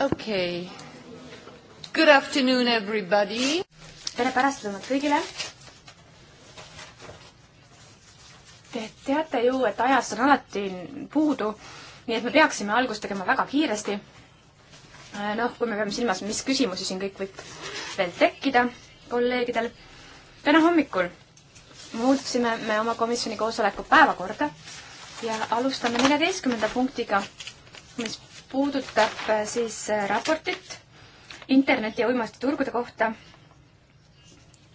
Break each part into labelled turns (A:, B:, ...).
A: okei okay.. Good afternoon everybody. tere pärastlõunat kõigile. Te teate ju, et ajast on alati puudu, nii et me peaksime algust tegema väga kiiresti. Äh, noh, kui me peame silmas, mis küsimusi siin kõik võib veel tekkida kolleegidel. täna hommikul muutsime me oma komisjoni koosoleku päevakorda ja alustame neljateistkümnenda punktiga, mis puudutab äh, siis äh, raportit interneti ja uimastiturgude kohta.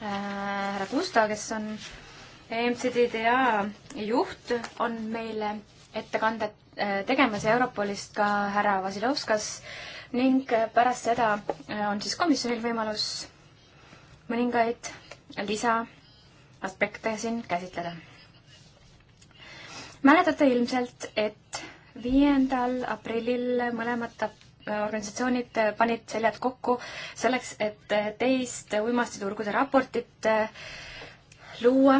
A: Äh, härra Kusta, kes on e MCDDA juht, on meile ettekandet tegemas ja Europolist ka härra Vasilovskas ning pärast seda on siis komisjonil võimalus mõningaid lisaaspekte siin käsitleda. mäletate ilmselt, et viiendal aprillil mõlemad äh, organisatsioonid panid seljad kokku selleks, et teist uimastiturgude raportit äh, luua.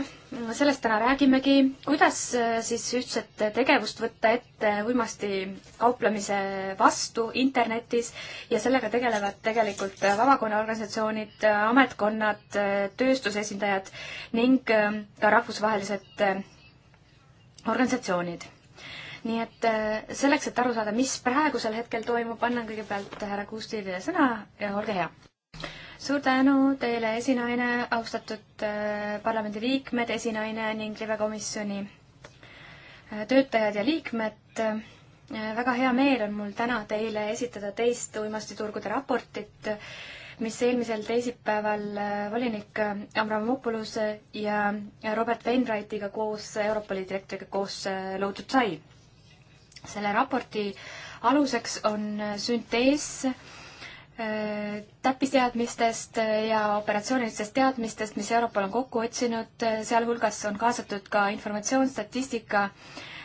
A: sellest täna räägimegi, kuidas äh, siis ühtset tegevust võtta ette uimasti kauplemise vastu internetis ja sellega tegelevad tegelikult vabakonnaorganisatsioonid, ametkonnad, tööstuse esindajad ning ka rahvusvahelised organisatsioonid nii et äh, selleks, et aru saada, mis praegusel hetkel toimub, annan kõigepealt härra Kuustilile sõna ja olge hea. suur tänu teile, esinaine, austatud äh, parlamendiliikmed, esinaine ning libekomisjoni äh, töötajad ja liikmed. väga hea meel on mul täna teile esitada teist uimastiturgude raportit mis eelmisel teisipäeval volinik Amramopoulos ja Robert Wainwrightiga koos, Europoli direktoriga koos loodud sai selle raporti aluseks on süntees äh, täppisteadmistest ja operatsioonilistest teadmistest, mis Europol on kokku otsinud, äh, sealhulgas on kaasatud ka informatsioon, statistika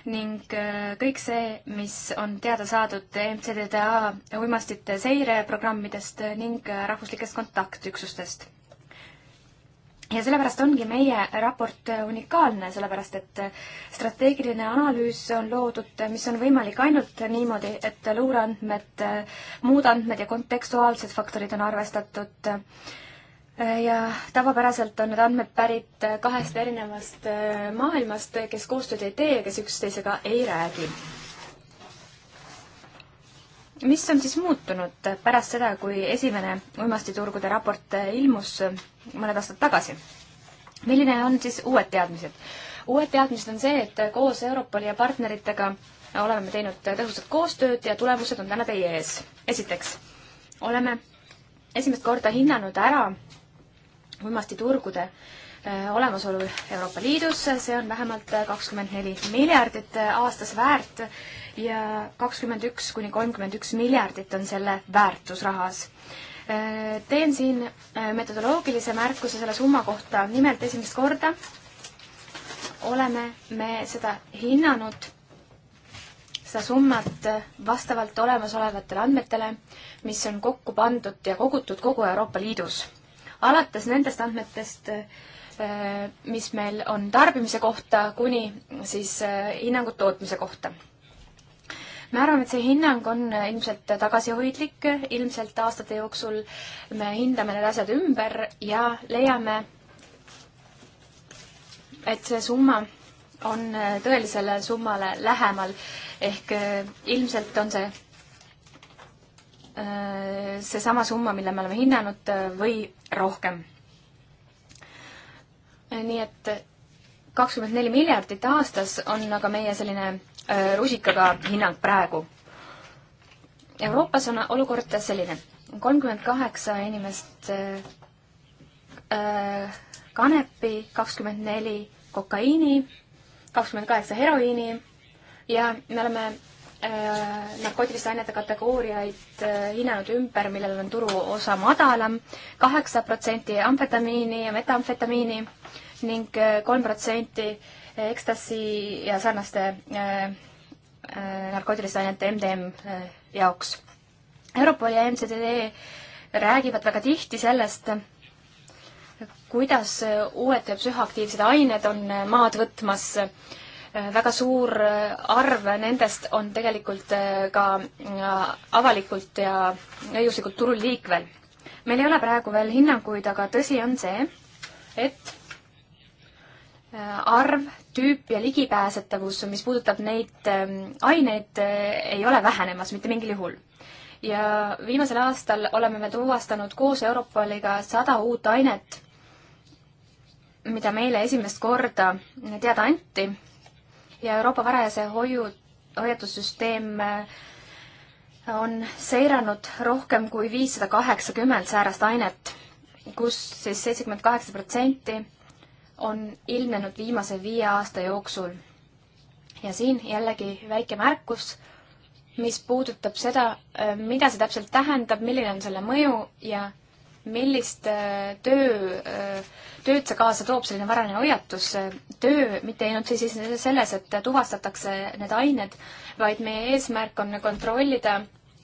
A: ning äh, kõik see, mis on teada saadud e MCDDA uimastite seireprogrammidest ning rahvuslikest kontaktüksustest ja sellepärast ongi meie raport äh, unikaalne, sellepärast et äh, strateegiline analüüs on loodud, äh, mis on võimalik ainult niimoodi, et luureandmed, muud andmed ja kontekstuaalsed faktorid on arvestatud. ja tavapäraselt on need andmed pärit kahest erinevast maailmast, kes koostööd ei tee ja kes üksteisega ei räägi mis on siis muutunud pärast seda, kui esimene uimastiturgude raport ilmus mõned aastad tagasi? milline on siis uued teadmised? uued teadmised on see, et koos Europoli ja partneritega oleme teinud tõhusat koostööd ja tulemused on täna teie ees. esiteks oleme esimest korda hinnanud ära uimastiturgude äh, Äh, olemasolu Euroopa Liidus, see on vähemalt kakskümmend neli miljardit äh, aastas väärt ja kakskümmend üks kuni kolmkümmend üks miljardit on selle väärtus rahas. Äh, teen siin metodoloogilise märkuse selle summa kohta, nimelt esimest korda oleme me seda hinnanud, seda summat vastavalt olemasolevatele andmetele, mis on kokku pandud ja kogutud kogu Euroopa Liidus. alates nendest andmetest, Äh, mis meil on tarbimise kohta kuni siis äh, hinnangud tootmise kohta. me arvame, et see hinnang on ilmselt tagasihoidlik, ilmselt aastate jooksul me hindame need asjad ümber ja leiame, et see summa on äh, tõelisele summale lähemal ehk ilmselt on see seesama summa, mille me oleme hinnanud või rohkem nii et kakskümmend neli miljardit aastas on aga meie selline äh, rusikaga hinnang praegu. Euroopas on olukord selline, kolmkümmend kaheksa inimest äh, äh, kanepi, kakskümmend neli kokaiini, kakskümmend kaheksa heroiini ja me oleme Äh, narkootiliste ainete kategooriaid äh, hinnanud ümber, millel on turuosa madalam, kaheksa protsenti amfetamiini ja metamfetamiini ning äh, kolm protsenti ekstasi ja sarnaste narkootiliste ainete MDM jaoks. Europol ja MCDD räägivad väga tihti sellest, kuidas uued psühhoaktiivsed ained on maad võtmas äh, Äh, väga suur äh, arv nendest on tegelikult äh, ka avalikult ja õiguslikult turul liikvel. meil ei ole praegu veel hinnanguid, aga tõsi on see, et arv, tüüp ja ligipääsetavus, mis puudutab neid ähm, aineid, ei ole vähenemas mitte mingil juhul. ja viimasel aastal oleme me tuvastanud koos Europoliga sada uut ainet, mida meile esimest korda teada anti ja Euroopa varajase hoiu, hoiatussüsteem äh, on seiranud rohkem kui viissada kaheksakümmend säärast ainet, kus siis seitsekümmend kaheksa protsenti on ilmnenud viimase viie aasta jooksul. ja siin jällegi väike märkus, mis puudutab seda, äh, mida see täpselt tähendab, milline on selle mõju ja millist äh, töö, äh, tööd see kaasa toob, selline varane hoiatus, töö mitte ainult siis selles, et tuvastatakse need ained, vaid meie eesmärk on kontrollida,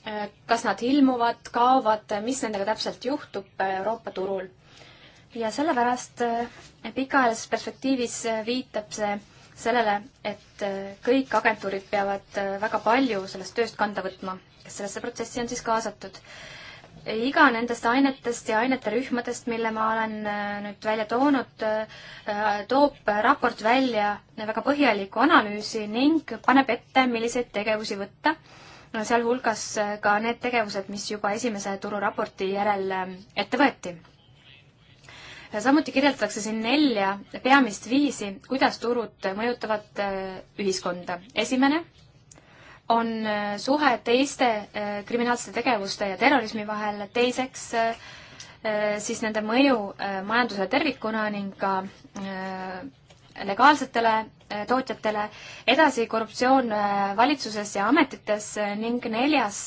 A: äh, kas nad ilmuvad, kaovad, mis nendega täpselt juhtub Euroopa turul. ja sellepärast pikaajalises perspektiivis viitab see sellele, et kõik agentuurid peavad väga palju sellest tööst kanda võtma, kes sellesse protsessi on siis kaasatud iga nendest ainetest ja ainete rühmadest, mille ma olen äh, nüüd välja toonud, äh, toob raport välja väga põhjaliku analüüsi ning paneb ette, milliseid tegevusi võtta, sealhulgas äh, ka need tegevused, mis juba esimese tururaporti järel ette võeti. samuti kirjeldatakse siin nelja peamist viisi, kuidas turud mõjutavad ühiskonda. esimene on äh, suhe teiste äh, kriminaalsete tegevuste ja terrorismi vahel, teiseks äh, siis nende mõju majandusele tervikuna ning ka legaalsetele tootjatele, edasi korruptsioon valitsuses ja ametites ning neljas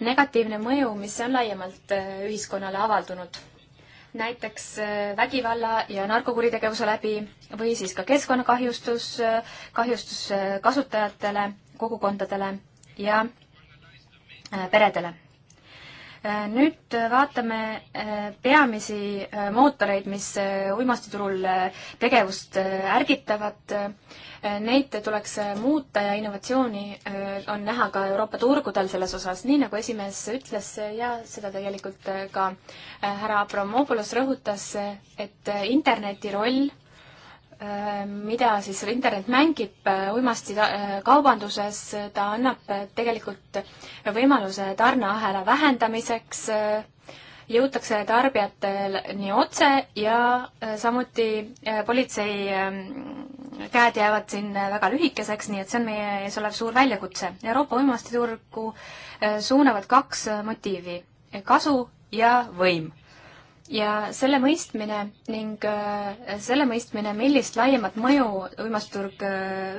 A: negatiivne mõju, mis on laiemalt ühiskonnale avaldunud näiteks äh, vägivalla ja narkokuritegevuse läbi või siis ka keskkonnakahjustus, äh, kahjustus äh, kasutajatele, kogukondadele ja peredele. nüüd vaatame peamisi mootoreid, mis uimastiturul tegevust ärgitavad Neid tuleks muuta ja innovatsiooni äh, on näha ka Euroopa turgudel selles osas, nii nagu esimees ütles äh, ja seda tegelikult äh, ka härra Abramopoulos rõhutas, et interneti roll, mida siis internet mängib uimastikaubanduses, ta annab tegelikult võimaluse tarneahela vähendamiseks, jõutakse tarbijateni otse ja samuti politsei ähm, käed jäävad siin väga lühikeseks, nii et see on meie ees olev suur väljakutse. Euroopa uimastiturgu äh, suunavad kaks äh, motiivi, kasu ja võim. ja selle mõistmine ning äh, selle mõistmine, millist laiemat mõju uimastiturg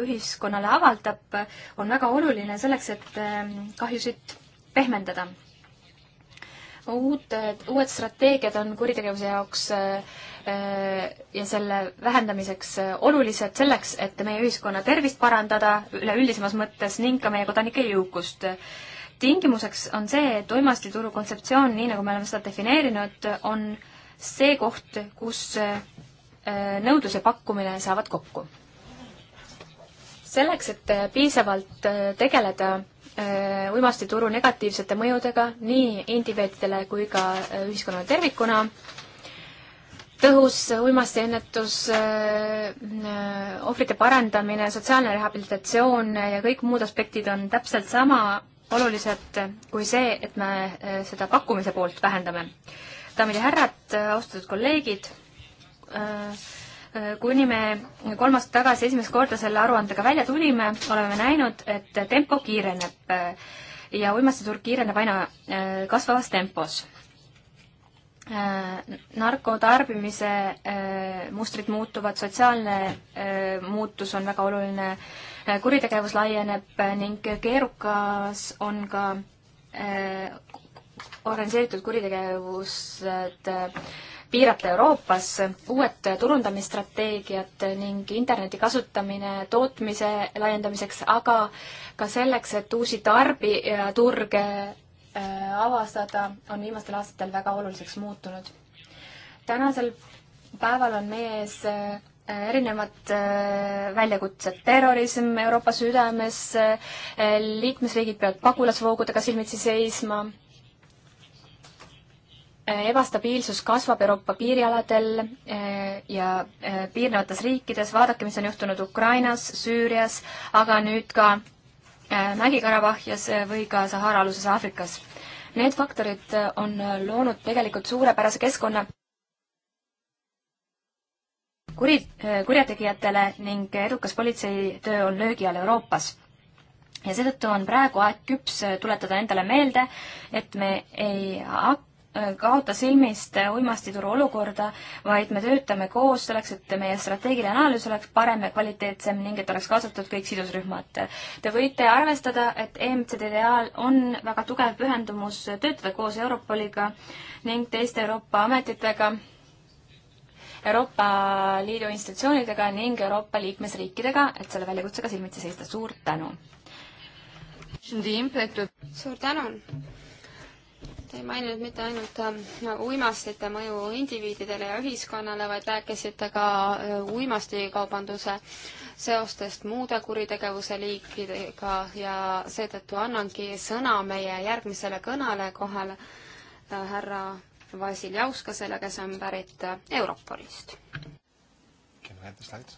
A: ühiskonnale avaldab, on väga oluline selleks, et ähm, kahjusid pehmendada. uut, uued strateegiad on kuritegevuse jaoks äh, ja selle vähendamiseks äh, olulised selleks, et meie ühiskonna tervist parandada üleüldisemas mõttes ning ka meie kodanike jõukust. tingimuseks on see, et uimastituru kontseptsioon, nii nagu me oleme seda defineerinud, on see koht, kus äh, nõudlus ja pakkumine saavad kokku. selleks, et äh, piisavalt tegeleda uimastituru negatiivsete mõjudega nii indiveedidele kui ka ühiskonnale tervikuna, tõhus uimastiennetus, äh, äh, ohvrite parandamine, sotsiaalne rehabilitatsioon ja kõik muud aspektid on täpselt sama olulised kui see, et me äh, seda pakkumise poolt vähendame. daamid ja härrad, austatud kolleegid, kuni me kolm aastat tagasi esimest korda selle aruandega välja tulime, oleme näinud, et tempo kiireneb ja uimastiturg kiireneb aina kasvavas tempos Äh, narkotarbimise äh, mustrid muutuvad, sotsiaalne äh, muutus on väga oluline, kuritegevus laieneb ning keerukas on ka organiseeritud kuritegevused piirata Euroopas, uued turundamisstrateegiad ning interneti kasutamine tootmise laiendamiseks, aga ka selleks, et uusi tarbijaturge Äh, avastada, on viimastel aastatel väga oluliseks muutunud. tänasel päeval on meie ees äh, erinevad äh, väljakutsed, terrorism Euroopa südames, liikmesriigid peavad pagulasvoogudega silmitsi seisma, ebastabiilsus kasvab Euroopa piirialadel ja piirnevates riikides, vaadake, mis on juhtunud Ukrainas, Süürias, aga nüüd ka Äh, Mägi-Karabahhias äh, või ka Sahara-aluses Aafrikas. Need faktorid äh, on loonud tegelikult suurepärase keskkonna kuri, kurjategijatele ning edukas politseitöö on löögi all Euroopas ja seetõttu on praegu aeg küps tuletada endale meelde, et me ei hakka kaota silmist uimastituru olukorda, vaid me töötame koos selleks, et meie strateegiline analüüs oleks parem ja kvaliteetsem ning et oleks kaasatud kõik sidusrühmad. Te võite arvestada, et EMCDDA-l on väga tugev pühendumus töötada koos Europoliga ning teiste Euroopa ametitega, Euroopa Liidu institutsioonidega ning Euroopa liikmesriikidega, et selle väljakutsega silmitsi seista. suur tänu! suur tänu!
B: Te ei maininud mitte ainult ähm, uimastite mõju indiviididele ja ühiskonnale, vaid rääkisite ka äh, uimastikaubanduse seostest muude kuritegevuse liikidega ja seetõttu annangi sõna meie järgmisele kõnele kohale äh, härra Vassiljauskasele, kes on pärit äh, Europolist.
C: Can
D: I have the slides?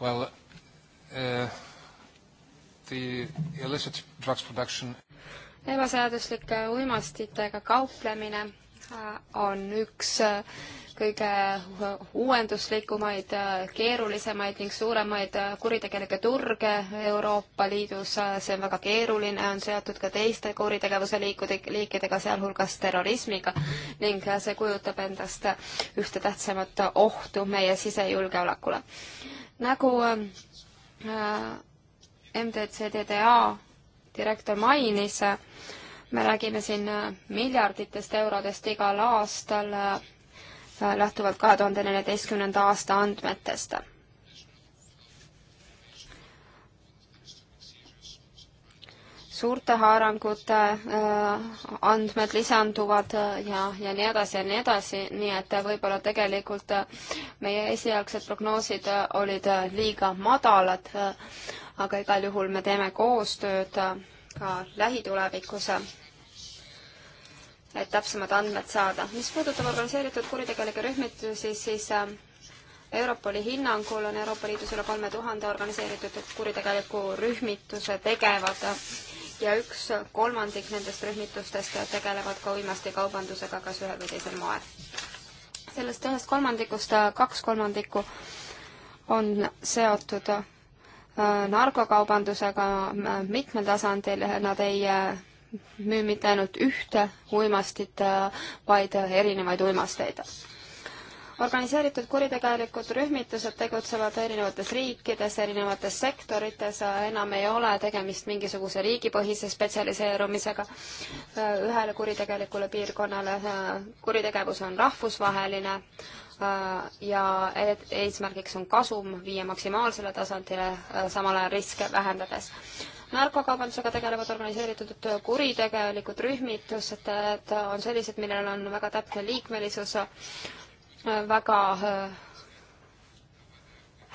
D: Well, uh, the illicit drugs production
B: ebaseaduslike uimastitega kauplemine äh, on üks äh, kõige uuenduslikumaid, äh, keerulisemaid ning suuremaid kuritegelikke turge Euroopa Liidus. see on väga keeruline, on seotud ka teiste kuritegevuse liikude, liikidega, sealhulgas terrorismiga ning see kujutab endast ühte tähtsamat ohtu meie sisejulgeolekule. nagu äh, MDCDDA direktor mainis, me räägime siin miljarditest eurodest igal aastal äh, lähtuvalt kahe tuhande neljateistkümnenda aasta andmetest. suurte haarangute äh, andmed lisanduvad äh, ja, ja nii edasi ja nii edasi, nii et võib-olla tegelikult meie esialgsed prognoosid olid liiga madalad aga igal juhul me teeme koostööd ka lähitulevikus, et täpsemad andmed saada. mis puudutab organiseeritud kuritegelikke rühmitusi, siis äh, Europoli hinnangul on Euroopa Liidus üle kolme tuhande organiseeritud kuritegeliku rühmituse tegevad ja üks kolmandik nendest rühmitustest tegelevad ka uimastikaubandusega kas ühel või teisel moel. sellest ühest kolmandikust kaks kolmandikku on seotud Äh, narkokaubandusega äh, mitmel tasandil, nad ei äh, müü mitte ainult ühte uimastit, vaid erinevaid uimasteid. organiseeritud kuritegelikud rühmitused tegutsevad erinevates riikides, erinevates sektorites, enam ei ole tegemist mingisuguse riigipõhise spetsialiseerumisega ühele kuritegelikule piirkonnale. kuritegevus on rahvusvaheline Äh, ja eesmärgiks on kasum viia maksimaalsele tasandile, äh, samal ajal riske vähendades. narkokaubandusega tegelevad organiseeritud kuritegelikud rühmitused on sellised, millel on väga täpne liikmelisus, äh, väga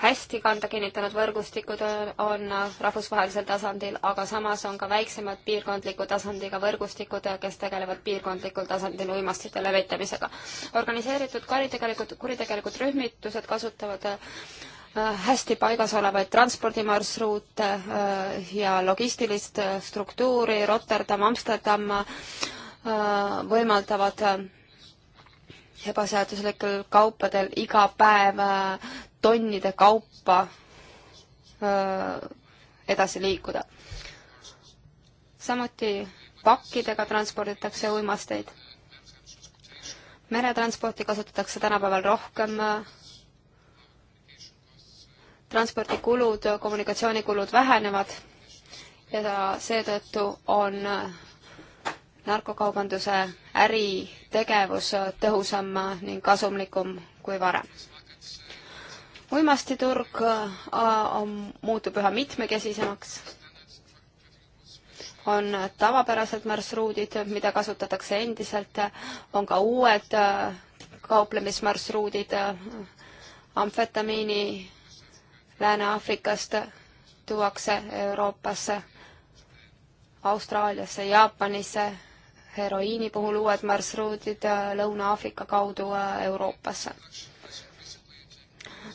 B: hästi kanda kinnitanud võrgustikud on rahvusvahelisel tasandil, aga samas on ka väiksemad piirkondliku tasandiga võrgustikud, kes tegelevad piirkondlikul tasandil uimastite levitamisega. organiseeritud kuritegelikud, kuritegelikud rühmitused kasutavad äh, hästi paigas olevaid transpordimarsruute äh, ja logistilist äh, struktuuri, Rotterdam, Amsterdam võimaldavad ebaseaduslikel kaupadel iga päev tonnide kaupa edasi liikuda. samuti pakkidega transporditakse uimasteid. meretransporti kasutatakse tänapäeval rohkem. transpordikulud, kommunikatsioonikulud vähenevad ja seetõttu on narkokaubanduse äritegevus tõhusam ning kasumlikum kui varem uimastiturg äh, muutub üha mitmekesisemaks, on tavapärased marsruudid, mida kasutatakse endiselt, on ka uued äh, kauplemismarsruudid äh, amfetamiini Lääne-Aafrikast tuuakse Euroopasse, Austraaliasse, Jaapanisse, heroiini puhul uued marsruudid Lõuna-Aafrika kaudu Euroopasse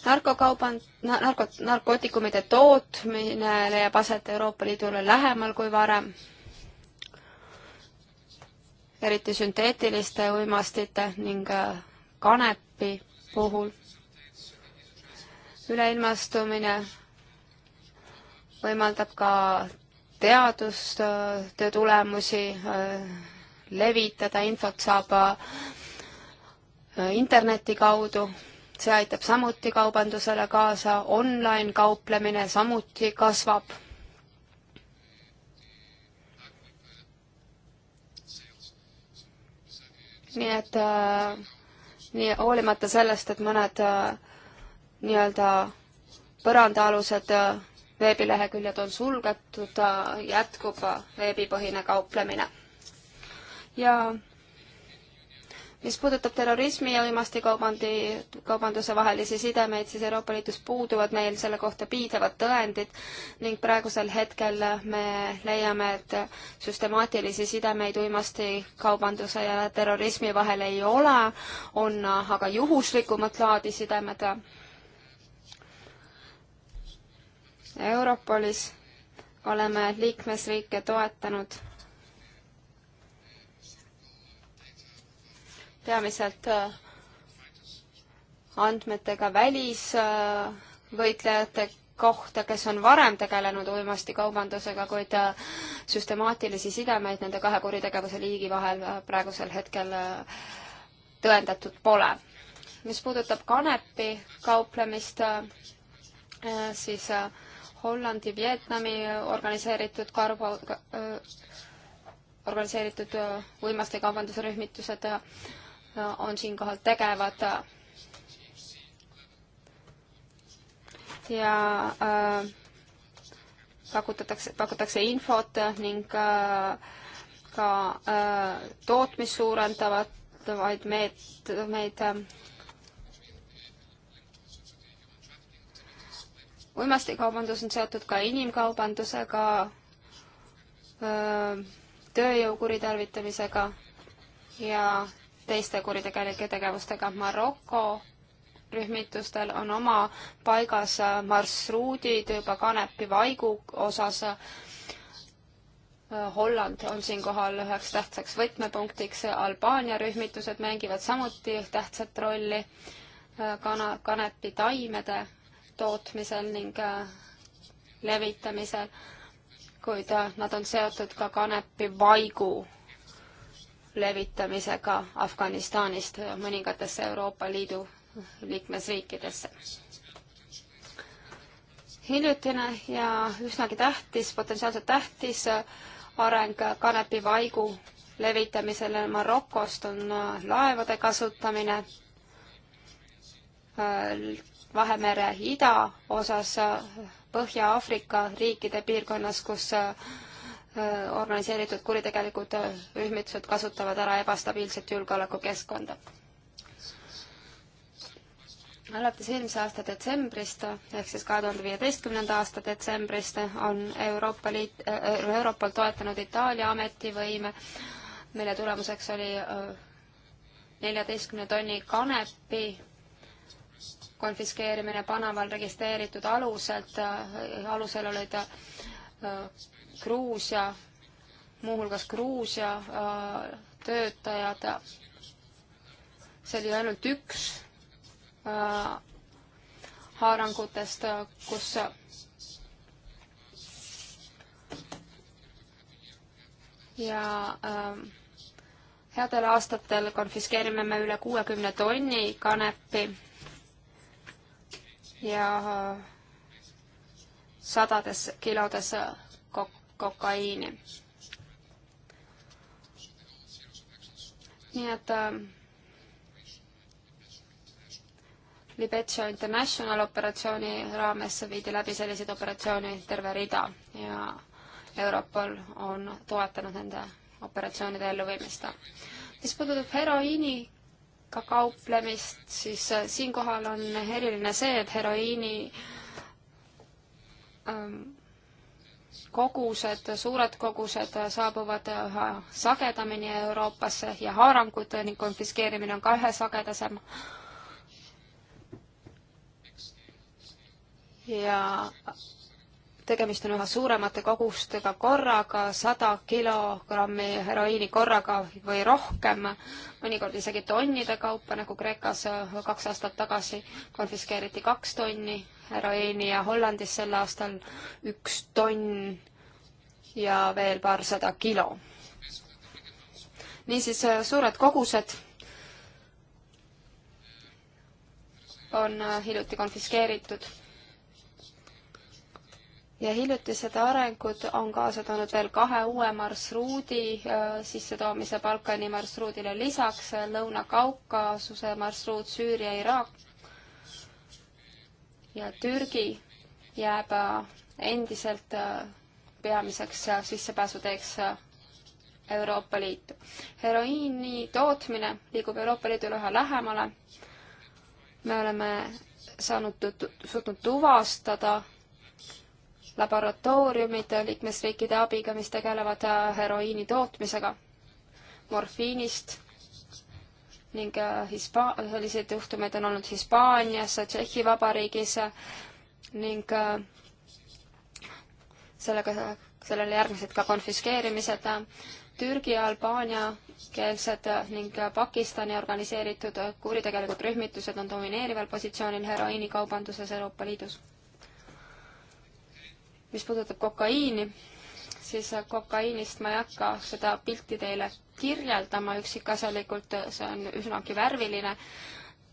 B: narkokauban-, narko-, narkootikumide tootmine leiab aset Euroopa Liidule lähemal kui varem, eriti sünteetiliste uimastite ning äh, kanepi puhul. üleilmastumine võimaldab ka teadustöö äh, tulemusi äh, levitada, infot saab interneti kaudu see aitab samuti kaubandusele kaasa, online kauplemine samuti kasvab. nii et äh, nii hoolimata sellest, et mõned äh, nii-öelda põrandaalused äh, veebileheküljed on suletud, äh, jätkub äh, veebipõhine kauplemine. ja mis puudutab terrorismi ja uimastikaubandi, kaubanduse vahelisi sidemeid, siis Euroopa Liidus puuduvad meil selle kohta piisavad tõendid ning praegusel hetkel me leiame, et süstemaatilisi sidemeid uimastikaubanduse ja terrorismi vahel ei ole, on aga juhuslikumat laadi sidemed. Europolis oleme liikmesriike toetanud peamiselt äh, andmetega välisvõitlejate äh, kohta, kes on varem tegelenud uimastikaubandusega, kuid äh, süstemaatilisi sidemeid nende kahe kuritegevuse liigi vahel praegusel hetkel tõendatud pole. mis puudutab kanepi kauplemist, siis Hollandi, Vietnami organiseeritud karbo, organiseeritud uimastikaubanduse rühmitused on siinkohal tegevad. ja äh, pakutatakse, pakutakse infot ning äh, ka äh, tootmist suurendavad vaid meet-, meid äh, uimastikaubandus on seotud ka inimkaubandusega, äh, tööjõu kuritarvitamisega ja teiste kuritegelike tegevustega. Maroko rühmitustel on oma paigas marsruudid juba Kanepi vaigu osas. Holland on siinkohal üheks tähtsaks võtmepunktiks, Albaania rühmitused mängivad samuti tähtsat rolli kana-, kanepi taimede tootmisel ning levitamisel, kuid nad on seotud ka kanepi vaigu levitamisega Afganistanist mõningatesse Euroopa Liidu liikmesriikidesse. hiljutine ja üsnagi tähtis, potentsiaalselt tähtis areng kanepivaigu levitamisele Marokost on laevade kasutamine Vahemere idaosas Põhja-Aafrika riikide piirkonnas, kus Äh, organiseeritud kuritegelikud äh, rühmitused kasutavad ära ebastabiilset julgeolekukeskkonda. alates eelmise aasta detsembrist ehk siis kahe tuhande viieteistkümnenda aasta detsembrist on Euroopa Liit äh,, äh Europol toetanud Itaalia ametivõime, mille tulemuseks oli neljateistkümne tonni kanepi konfiskeerimine Panaval registreeritud aluselt, alusel olid Gruusia, muuhulgas Gruusia äh, töötajad, see oli ainult üks äh, haarangutest, äh, kus ja ähm, headel aastatel konfiskeerime me üle kuuekümne tonni kanepi ja sadades kilodes kokaiini. nii et äh, Libetšo International operatsiooni raames viidi läbi selliseid operatsioone terve rida ja Europol on toetanud nende operatsioonide elluviimist. mis puudutab heroiiniga kauplemist, siis äh, siinkohal on eriline see, et heroiini ähm, kogused, suured kogused saabuvad üha sagedamini Euroopasse ja haarangud ning konfiskeerimine on ka üha sagedasem. ja tegemist on üha suuremate kogustega korraga, sada kilogrammi heroiini korraga või rohkem, mõnikord isegi tonnide kaupa, nagu Kreekas kaks aastat tagasi konfiskeeriti kaks tonni heroiini ja Hollandis sel aastal üks tonn ja veel paarsada kilo. niisiis, suured kogused on hiljuti konfiskeeritud. ja hiljutised arengud on kaasa toonud veel kahe uue marsruudi äh, sissetoomise Balkani marsruudile lisaks Lõuna-Kaukasuse marsruut Süüria-Iraak ja Türgi jääb äh, endiselt äh, peamiseks äh, sissepääsuteeks Euroopa Liitu. heroiini tootmine liigub Euroopa Liidule üha lähemale. me oleme saanud, suutnud tuvastada laboratooriumid liikmesriikide abiga, mis tegelevad heroiini tootmisega. morfiinist ning äh, Hispa-, selliseid juhtumeid on olnud Hispaanias, Tšehhi Vabariigis ning äh, sellega, sellele järgnesid ka konfiskeerimised. Türgi, Albaania keelsed ning Pakistani organiseeritud kuritegelikud rühmitused on domineerival positsioonil heroiinikaubanduses Euroopa Liidus. mis puudutab kokaiini, siis kokaiinist ma ei hakka seda pilti teile kirjeldama üksikasjalikult, see on üsnagi värviline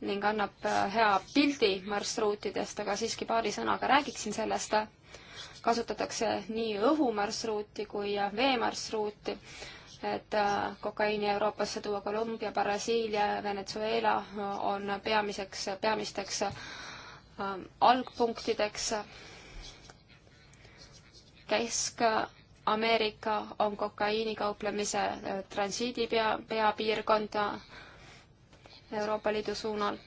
B: ning annab äh, hea pildi marsruutidest, aga siiski paari sõnaga räägiksin sellest. kasutatakse nii õhumarsruuti kui veemarsruuti, et äh, kokaiini Euroopasse tuua Kolumbia, Brasiilia ja Venezuela on peamiseks, peamisteks äh, algpunktideks kesk Ameerika on kokaiini kauplemise äh, transiidi pea, peapiirkond Euroopa Liidu suunal.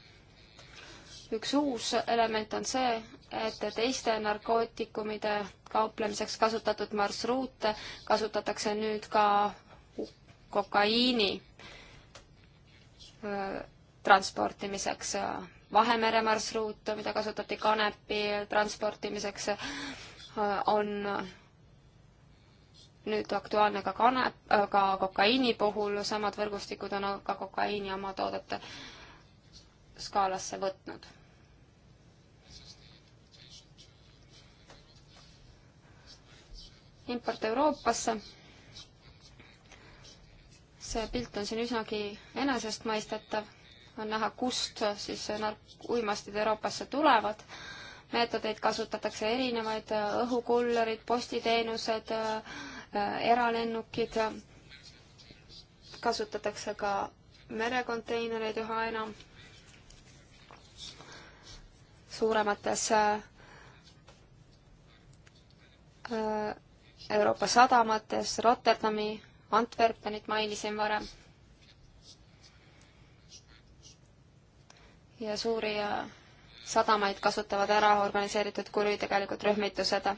B: üks uus element on see, et teiste narkootikumide kauplemiseks kasutatud marsruute kasutatakse nüüd ka kokaiini äh, transportimiseks. Vahemere marsruut, mida kasutati kanepi transportimiseks, äh, on nüüd aktuaalne ka kanep, ka kokaiini puhul, samad võrgustikud on ka kokaiini oma toodete skaalasse võtnud. import Euroopasse. see pilt on siin üsnagi enesestmõistetav, on näha, kust siis nark-, uimastid Euroopasse tulevad meetodeid kasutatakse erinevaid, õhukullerid, postiteenused äh,, Äh, eralennukid, kasutatakse ka merekonteinereid üha enam suuremates äh, Euroopa sadamates, Rotterdami, Antwerpenit mainisin varem. ja suuri äh, sadamaid kasutavad ära organiseeritud kuritegelikud rühmitused.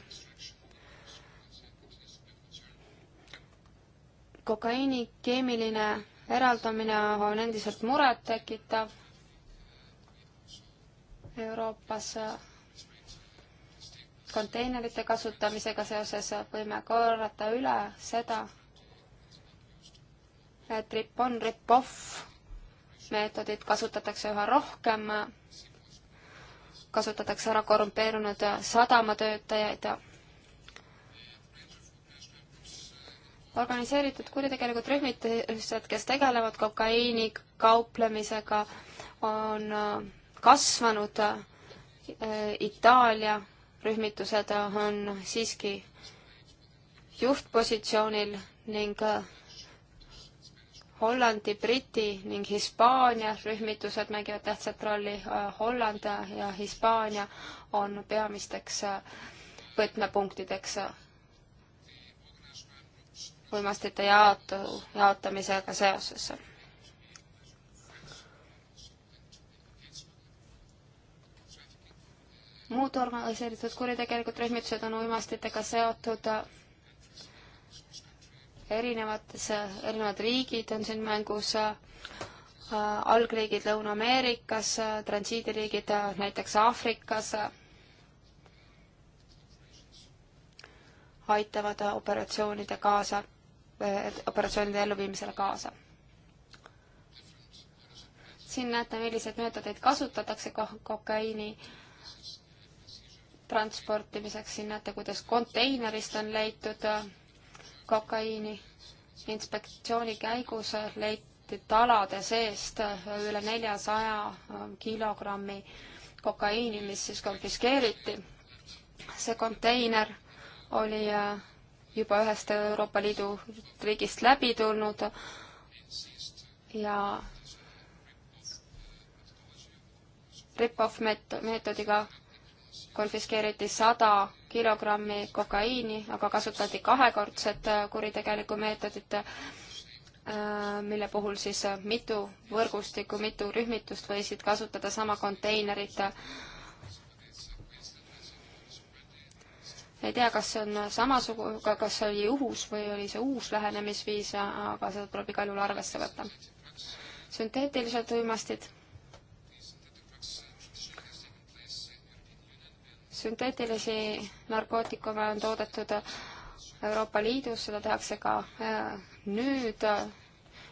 B: kokaiini keemiline eraldamine on endiselt murettekitav Euroopas konteinerite kasutamisega seoses võime korrata üle seda, et rip-on, rip-off meetodit kasutatakse üha rohkem, kasutatakse ära korrumpeerunud sadamatöötajaid ja organiseeritud kuritegelikud rühmitused, kes tegelevad kokaiini kauplemisega, on äh, kasvanud. Äh, Itaalia rühmitused on siiski juhtpositsioonil ning äh, Hollandi, Briti ning Hispaania rühmitused mängivad tähtsat rolli. Holland ja Hispaania on peamisteks võtmepunktideks uimastite jaotu, jaotamisega seoses. muud organiseeritud kuritegelikud rühmitused on uimastitega seotud erinevates, erinevad riigid on siin mängus, algriigid Lõuna-Ameerikas, transiidiriigid näiteks Aafrikas aitavad operatsioonide kaasa operatsioonide elluviimisele kaasa. siin näete, milliseid meetodeid kasutatakse kokaiini transportimiseks, siin näete, kuidas konteinerist on leitud kokaiini. inspektsiooni käigus leiti talade seest üle neljasaja kilogrammi kokaiini, mis siis konfiskeeriti. see konteiner oli juba ühest Euroopa Liidu riigist läbi tulnud ja rip-off meetodiga konfiskeeriti sada kilogrammi kokaiini, aga kasutati kahekordset kuritegelikku meetodit, äh, mille puhul siis mitu võrgustikku, mitu rühmitust võisid kasutada sama konteinerit ei tea, kas see on samasugu-, kas see oli juhus või oli see uus lähenemisviis, aga seda tuleb igal juhul arvesse võtta. sünteetilised uimastid. sünteetilisi narkootikume on toodetud Euroopa Liidus, seda tehakse ka e, nüüd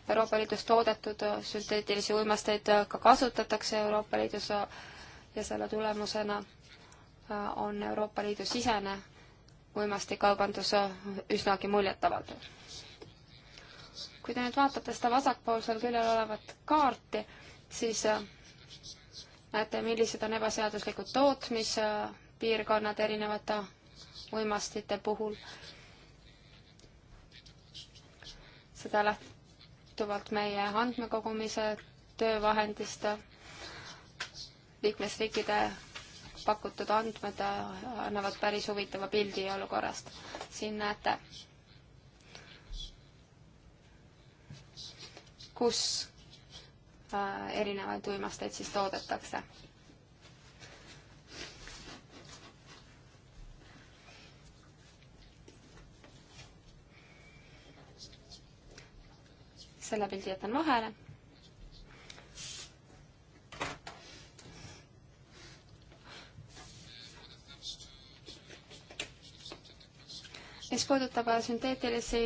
B: Euroopa Liidus toodetud sünteetilisi uimasteid ka kasutatakse Euroopa Liidus ja selle tulemusena on Euroopa Liidu sisene uimastikaubandus üsnagi muljetavaldav. kui te nüüd vaatate seda vasakpoolsel küljel olevat kaarti, siis äh, näete, millised on ebaseaduslikud tootmispiirkonnad erinevate uimastite puhul. seda lähtuvalt meie andmekogumise töövahendist liikmesriikide pakutud andmed äh, annavad päris huvitava pildi olukorrast. siin näete, kus äh, erinevaid uimasteid siis toodetakse. selle pildi jätan vahele mis puudutab äh, sünteetilisi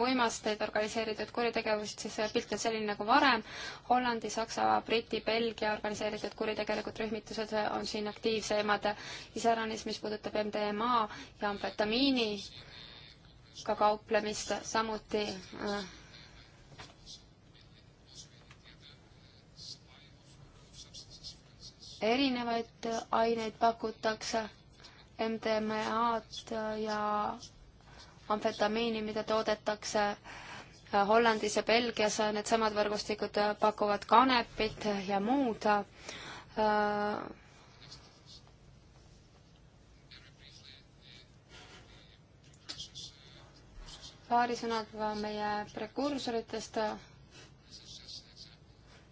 B: uimasteid, organiseeritud kuritegevust, siis äh, pilt on selline nagu varem. Hollandi, Saksa, Briti, Belgia organiseeritud kuritegelikud rühmitused äh, on siin aktiivsemad, iseäranis, mis puudutab MDMA ja amfetamiiniga kauplemist, samuti äh, erinevaid aineid pakutakse MDMA-d ja amfetamiini, mida toodetakse äh, Hollandis ja Belgias, needsamad võrgustikud äh, pakuvad kanepit ja muud. Äh, paari sõnaga meie prekursoritest.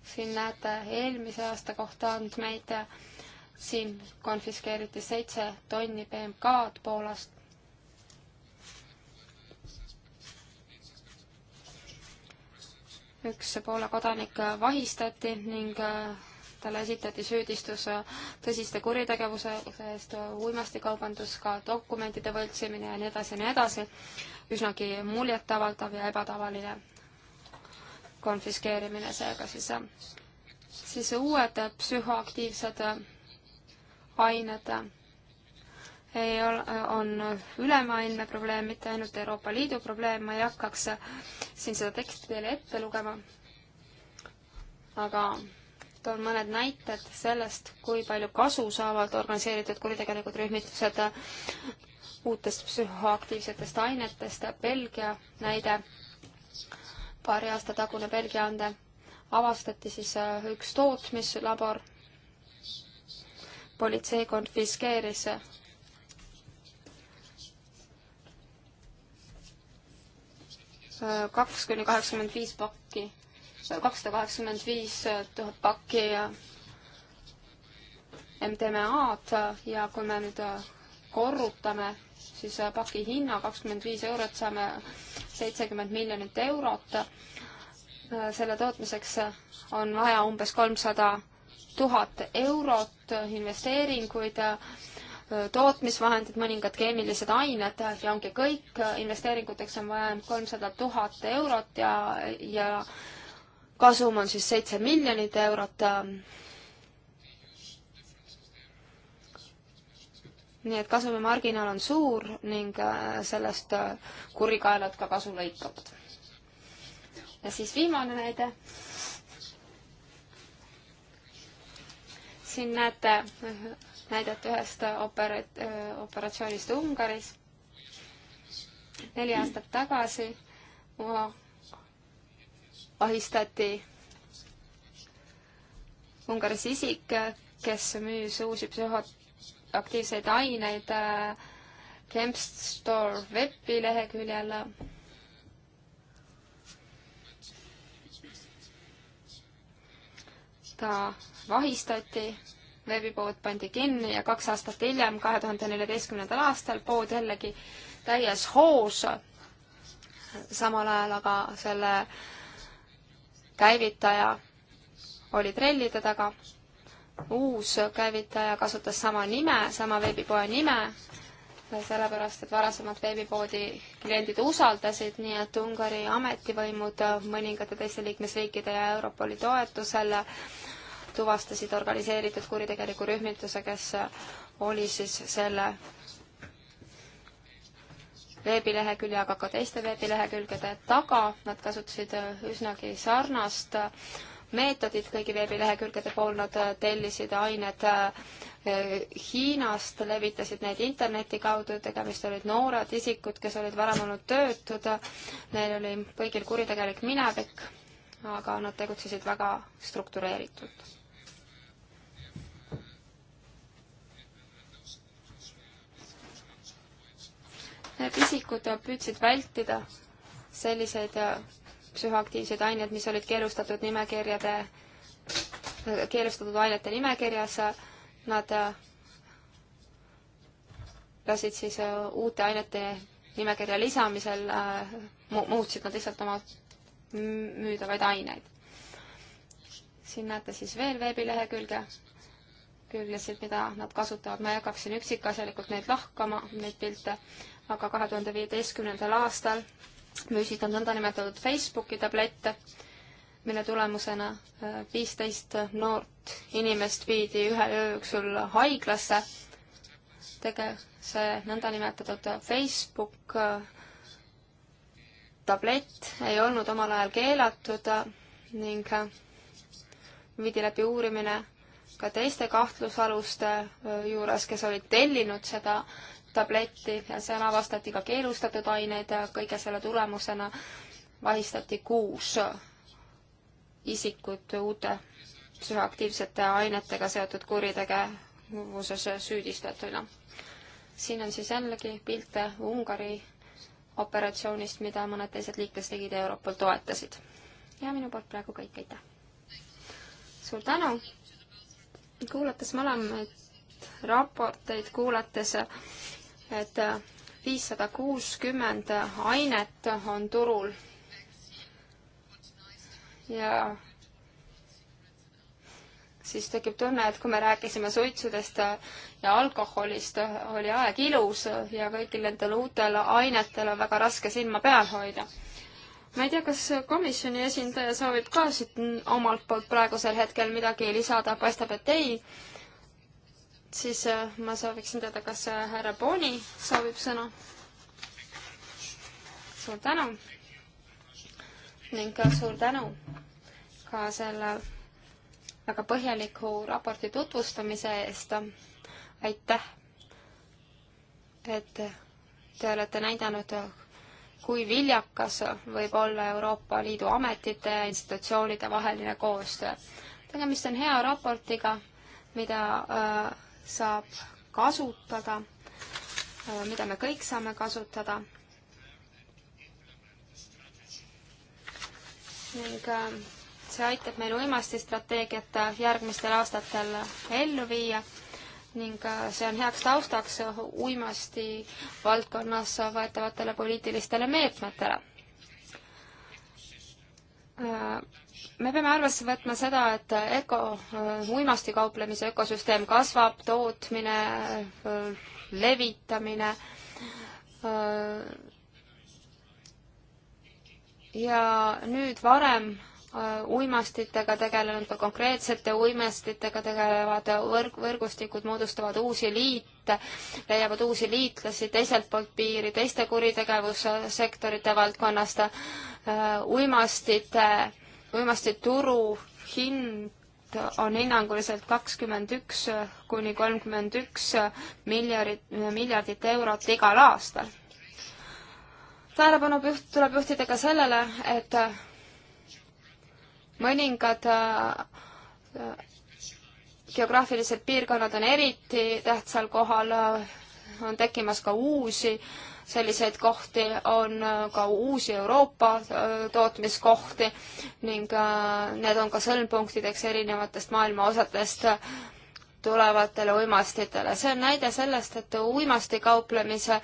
B: siin näete eelmise aasta kohta andmeid siin konfiskeeriti seitse tonni BMK-d Poolast. üks Poola kodanik vahistati ning äh, talle esitati süüdistus äh, tõsiste kuritegevuse eest, äh, uimastikaubandus, ka dokumentide võltsimine ja nii edasi ja nii edasi. üsnagi muljetavaldav ja ebatavaline konfiskeerimine seega siis, siis uued psühhoaktiivsed ained ei ole, on ülemaailmne probleem, mitte ainult Euroopa Liidu probleem, ma ei hakkaks siin seda teksti teile ette lugema, aga toon mõned näited sellest, kui palju kasu saavad organiseeritud kuritegelikud rühmitused uutest psühhoaktiivsetest ainetest, Belgia näide, paari aasta tagune Belgia ande, avastati siis äh, üks tootmislabor, politsei konfiskeeris kaks kuni kaheksakümmend viis pakki, kakssada kaheksakümmend viis tuhat pakki MDMA-d ja kui me nüüd korrutame siis paki hinna kakskümmend viis eurot, saame seitsekümmend miljonit eurot. selle tootmiseks on vaja umbes kolmsada tuhat eurot investeeringuid, tootmisvahendid, mõningad keemilised ained ja ongi kõik. investeeringuteks on vaja ainult kolmsada tuhat eurot ja, ja kasum on siis seitse miljonit eurot. nii et kasumimarginaal on suur ning äh, sellest äh, kurikaelad ka kasu lõikavad. ja siis viimane näide siin näete näidet ühest opera-, operatsioonist Ungaris. neli aastat tagasi ahistati Ungaris isik, kes müüs uusi psühhoaktiivseid aineid äh, Kempstor veebileheküljel ta vahistati, veebipood pandi kinni ja kaks aastat hiljem, kahe tuhande neljateistkümnendal aastal, pood jällegi täies hoos. samal ajal aga selle käivitaja oli trellide taga. uus käivitaja kasutas sama nime, sama veebipoe nime, sellepärast et varasemad veebipoodi kliendid usaldasid, nii et Ungari ametivõimud mõningate teiste liikmesriikide ja Europoli toetusel tuvastasid organiseeritud kuritegeliku rühmituse, kes oli siis selle veebilehekülje, aga ka teiste veebilehekülgede taga. Nad kasutasid äh, üsnagi sarnast äh, meetodit kõigi veebilehekülgede pool, nad äh, tellisid ained Hiinast, levitasid neid interneti kaudu, tegemist olid noored isikud, kes olid varem olnud töötud, neil oli kõigil kuritegelik minevik, aga nad tegutsesid väga struktureeritult Need isikud püüdsid vältida selliseid äh, psühhoaktiivseid aineid, mis olid keelustatud nimekirjade, keelustatud ainete nimekirjas. Nad äh, lasid siis äh, uute ainete nimekirja lisamisel mu, muutsid nad lihtsalt oma müüdavaid aineid. siin näete siis veel veebilehekülge, külgesid, mida nad kasutavad, ma ei hakkaks siin üksikasjalikult neid lahkama, neid pilte, aga kahe tuhande viieteistkümnendal aastal müüsid nad nõndanimetatud Facebooki tablette, mille tulemusena äh, viisteist noort inimest viidi ühe öö jooksul haiglasse. tege-, see nõndanimetatud Facebook äh, tablett ei olnud omal ajal keelatud äh, ning viidi läbi uurimine ka teiste kahtlusaluste juures, kes olid tellinud seda tabletti ja seal avastati ka keelustatud aineid ja kõige selle tulemusena vahistati kuus isikut uute psühhoaktiivsete ainetega seotud kuritegevuses süüdistatuna. siin on siis jällegi pilte Ungari operatsioonist, mida mõned teised liikmesriigid Euroopal toetasid. ja minu poolt praegu kõik, aitäh! suur tänu! kuulates mõlemaid raporteid, kuulates et viissada kuuskümmend ainet on turul ja siis tekib tunne, et kui me rääkisime suitsudest ja alkoholist, oli aeg ilus ja kõigil nendel uutel ainetel on väga raske silma peal hoida. ma ei tea, kas komisjoni esindaja soovib ka siit omalt poolt praegusel hetkel midagi lisada, paistab, et ei siis äh, ma sooviksin teada, kas äh, härra Boni soovib sõna. suur tänu ning ka suur tänu ka selle väga põhjaliku raporti tutvustamise eest. aitäh, et te olete näidanud, kui viljakas võib olla Euroopa Liidu ametite ja institutsioonide vaheline koostöö. tegemist on hea raportiga, mida äh, saab kasutada, mida me kõik saame kasutada. ning äh, see aitab meil uimastistrateegiat järgmistel aastatel ellu viia ning äh, see on heaks taustaks uimasti valdkonnas võetavatele poliitilistele meetmetele. Äh, me peame arvesse võtma seda, et öko, äh, uimastikauplemise ökosüsteem kasvab, tootmine, äh, levitamine ja nüüd varem uimastitega tegelenud, ka konkreetsete uimastitega tegelevad võrg, võrgustikud moodustavad uusi liite, et leiavad uusi liitlasi teiselt poolt piiri, teiste kuritegevussektorite valdkonnast, äh, uimastite, uimastituru hind on hinnanguliselt kakskümmend üks kuni kolmkümmend üks miljardit, miljardit eurot igal aastal. tähelepanu püht-, tuleb juhtida ka sellele, et mõningad äh, geograafilised piirkonnad on eriti tähtsal kohal, on tekkimas ka uusi selliseid kohti, on ka uusi Euroopa äh, tootmiskohti ning äh, need on ka sõlmpunktideks erinevatest maailma osadest tulevatele uimastitele. see on näide sellest, et uimastikauplemise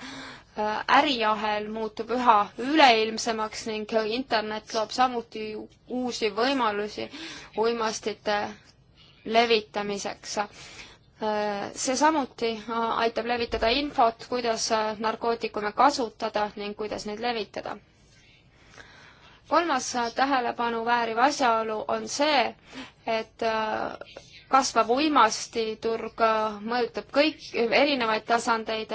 B: äriahel äh, muutub üha üleilmsemaks ning internet loob samuti uusi võimalusi uimastite levitamiseks. see samuti äh, aitab levitada infot, kuidas äh, narkootikume kasutada ning kuidas neid levitada. kolmas äh, tähelepanu vääriv asjaolu on see, et kasvav uimastiturg mõjutab kõik, erinevaid tasandeid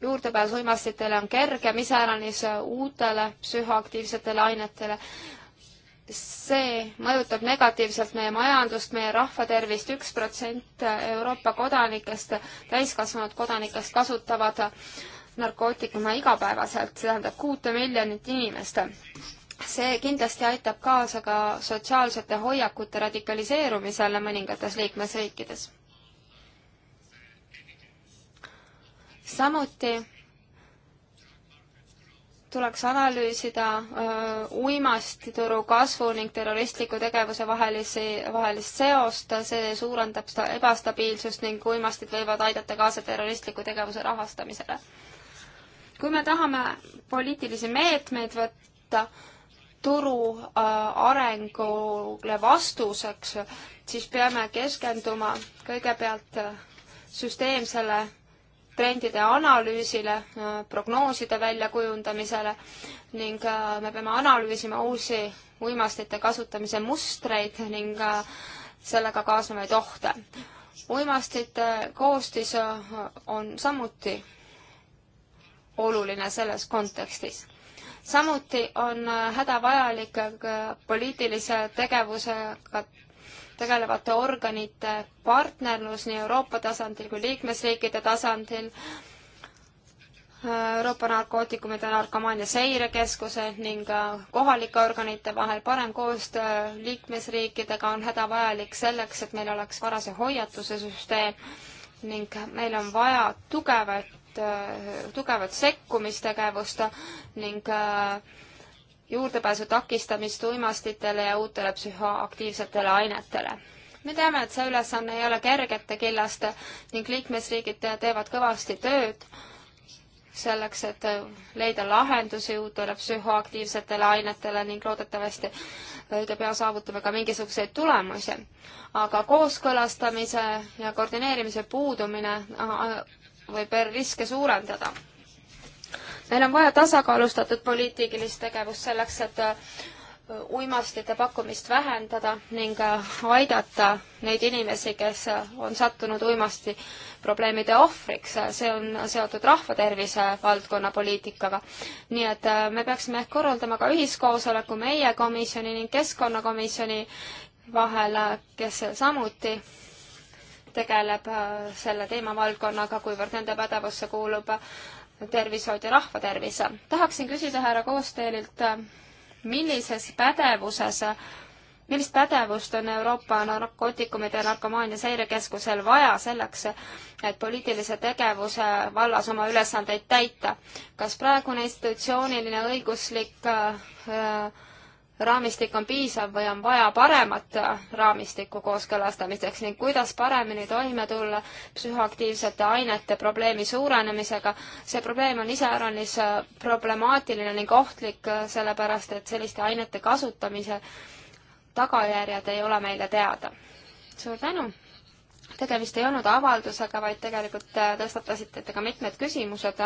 B: juurdepääs uimastitele on kergem, iseäranis uutele psühhoaktiivsetele ainetele see mõjutab negatiivselt meie majandust, meie rahvatervist, üks protsent Euroopa kodanikest, täiskasvanud kodanikest kasutavad narkootikume igapäevaselt, see tähendab kuute miljonit inimest. see kindlasti aitab kaasa ka sotsiaalsete hoiakute radikaliseerumisele mõningates liikmesriikides. samuti tuleks analüüsida äh, uimastituru kasvu ning terroristliku tegevuse vahelisi, vahelist seost, see suurendab sta-, ebastabiilsust ning uimastid võivad aidata kaasa terroristliku tegevuse rahastamisele. kui me tahame poliitilisi meetmeid võtta turu äh, arengule vastuseks, siis peame keskenduma kõigepealt äh, süsteemsele trendide analüüsile, prognooside väljakujundamisele ning äh, me peame analüüsima uusi uimastite kasutamise mustreid ning äh, sellega kaasnevaid ohte. uimastite koostis äh, on samuti oluline selles kontekstis. samuti on hädavajalik poliitilise tegevusega tegelevate organite partnerlus nii Euroopa tasandil kui liikmesriikide tasandil, Euroopa narkootikumide narkomaania seirekeskuse ning äh, kohalike organite vahel parem koostöö liikmesriikidega on hädavajalik selleks, et meil oleks varase hoiatuse süsteem ning meil on vaja tugevat, äh, tugevat sekkumistegevust ning äh, juurdepääsu takistamist uimastitele ja uutele psühhoaktiivsetele ainetele. me teame, et see ülesanne ei ole kergete killaste ning liikmesriigid teevad kõvasti tööd selleks, et leida lahendusi uutele psühhoaktiivsetele ainetele ning loodetavasti õige pea saavutame ka mingisuguseid tulemusi. aga kooskõlastamise ja koordineerimise puudumine võib riske suurendada meil on vaja tasakaalustatud poliitilist tegevust selleks, et äh, uimastite pakkumist vähendada ning äh, aidata neid inimesi, kes äh, on sattunud uimasti probleemide ohvriks, see on seotud rahvatervise valdkonna poliitikaga. nii et me peaksime ehk korraldama ka ühiskoosoleku meie komisjoni ning keskkonnakomisjoni vahel, kes samuti tegeleb selle teemavaldkonnaga, kuivõrd nende pädevusse kuulub tervishoid ja rahvatervis. tahaksin küsida härra Koosteelilt, millises pädevuses millist pädevust on Euroopa narkootikumide ja narkomaania seirekeskusel vaja selleks, et poliitilise tegevuse vallas oma ülesandeid täita? kas praegune institutsiooniline õiguslik äh, raamistik on piisav või on vaja paremat raamistikku kooskõlastamiseks ning kuidas paremini toime tulla psühhoaktiivsete ainete probleemi suurenemisega. see probleem on iseäranis problemaatiline ning ohtlik, sellepärast et selliste ainete kasutamise tagajärjed ei ole meile teada. suur tänu! tegemist ei olnud avaldusega, vaid tegelikult tõstatasite te ka mitmed küsimused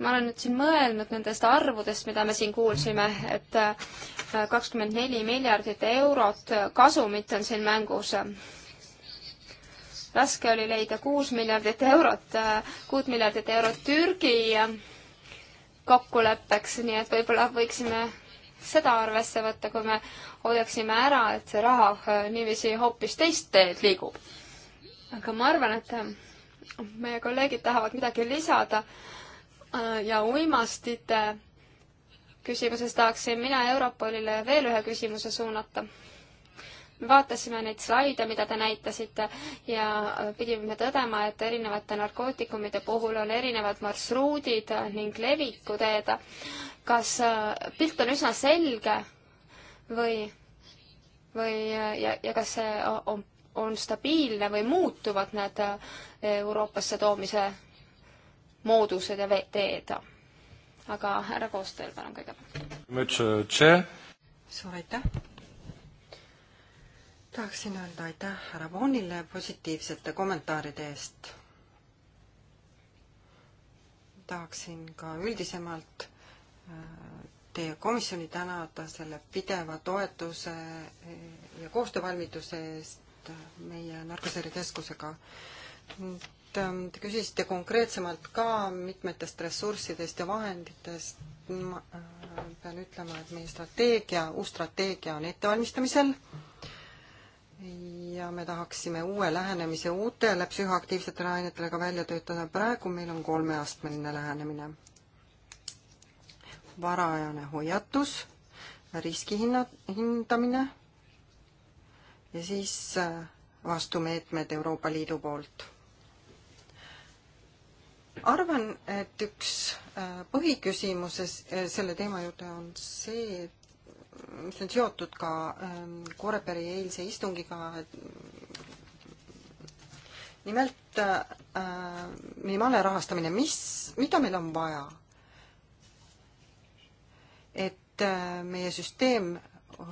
B: ma olen nüüd siin mõelnud nendest arvudest, mida me siin kuulsime, et äh, kakskümmend neli miljardit eurot kasumit on siin mängus. raske oli leida kuus miljardit eurot, äh, kuut miljardit eurot Türgi äh, kokkuleppeks, nii et võib-olla võiksime seda arvesse võtta, kui me hoiaksime ära, et see raha niiviisi hoopis teist teed liigub. aga ma arvan, et meie kolleegid tahavad midagi lisada Äh, ja uimastite küsimuses tahaksin mina Europolile veel ühe küsimuse suunata. me vaatasime neid slaide, mida te näitasite ja äh, pidime tõdema, et erinevate narkootikumide puhul on erinevad marsruudid ning levikuteed. kas äh, pilt on üsna selge või, või ja, ja kas see on, on stabiilne või muutuvad need Euroopasse toomise moodused ja teed. aga
E: härra Koostööl palun
C: kõigepealt.
E: suur aitäh! tahaksin öelda aitäh härra Voonile positiivsete kommentaaride eest. tahaksin ka üldisemalt äh, teie komisjoni tänada selle pideva toetuse äh, ja koostöövalmiduse eest äh, meie narkoseirekeskusega. Ähm, te küsisite konkreetsemalt ka mitmetest ressurssidest ja vahenditest. ma äh, pean ütlema, et meie strateegia, uus strateegia on ettevalmistamisel ja me tahaksime uue lähenemise uutele psühhoaktiivsetele ainetele ka välja töötada. praegu meil on kolmeastmeline lähenemine. varajane hoiatus, riskihinna, hindamine ja siis äh, vastumeetmed Euroopa Liidu poolt arvan, et üks äh, põhiküsimuses äh, selle teema juurde on see, mis on seotud ka ähm, Koreperi eilse istungiga, nimelt äh, minimaalne rahastamine, mis, mida meil on vaja? et äh, meie süsteem äh,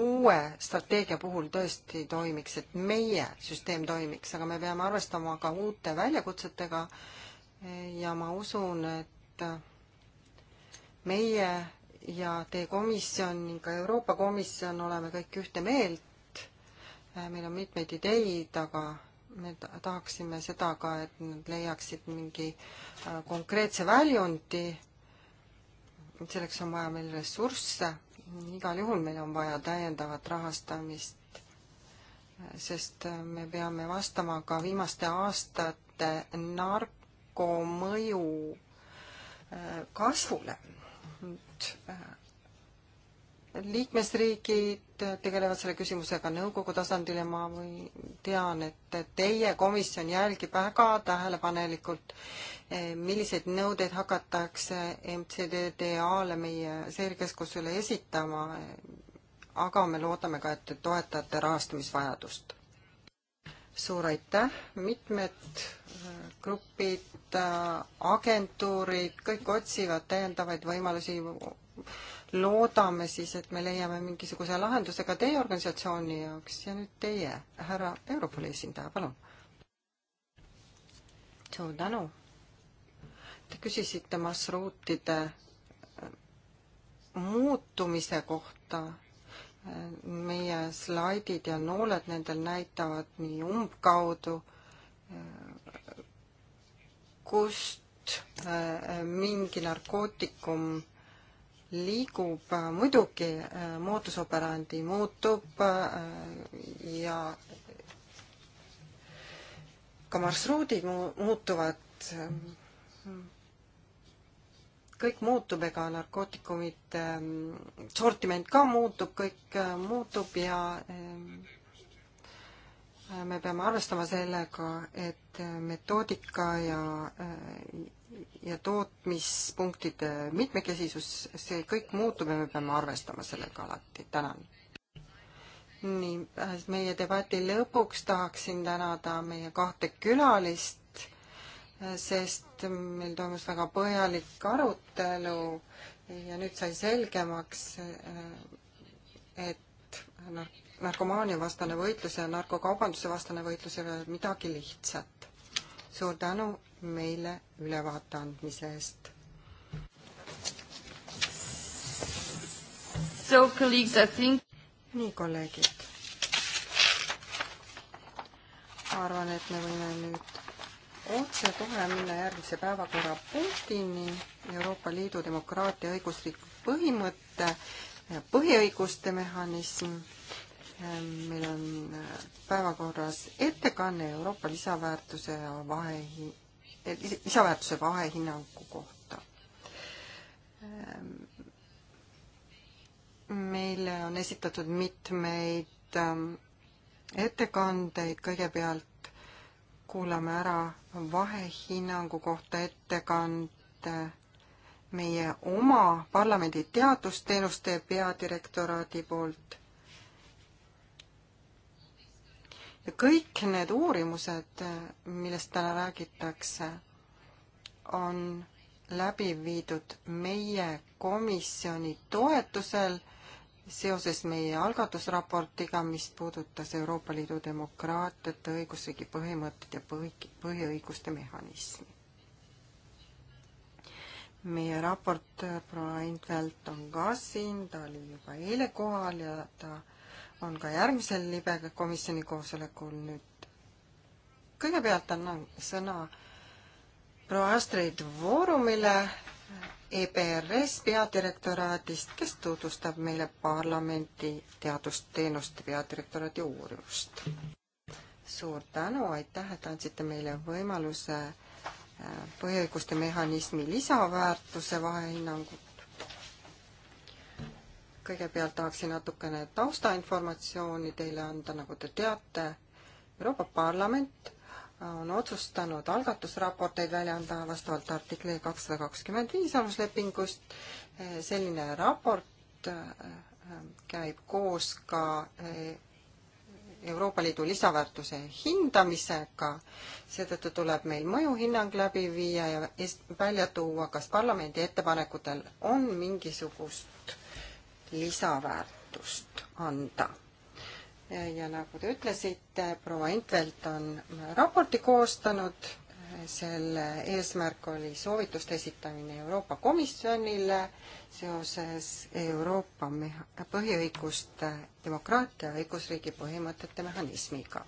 E: uue strateegia puhul tõesti toimiks, et meie süsteem toimiks, aga me peame arvestama ka uute väljakutsetega äh,, ja ma usun, et meie ja teie komisjon ning ka Euroopa Komisjon oleme kõik ühte meelt. meil on mitmeid ideid, aga me tahaksime seda ka, et nad leiaksid mingi äh, konkreetse väljundi. selleks on vaja meil ressursse, igal juhul meil on vaja täiendavat rahastamist, äh, sest äh, me peame vastama ka viimaste aastate nark-, mõju äh, kasvule. nüüd äh, liikmesriigid tegelevad selle küsimusega nõukogu tasandil ja ma või tean, et teie komisjon jälgib väga tähelepanelikult, äh, milliseid nõudeid hakatakse MCDDA-le meie seirekeskusele esitama, aga me loodame ka, et te toetate rahastamisvajadust suur aitäh, mitmed grupid, agentuurid, kõik otsivad täiendavaid võimalusi. loodame siis, et me leiame mingisuguse lahenduse ka teie organisatsiooni jaoks ja nüüd teie, härra Europoli esindaja, palun. suur tänu. Te küsisite marsruutide äh, muutumise kohta meie slaidid ja nooled nendel näitavad nii umbkaudu äh, kust äh, mingi narkootikum liigub, muidugi äh, mootus operandi muutub äh, ja ka marsruudid mu-, muutuvad, kõik muutub, ega narkootikumid, sortiment ka muutub, kõik muutub ja me peame arvestama sellega, et metoodika ja, ja tootmispunktide mitmekesisus, see kõik muutub ja me peame arvestama sellega alati. tänan. nii, meie debati lõpuks tahaksin tänada meie kahte külalist, sest meil toimus väga põhjalik arutelu ja nüüd sai selgemaks, et noh, narkomaaniavastane võitlus ja narkokaubanduse vastane võitlus ei ole midagi lihtsat. suur tänu meile ülevaate andmise eest. So colleagues, I think nii, kolleegid. ma arvan, et me võime nüüd otsekohe minna järgmise päevakorrapunktini, Euroopa Liidu demokraatia õigusriik põhimõte, põhiõiguste mehhanism meil on äh, päevakorras ettekanne Euroopa lisaväärtuse vahe, lisaväärtuse vahehinnangu kohta. Ähm, meile on esitatud mitmeid ähm, ettekandeid, kõigepealt kuulame ära vahehinnangu kohta ettekande meie oma parlamendi teadusteenuste peadirektoraadi poolt ja kõik need uurimused, millest täna räägitakse, on läbi viidud meie komisjoni toetusel seoses meie algatusraportiga, mis puudutas Euroopa Liidu demokraatiat, õigusriigi põhimõtted ja põhi, põhiõiguste mehhanismi. meie raportöör proua Einfeld on ka siin, ta oli juba eile kohal ja ta on ka järgmisel libega komisjoni koosolekul nüüd. kõigepealt annan sõna proua Astrid Voorumile EBRS peadirektoraadist, kes tutvustab meile parlamenti teadusteenuste peadirektoraadi uurimust. suur tänu, aitäh, et andsite meile võimaluse äh, põhiõiguste mehhanismi lisaväärtuse vahehinnangut kõigepealt tahaksin natukene taustainformatsiooni teile anda, nagu te teate, Euroopa Parlament on otsustanud algatusraporteid välja anda vastavalt artikli kakssada kakskümmend viis aluslepingust. selline raport äh, käib koos ka äh, Euroopa Liidu lisaväärtuse hindamisega, seetõttu tuleb meil mõjuhinnang läbi viia ja välja tuua, kas parlamendi ettepanekutel on mingisugust lisaväärtust anda. ja nagu te ütlesite, proua Intvelt on raporti koostanud, selle eesmärk oli soovituste esitamine Euroopa Komisjonile seoses Euroopa meha-, põhiõiguste, demokraatia ja õigusriigi põhimõtete mehhanismiga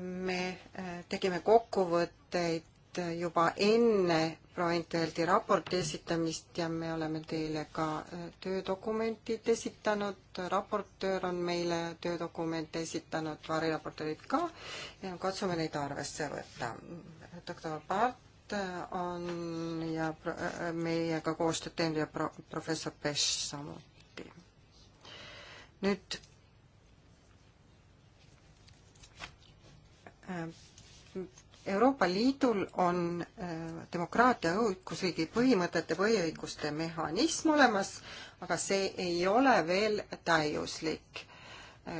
E: me eh, tegime kokkuvõtteid juba enne Proenteldi raporti esitamist ja me oleme teile ka äh, töödokumendid esitanud, raportöör on meile töödokumente esitanud, variraportöörid ka, ja katsume neid arvesse võtta. doktor Part äh, on ja äh, meiega koostööd teinud ja pro-, professor Pesh samuti. nüüd Euroopa Liidul on äh, demokraatia õigusriigi põhimõtete põhiõiguste mehhanism olemas, aga see ei ole veel täiuslik. Äh,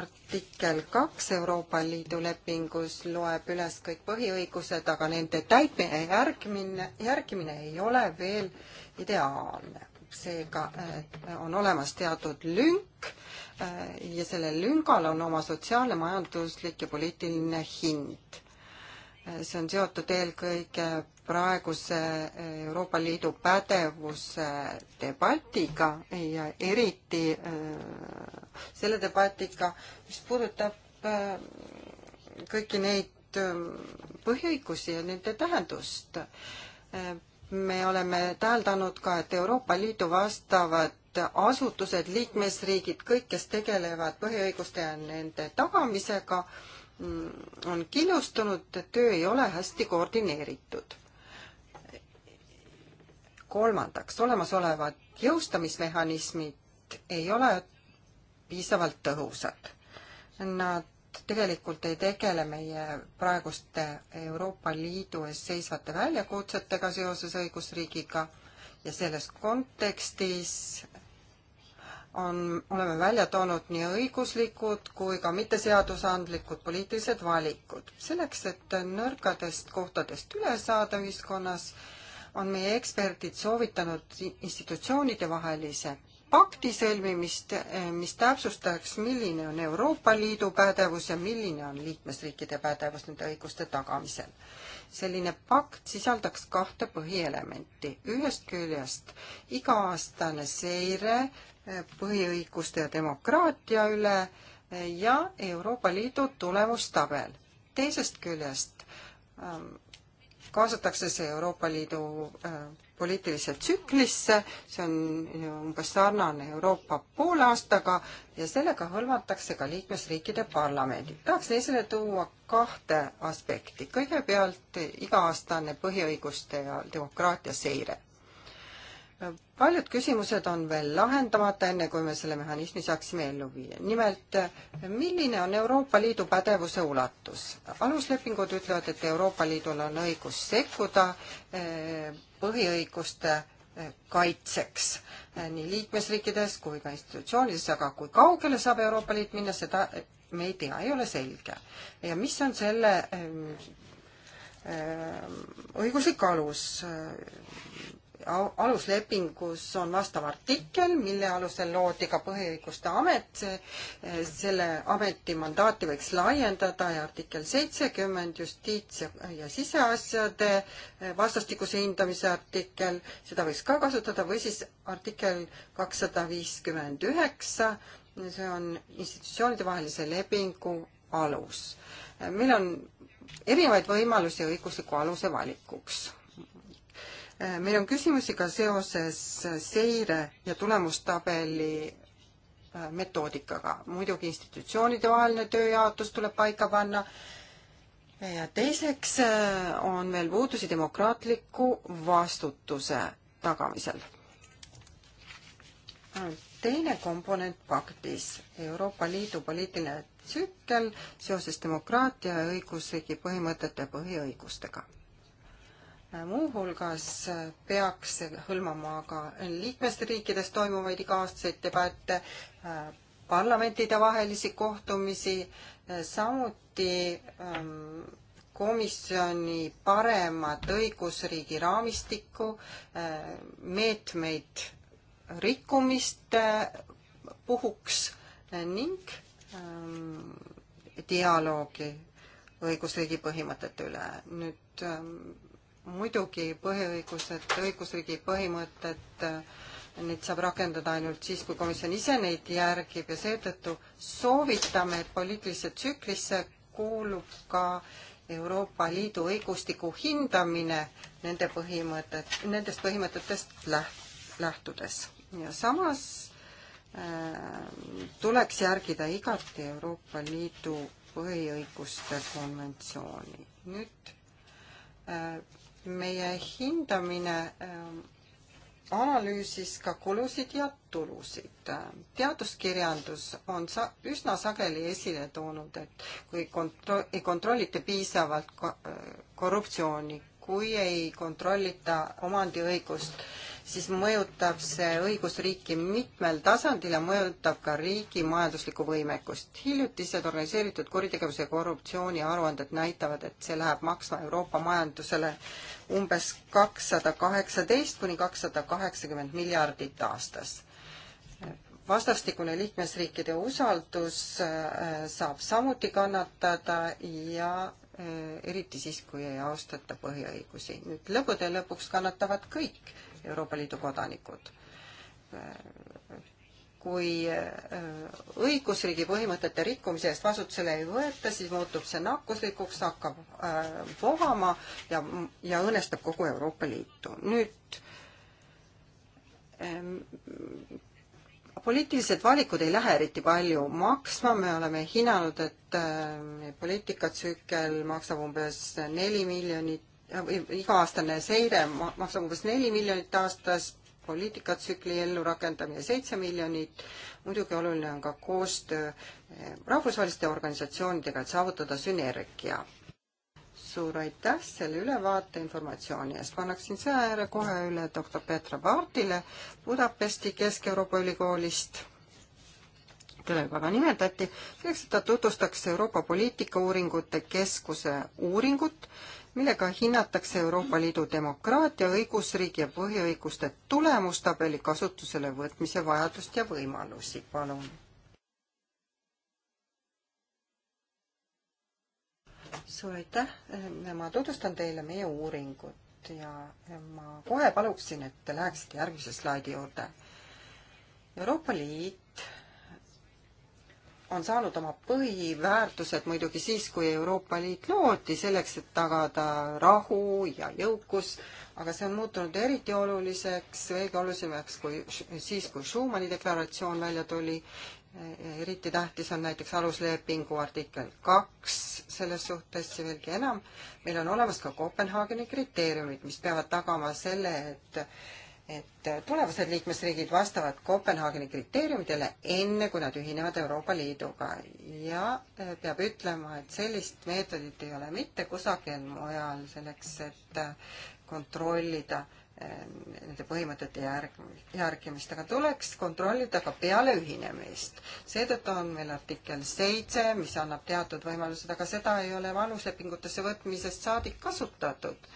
E: artikkel kaks Euroopa Liidu lepingus loeb üles kõik põhiõigused, aga nende täitmine ja järgmine, järgimine ei ole veel ideaalne. seega äh, on olemas teatud lünk ja sellel lüngal on oma sotsiaalne, majanduslik ja poliitiline hind see on seotud eelkõige praeguse Euroopa Liidu pädevuse debatiga ja eriti äh, selle debatiga, mis puudutab äh, kõiki neid äh, põhiõigusi ja nende tähendust. me oleme täheldanud ka, et Euroopa Liidu vastavad asutused, liikmesriigid, kõik, kes tegelevad põhiõiguste ja nende tagamisega, Mm, on killustunud, töö ei ole hästi koordineeritud. kolmandaks, olemasolevad jõustamismehhanismid ei ole piisavalt tõhusad. Nad tegelikult ei tegele meie praeguste Euroopa Liidu ees seisvate väljakutsetega seoses õigusriigiga ja selles kontekstis on, oleme välja toonud nii õiguslikud kui ka mitteseadusandlikud poliitilised valikud. selleks, et nõrkadest kohtadest üle saada ühiskonnas, on meie eksperdid soovitanud institutsioonide vahelise pakti sõlmimist, eh, mis täpsustaks, milline on Euroopa Liidu pädevus ja milline on liikmesriikide pädevus nende õiguste tagamisel selline pakt sisaldaks kahte põhielementi. ühest küljest iga-aastane seire eh, põhiõiguste ja demokraatia üle eh, ja Euroopa Liidu tulemustabel. teisest küljest ehm, kaasatakse see Euroopa Liidu ehm, poliitilisse tsüklisse, see on umbes sarnane Euroopa poole aastaga ja sellega hõlmatakse ka liikmesriikide parlamendid. tahaksin esile tuua kahte aspekti. kõigepealt iga-aastane põhiõiguste ja demokraatia seire. paljud küsimused on veel lahendamata, enne kui me selle mehhanismi saaksime ellu viia. nimelt, milline on Euroopa Liidu pädevuse ulatus? aluslepingud ütlevad, et Euroopa Liidul on õigus sekkuda eh, põhiõiguste eh, kaitseks eh, nii liikmesriikides kui ka institutsioonides, aga kui kaugele saab Euroopa Liit minna, seda eh, me ei tea, ei ole selge. ja mis on selle õiguslik alus? aluslepingus on vastav artikkel, mille alusel loodi ka põhiõiguste amet, selle ameti mandaati võiks laiendada ja artikkel seitsekümmend justiits ja, ja siseasjade vastastikuse hindamise artikkel, seda võiks ka kasutada või siis artikkel kakssada viiskümmend üheksa, see on institutsioonide vahelise lepingu alus. meil on erinevaid võimalusi õigusliku aluse valikuks Äh, meil on küsimusi ka seoses äh, seire ja tulemustabeli äh, metoodikaga. muidugi institutsioonide vaheline tööjaotus tuleb paika panna ja teiseks on veel puudusi demokraatliku vastutuse tagamisel. teine komponent paktis, Euroopa Liidu poliitiline tsükkel seoses demokraatia ja õigusriigi põhimõtete põhiõigustega muuhulgas peaks see hõlmama ka liikmesriikides toimuvaid iga-aastaseid debatte, äh, parlamentidevahelisi kohtumisi, äh, samuti ähm, komisjoni paremat õigusriigi raamistikku, äh, meetmeid rikkumiste puhuks ning ähm, dialoogi õigusriigi põhimõtete üle. nüüd ähm, muidugi põhiõigused, õigusriigi põhimõtted, äh, neid saab rakendada ainult siis, kui komisjon ise neid järgib ja seetõttu soovitame, et poliitilisse tsüklisse kuulub ka Euroopa Liidu õigustiku hindamine nende põhimõtet, nendest põhimõtetest läht-, lähtudes. ja samas äh, tuleks järgida igati Euroopa Liidu põhiõiguste konventsiooni. nüüd äh, meie hindamine ähm, analüüsis ka kulusid ja tulusid. teaduskirjandus on sa-, üsna sageli esile toonud, et kui kontro-, ei kontrollita piisavalt äh, korruptsiooni, kui ei kontrollita omandiõigust, siis mõjutab see õigusriiki mitmel tasandil ja mõjutab ka riigi majanduslikku võimekust. hiljutised organiseeritud kuritegevuse ja korruptsiooni aruanded näitavad, et see läheb maksma Euroopa majandusele umbes kakssada kaheksateist kuni kakssada kaheksakümmend miljardit aastas vastastikune liikmesriikide usaldus äh, saab samuti kannatada ja äh, eriti siis, kui ei austata põhiõigusi. nüüd lõppude lõpuks kannatavad kõik Euroopa Liidu kodanikud. kui äh, õigusriigi põhimõtete rikkumise eest vastutusele ei võeta, siis muutub see nakkuslikuks, hakkab äh, vohama ja, ja õõnestab kogu Euroopa Liitu. nüüd ähm, poliitilised valikud ei lähe eriti palju maksma, me oleme hinnanud, et äh, poliitikatsükkel maksab umbes neli miljonit iga-aastane seire maksab umbes neli miljonit aastas, poliitikatsükli ellurakendamine seitse miljonit. muidugi oluline on ka koostöö eh, rahvusvaheliste organisatsioonidega, et saavutada sünergia. suur aitäh selle ülevaate informatsiooni eest. ma annaksin sõjaääre kohe üle doktor Petra Paartile Budapesti Kesk-Euroopa Ülikoolist keda juba ka nimetati, selleks, et ta tutvustaks Euroopa poliitikauuringute keskuse uuringut, millega hinnatakse Euroopa Liidu demokraatia, õigusriigi ja põhiõiguste tulemustabeli kasutusele võtmise vajadust ja võimalusi. palun. suur aitäh, ma tutvustan teile meie uuringut ja ma kohe paluksin, et te läheksite järgmise slaidi juurde. Euroopa Liit on saanud oma põhiväärtused muidugi siis, kui Euroopa Liit loodi, selleks, et tagada rahu ja jõukus, aga see on muutunud eriti oluliseks, veelgi olulisemaks kui siis, kui Schumani deklaratsioon välja tuli. eriti tähtis on näiteks aluslepingu artikkel kaks selles suhtes ja veelgi enam, meil on olemas ka Kopenhaageni kriteeriumid, mis peavad tagama selle, et et äh, tulevased liikmesriigid vastavad Kopenhaageni kriteeriumidele, enne kui nad ühinevad Euroopa Liiduga ja äh, peab ütlema, et sellist meetodit ei ole mitte kusagil mujal selleks, et äh, kontrollida nende põhimõtete järg-, järgimist, aga tuleks kontrollida ka peale ühinemist. seetõttu on meil artikkel seitse, mis annab teatud võimalused, aga seda ei ole vanusepingutesse võtmisest saadik kasutatud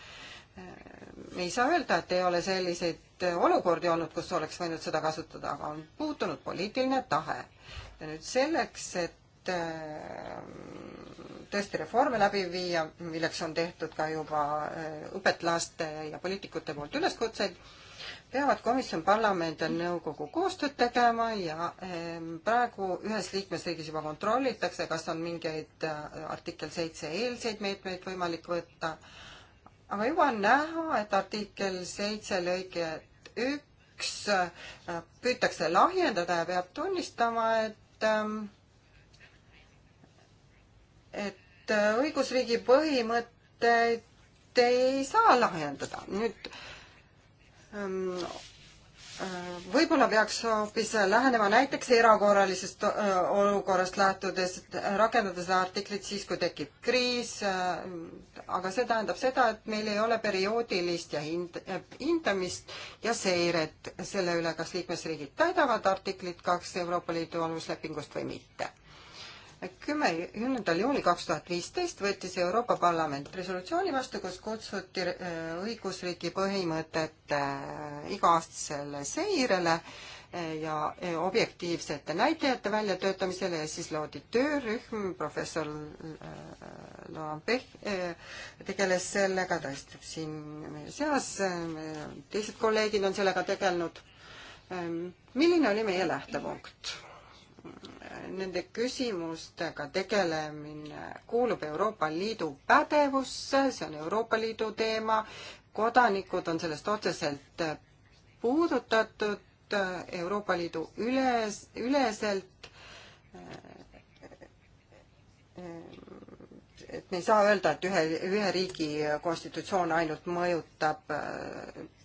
E: me äh, ei saa öelda, et ei ole selliseid äh, olukordi olnud, kus oleks võinud seda kasutada, aga on puutunud poliitiline tahe. ja nüüd selleks, et äh, tõesti reforme läbi viia, milleks on tehtud ka juba õpetlaste ja poliitikute poolt üleskutseid, peavad komisjon, parlament ja nõukogu koostööd tegema ja praegu ühes liikmesriigis juba kontrollitakse, kas on mingeid artikkel seitse eelseid meetmeid võimalik võtta aga juba on näha, et artikkel seitse lõige üks äh, püütakse lahjendada ja peab tunnistama, et ähm, et äh, õigusriigi põhimõtteid ei saa lahjendada. nüüd ähm, võib-olla peaks hoopis lähenema näiteks erakorralisest äh, olukorrast lähtudes, rakendada seda artiklit siis, kui tekib kriis, äh, aga see tähendab seda, et meil ei ole perioodilist ja hind-, äh, hindamist ja seiret selle üle, kas liikmesriigid täidavad artiklit kaks Euroopa Liidu aluslepingust või mitte kümme, kümnendal juunil kaks tuhat viisteist võttis Euroopa Parlament resolutsiooni vastu, kus kutsuti äh, õigusriigi põhimõtete äh, iga-aastasele seirele äh, ja objektiivsete näitajate väljatöötamisele ja siis loodi töörühm, professor Loambeh tegeles sellega, ta istub siin meie seas, teised kolleegid on sellega tegelenud. Ähm, milline oli meie lähtepunkt? nende küsimustega tegelemine kuulub Euroopa Liidu pädevusse, see on Euroopa Liidu teema, kodanikud on sellest otseselt puudutatud Euroopa Liidu üles, üleselt. et me ei saa öelda, et ühe, ühe riigi konstitutsioon ainult mõjutab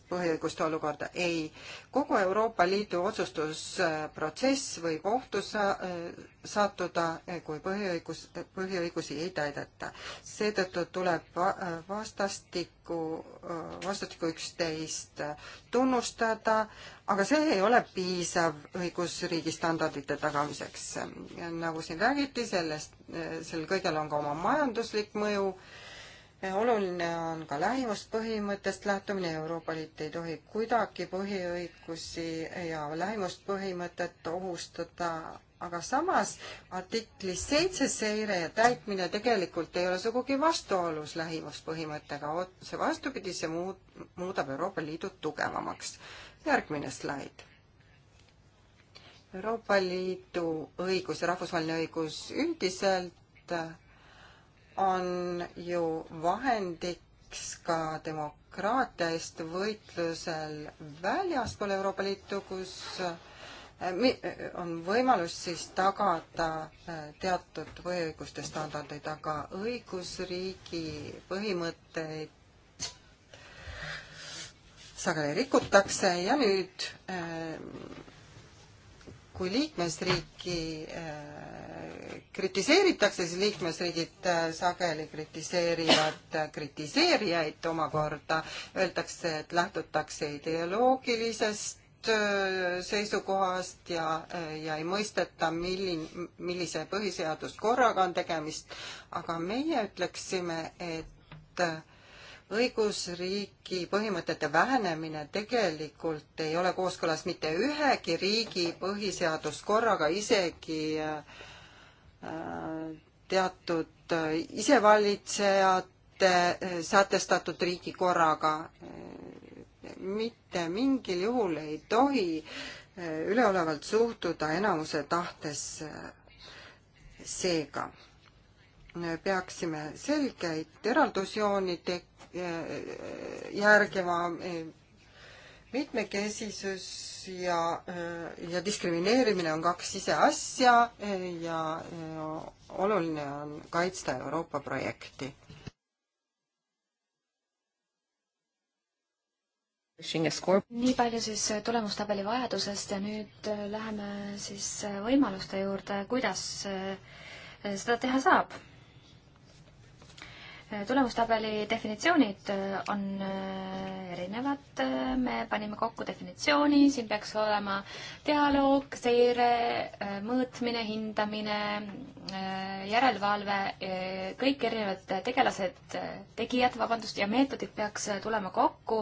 E: põhiõiguste olukorda. ei, kogu Euroopa Liidu otsustusprotsess võib ohtu äh, sa-, sattuda, eh, kui põhiõigus, põhiõigusi ei täideta. seetõttu tuleb vastastikku, äh, vastastikku äh, üksteist tunnustada, aga see ei ole piisav õigusriigi standardite tagamiseks. nagu siin räägiti, sellest, sellel kõigel on ka oma majanduslik mõju Eh, oluline on ka lähimuspõhimõttest lähtumine, Euroopa Liit ei tohi kuidagi põhiõigusi ja lähimuspõhimõtet ohustada, aga samas artikli seitse seire ja täitmine tegelikult ei ole sugugi vastuolus lähimuspõhimõttega, otse vastupidi, see muud, muudab Euroopa Liidu tugevamaks. järgmine slaid. Euroopa Liidu õigus ja rahvusvaheline õigus üldiselt on ju vahendiks ka demokraatia eest võitlusel väljaspool Euroopa Liitu, kus eh, on võimalus siis tagada eh, teatud põhiõiguste standardeid, aga õigusriigi põhimõtteid sageli rikutakse ja nüüd eh, kui liikmesriiki äh, kritiseeritakse, siis liikmesriigid äh, sageli kritiseerivad äh, kritiseerijaid omakorda, öeldakse, et lähtutakse ideoloogilisest seisukohast ja, ja ei mõisteta, milline, millise põhiseaduskorraga on tegemist, aga meie ütleksime, et õigusriigi põhimõtete vähenemine tegelikult ei ole kooskõlas mitte ühegi riigi põhiseaduskorraga, isegi äh, teatud äh, isevalitsejate äh, sätestatud riigikorraga. mitte mingil juhul ei tohi üleolevalt suhtuda enamuse tahtesse seega peaksime selgeid eraldusjooni te-, järgima e, mitmekesisus ja, e, ja diskrimineerimine on kaks siseasja e, ja oluline on kaitsta Euroopa projekti. nii palju
A: siis tulemustabeli vajadusest ja nüüd läheme siis võimaluste juurde, kuidas seda teha saab tulemustabeli definitsioonid äh, on äh, erinevad, äh, me panime kokku definitsiooni, siin peaks olema dialoog, seire, mõõtmine, hindamine, järelevalve, kõik erinevad tegelased, tegijad, vabandust, ja meetodid peaks tulema kokku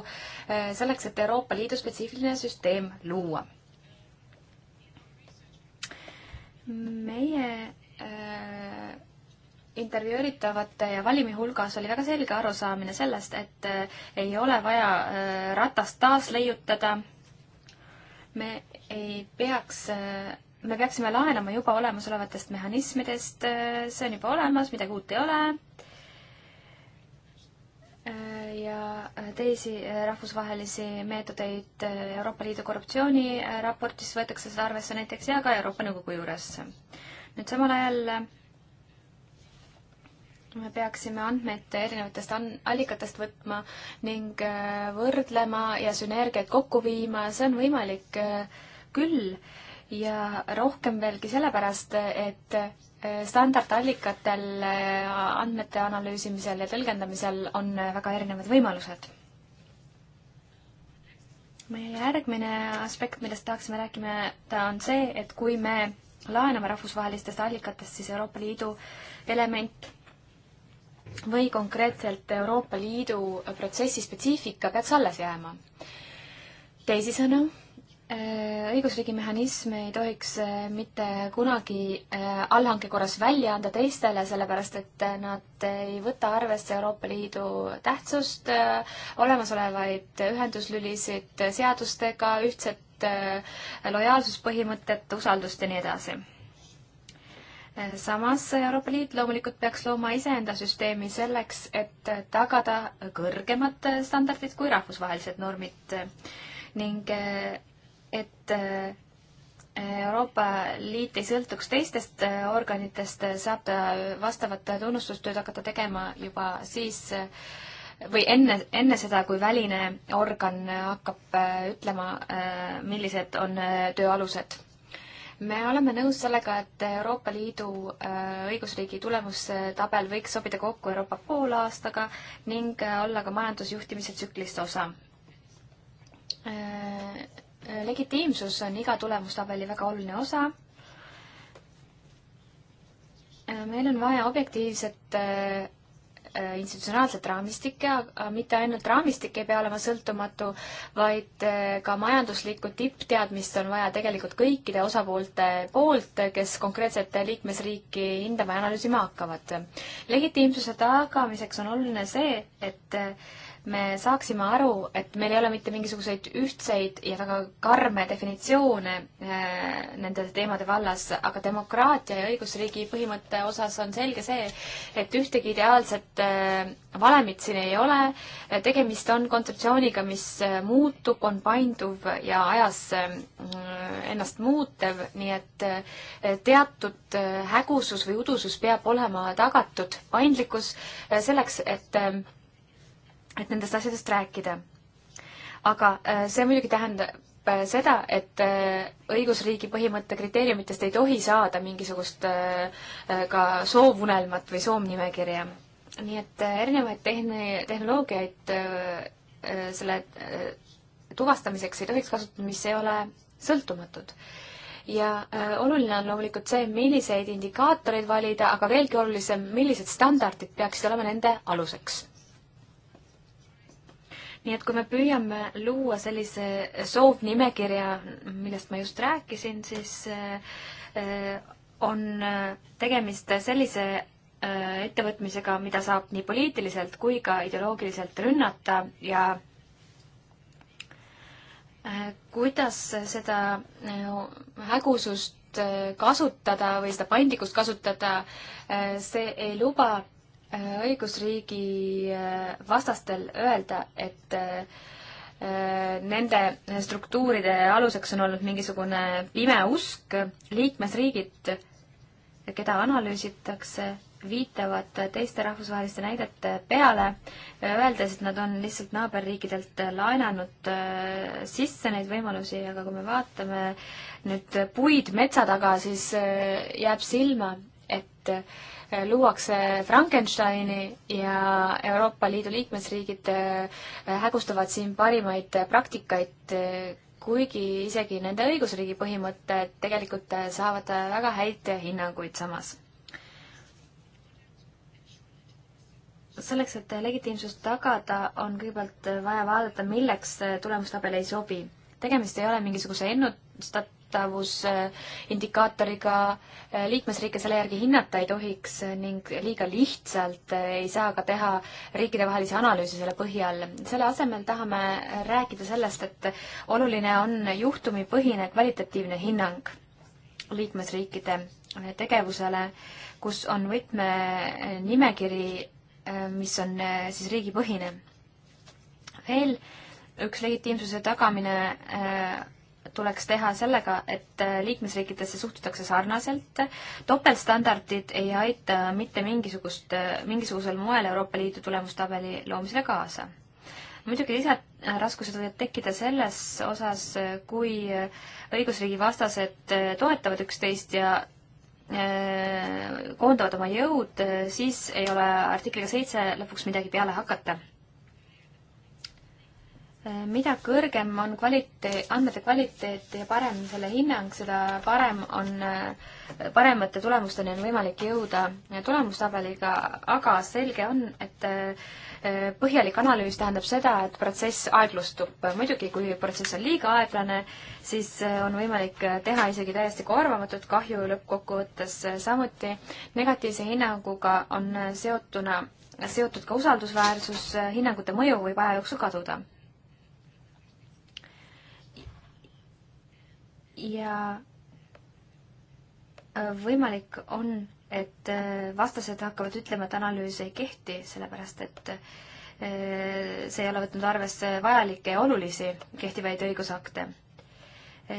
A: selleks, et Euroopa Liidu spetsiifiline süsteem luua. meie intervjueeritavate ja valimi hulgas oli väga selge arusaamine sellest, et eh, ei ole vaja eh, ratast taas leiutada. me ei peaks, eh, me peaksime laenama juba olemasolevatest mehhanismidest, see on juba olemas, midagi uut ei ole. ja teisi rahvusvahelisi meetodeid Euroopa Liidu korruptsiooniraportis võetakse seda arvesse näiteks ja ka Euroopa Nõukogu juures. nüüd samal ajal me peaksime andmeid erinevatest allikatest võtma ning äh, võrdlema ja sünergiaid kokku viima, see on võimalik äh, küll ja rohkem veelgi sellepärast, et äh, standardallikatel andmete analüüsimisel ja tõlgendamisel on väga erinevad võimalused. meie järgmine aspekt, millest tahaksime rääkida, on see, et kui me laename rahvusvahelistest allikatest, siis Euroopa Liidu element või konkreetselt Euroopa Liidu protsessi spetsiifika peaks alles jääma. teisisõnu, äh, õigusriigi mehhanism ei tohiks äh, mitte kunagi äh, allhanke korras välja anda teistele, sellepärast et nad ei võta arvesse Euroopa Liidu tähtsust, olemasolevaid ühenduslülisid seadustega, ühtset lojaalsuspõhimõtet, usaldust ja nii edasi samas Euroopa Liit loomulikult peaks looma iseenda süsteemi selleks, et tagada kõrgemad standardid kui rahvusvahelised normid ning et Euroopa Liit ei sõltuks teistest organitest, saab ta vastavat tunnustustööd hakata tegema juba siis või enne, enne seda, kui väline organ hakkab ütlema, millised on töö alused me oleme nõus sellega, et Euroopa Liidu äh, õigusriigi tulemustabel võiks sobida kokku Euroopa poolaastaga ning äh, olla ka majandusjuhtimise tsüklist osa. Äh, legitiimsus on iga tulemustabeli väga oluline osa meil on vaja objektiivset Äh, institutsionaalset raamistikke, aga mitte ainult raamistik ei pea olema sõltumatu, vaid äh, ka majanduslikku tippteadmist on vaja tegelikult kõikide osapoolte poolt, kes konkreetset liikmesriiki hindama ja analüüsima hakkavad. legitiimsuse tagamiseks on oluline see, et me saaksime aru, et meil ei ole mitte mingisuguseid ühtseid ja väga karme definitsioone äh, nende teemade vallas, aga demokraatia ja õigusriigi põhimõtte osas on selge see, et ühtegi ideaalset äh, valemit siin ei ole. tegemist on kontseptsiooniga, mis äh, muutub, on painduv ja ajas ennast muutev, nii et teatud hägusus või udusus peab olema tagatud, paindlikkus selleks, et et nendest asjadest rääkida. aga äh, see muidugi tähendab äh, seda, et äh, õigusriigi põhimõtte kriteeriumitest ei tohi saada mingisugust ka soovunelmat või soomnimekirja. nii et erinevaid tehn-, tehnoloogiaid selle tuvastamiseks ei tohiks kasutada, mis ei ole sõltumatud ja äh, oluline on loomulikult see, milliseid indikaatoreid valida, aga veelgi olulisem, millised standardid peaksid olema nende aluseks nii et kui me püüame luua sellise soovnimekirja, millest ma just rääkisin, siis eh, on eh, tegemist sellise eh, ettevõtmisega, mida saab nii poliitiliselt kui ka ideoloogiliselt rünnata ja kuidas seda hägusust kasutada või seda paindlikkust kasutada, see ei luba Äh, õigusriigi äh, vastastel öelda, et äh, nende struktuuride aluseks on olnud mingisugune pime usk, liikmesriigid, keda analüüsitakse, viitavad teiste rahvusvaheliste näidete peale, öeldes, et nad on lihtsalt naaberriikidelt laenanud sisse neid võimalusi, aga kui me vaatame nüüd puid metsa taga, siis jääb silma, et äh, luuakse Frankensteini ja Euroopa Liidu liikmesriigid äh, hägustavad siin parimaid praktikaid, äh, kuigi isegi nende õigusriigi põhimõtted tegelikult saavad väga häid hinnanguid samas. selleks, et legitiimsust tagada, on kõigepealt vaja vaadata, milleks tulemustabel ei sobi. tegemist ei ole mingisuguse ennustat-, vastavusindikaatoriga eh, eh, liikmesriike selle järgi hinnata ei tohiks ning liiga lihtsalt eh, ei saa ka teha riikidevahelisi analüüse selle põhjal. selle asemel tahame rääkida sellest, et oluline on juhtumipõhine kvalitatiivne hinnang liikmesriikide tegevusele, kus on võtmenimekiri, mis on siis riigipõhine. veel üks legitiimsuse tagamine tuleks teha sellega, et äh, liikmesriikidesse suhtutakse sarnaselt. topeltstandardid ei aita mitte mingisugust, äh, mingisugusel moel Euroopa Liidu tulemustabeli loomisele kaasa. muidugi lisaraskused võivad tekkida selles osas, äh, kui õigusriigi vastased toetavad üksteist ja koondavad oma jõud, siis ei ole artikliga seitse lõpuks midagi peale hakata mida kõrgem on kvaliteet, andmete kvaliteet ja parem selle hinnang, seda parem on, paremate tulemusteni on võimalik jõuda tulemustabeliga, aga selge on, et eh, põhjalik analüüs tähendab seda, et protsess aeglustub. muidugi, kui protsess on liiga aeglane, siis eh, on võimalik teha isegi täiesti koormamatut kahju lõppkokkuvõttes. samuti negatiivse hinnanguga on seotuna, seotud ka usaldusväärsus, hinnangute mõju võib aja jooksul kaduda ja äh, võimalik on, et äh, vastased hakkavad ütlema, et analüüs ei kehti, sellepärast et äh, see ei ole võtnud arvesse vajalikke ja olulisi kehtivaid õigusakte.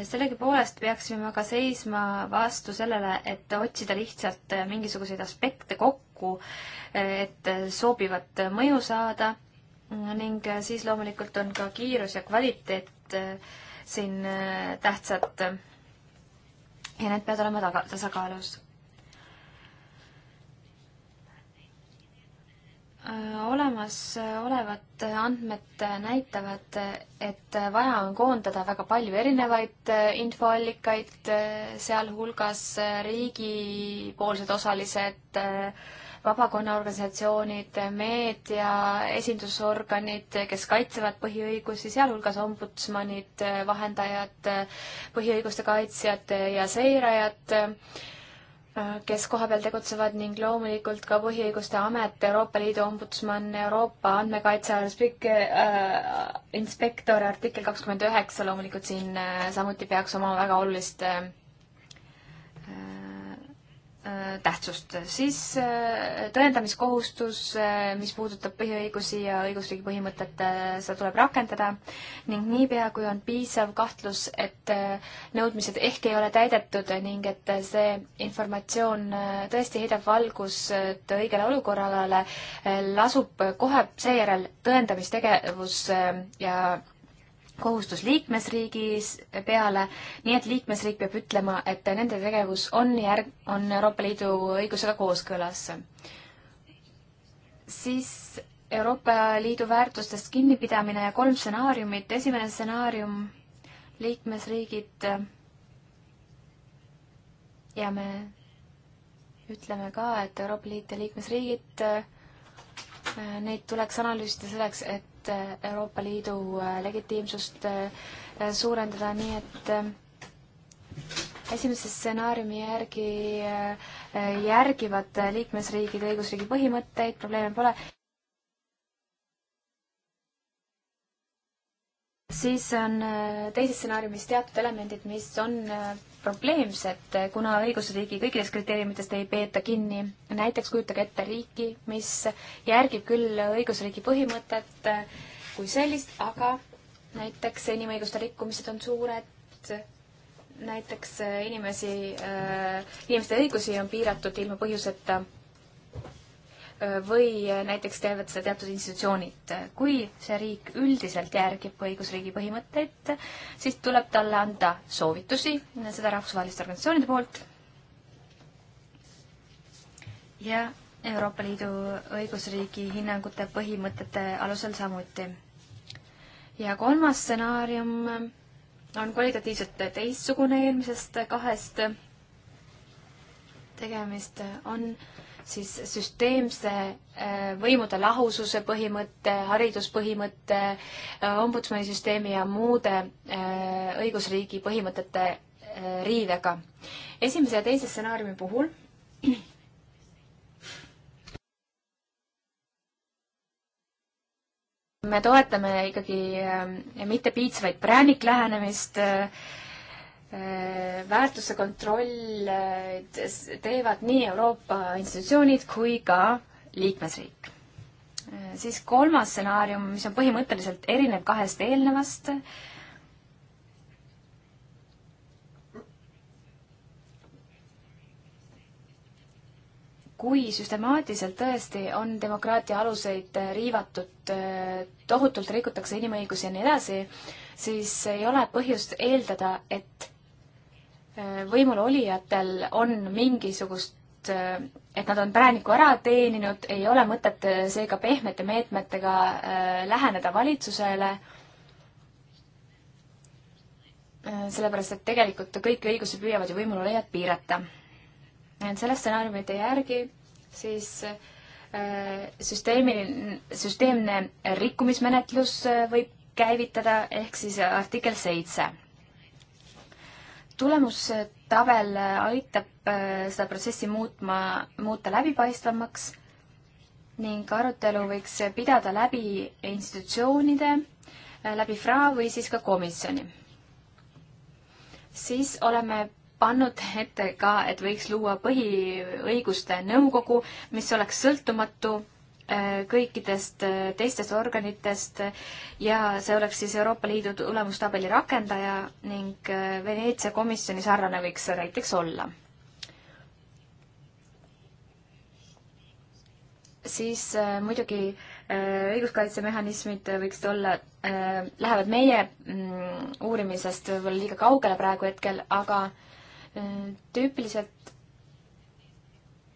A: sellegipoolest peaksime aga seisma vastu sellele, et otsida lihtsalt mingisuguseid aspekte kokku, et sobivat mõju saada ning siis loomulikult on ka kiirus ja kvaliteet siin äh, tähtsad ja need peavad olema taga, tasakaalus. Äh, olemasolevad äh, andmed näitavad, et vaja on koondada väga palju erinevaid infoallikaid, sealhulgas riigipoolsed osalised äh,, vabakonnaorganisatsioonid, meedia, esindusorganid, kes kaitsevad põhiõigusi, sealhulgas ombudsmanid, vahendajad, põhiõiguste kaitsjad ja seirajad, kes kohapeal tegutsevad ning loomulikult ka Põhiõiguste Amet, Euroopa Liidu ombudsman, Euroopa andmekaitse äh, inspektor, artikkel kakskümmend üheksa loomulikult siin äh, samuti peaks oma väga olulist äh, Äh, tähtsust, siis äh, tõendamiskohustus, äh, mis puudutab põhiõigusi ja õigusriigi põhimõtet, seda tuleb rakendada ning niipea, kui on piisav kahtlus, et nõudmised ehk ei ole täidetud ning et see informatsioon tõesti heidab valgust õigele olukorrale, lasub kohe seejärel tõendamistegevus ja kohustus liikmesriigis peale, nii et liikmesriik peab ütlema, et nende tegevus on järg-, on Euroopa Liidu õigusega kooskõlas. siis Euroopa Liidu väärtustest kinnipidamine ja kolm stsenaariumit, esimene stsenaarium, liikmesriigid ja me ütleme ka, et Euroopa Liit ja liikmesriigid, äh, neid tuleks analüüsida selleks, et et eh, Euroopa Liidu eh, legitiimsust eh, suurendada, nii et esimese stsenaariumi järgi järgivad liikmesriigid õigusriigi põhimõtteid, probleeme pole. siis on teises stsenaariumis teatud elemendid, mis on probleemsed, kuna õigusriigi kõikidest kriteeriumitest ei peeta kinni. näiteks kujutage ette riiki, mis järgib küll õigusriigi põhimõtet äh, kui sellist, aga näiteks inimõiguste rikkumised on suured, näiteks äh, inimesi, äh, inimeste õigusi on piiratud ilma põhjuseta või näiteks teevad seda teatud institutsioonid. kui see riik üldiselt järgib õigusriigi põhimõtteid, siis tuleb talle anda soovitusi, seda rahvusvaheliste organisatsioonide poolt. ja Euroopa Liidu õigusriigi hinnangute põhimõtete alusel samuti. ja kolmas stsenaarium on kvalitatiivselt teistsugune eelmisest kahest. tegemist on äh, siis süsteemse äh, võimude lahususe põhimõtte, hariduspõhimõtte, äh, ombudsmani süsteemi ja muude äh, õigusriigi põhimõtete riivega. esimese ja teise stsenaariumi puhul me toetame ikkagi mitte piitsvaid präänik lähenemist äh, Äh, väärtuste kontroll äh, teevad nii Euroopa institutsioonid kui ka liikmesriik. Äh, siis kolmas stsenaarium, mis on põhimõtteliselt erinev kahest eelnevast, kui süstemaatiliselt tõesti on demokraatia aluseid riivatud, tohutult rikutakse inimõigusi ja nii edasi, siis ei ole põhjust eeldada, et Äh, võimul olijatel on mingisugust, äh, et nad on prääniku ära teeninud, ei ole mõtet äh, seega pehmete meetmetega läheneda valitsusele, sellepärast et tegelikult kõiki õigusi püüavad ju võimul olijad piirata. selle stsenaariumite järgi siis süsteemi, süsteemne rikkumismenetlus võib käivitada, ehk siis artikkel seitse tulemustabel aitab äh, seda protsessi muutma, muuta läbipaistvamaks ning arutelu võiks pidada läbi institutsioonide, äh, läbi FRA või siis ka komisjoni. siis oleme pannud ette ka, et võiks luua põhiõiguste nõukogu, mis oleks sõltumatu Äh, kõikidest äh, teistest organitest ja see oleks siis Euroopa Liidu tulemustabeli rakendaja ning äh, Veneetsia komisjoni sarnane võiks see näiteks olla. siis muidugi õiguskaitsemehhanismid võiksid olla, lähevad meie mm, uurimisest võib-olla liiga kaugele praegu hetkel, aga tüüpiliselt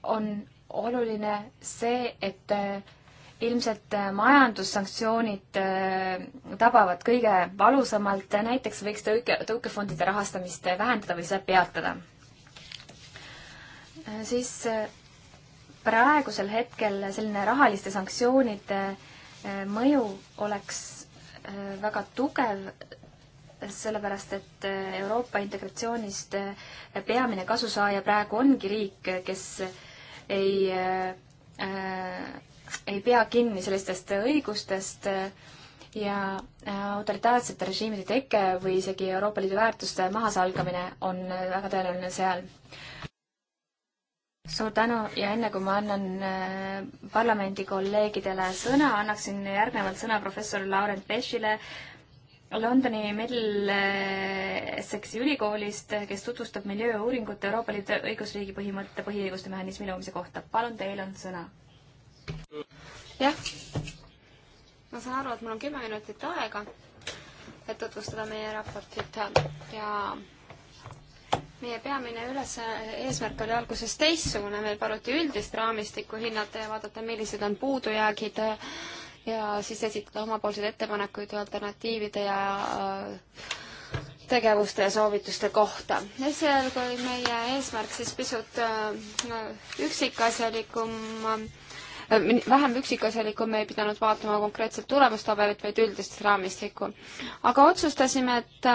A: on oluline see, et äh, ilmselt äh, majandussanktsioonid äh, tabavad kõige valusamalt, näiteks võiks tõuke, tõukefondide rahastamist vähendada või seda peatada. siis praegusel hetkel selline rahaliste sanktsioonide mõju oleks väga tugev, sellepärast et Euroopa integratsioonist peamine kasusaaja praegu ongi riik, kes ei äh, ei pea kinni sellistest õigustest ja äh, autoritaarsete režiimide teke või isegi Euroopa Liidu väärtuste mahasalgamine on väga tõenäoline seal. suur tänu ja enne kui ma annan äh, parlamendi kolleegidele sõna, annaksin järgnevalt sõna professor Laurent Pešile, Londoni Middlesexi ülikoolist, kes tutvustab miljööuuringut Euroopa Liidu õigusriigi põhimõtte põhiõiguste mehhanismi loomise kohta. palun, teil on sõna. jah, ma saan aru, et mul on kümme minutit aega, et tutvustada meie raportit
B: ja meie peamine üles-, eesmärk oli alguses teistsugune, meil paluti üldist raamistikku hinnata ja vaadata, millised on puudujäägid äh, ja siis esitada omapoolseid ettepanekuid alternatiivide ja äh, tegevuste ja soovituste kohta. esialgu oli meie eesmärk siis pisut äh, üksikasjalikum äh, vähem üksikasjalikku me ei pidanud vaatama konkreetselt tulemustabelit, vaid üldist raamistikku. aga otsustasime, et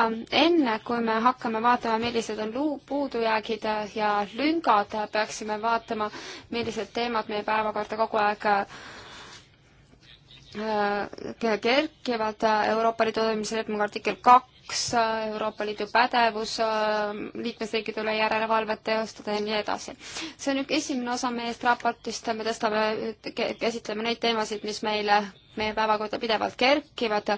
B: enne, kui me hakkame vaatama, millised on luu-, puudujäägid ja lüngad, peaksime vaatama, millised teemad meie päevakorda kogu aeg Äh, kerkivad äh, Euroopa Liidu toimimise lepingu artikkel kaks, kaks, äh, Euroopa Liidu pädevus äh, liikmesriikide üle järelevalvet teostada ja nii edasi. see on esimene osa meie raportist, me tõstame, käsitleme neid teemasid, mis meile, meie päevakorda pidevalt kerkivad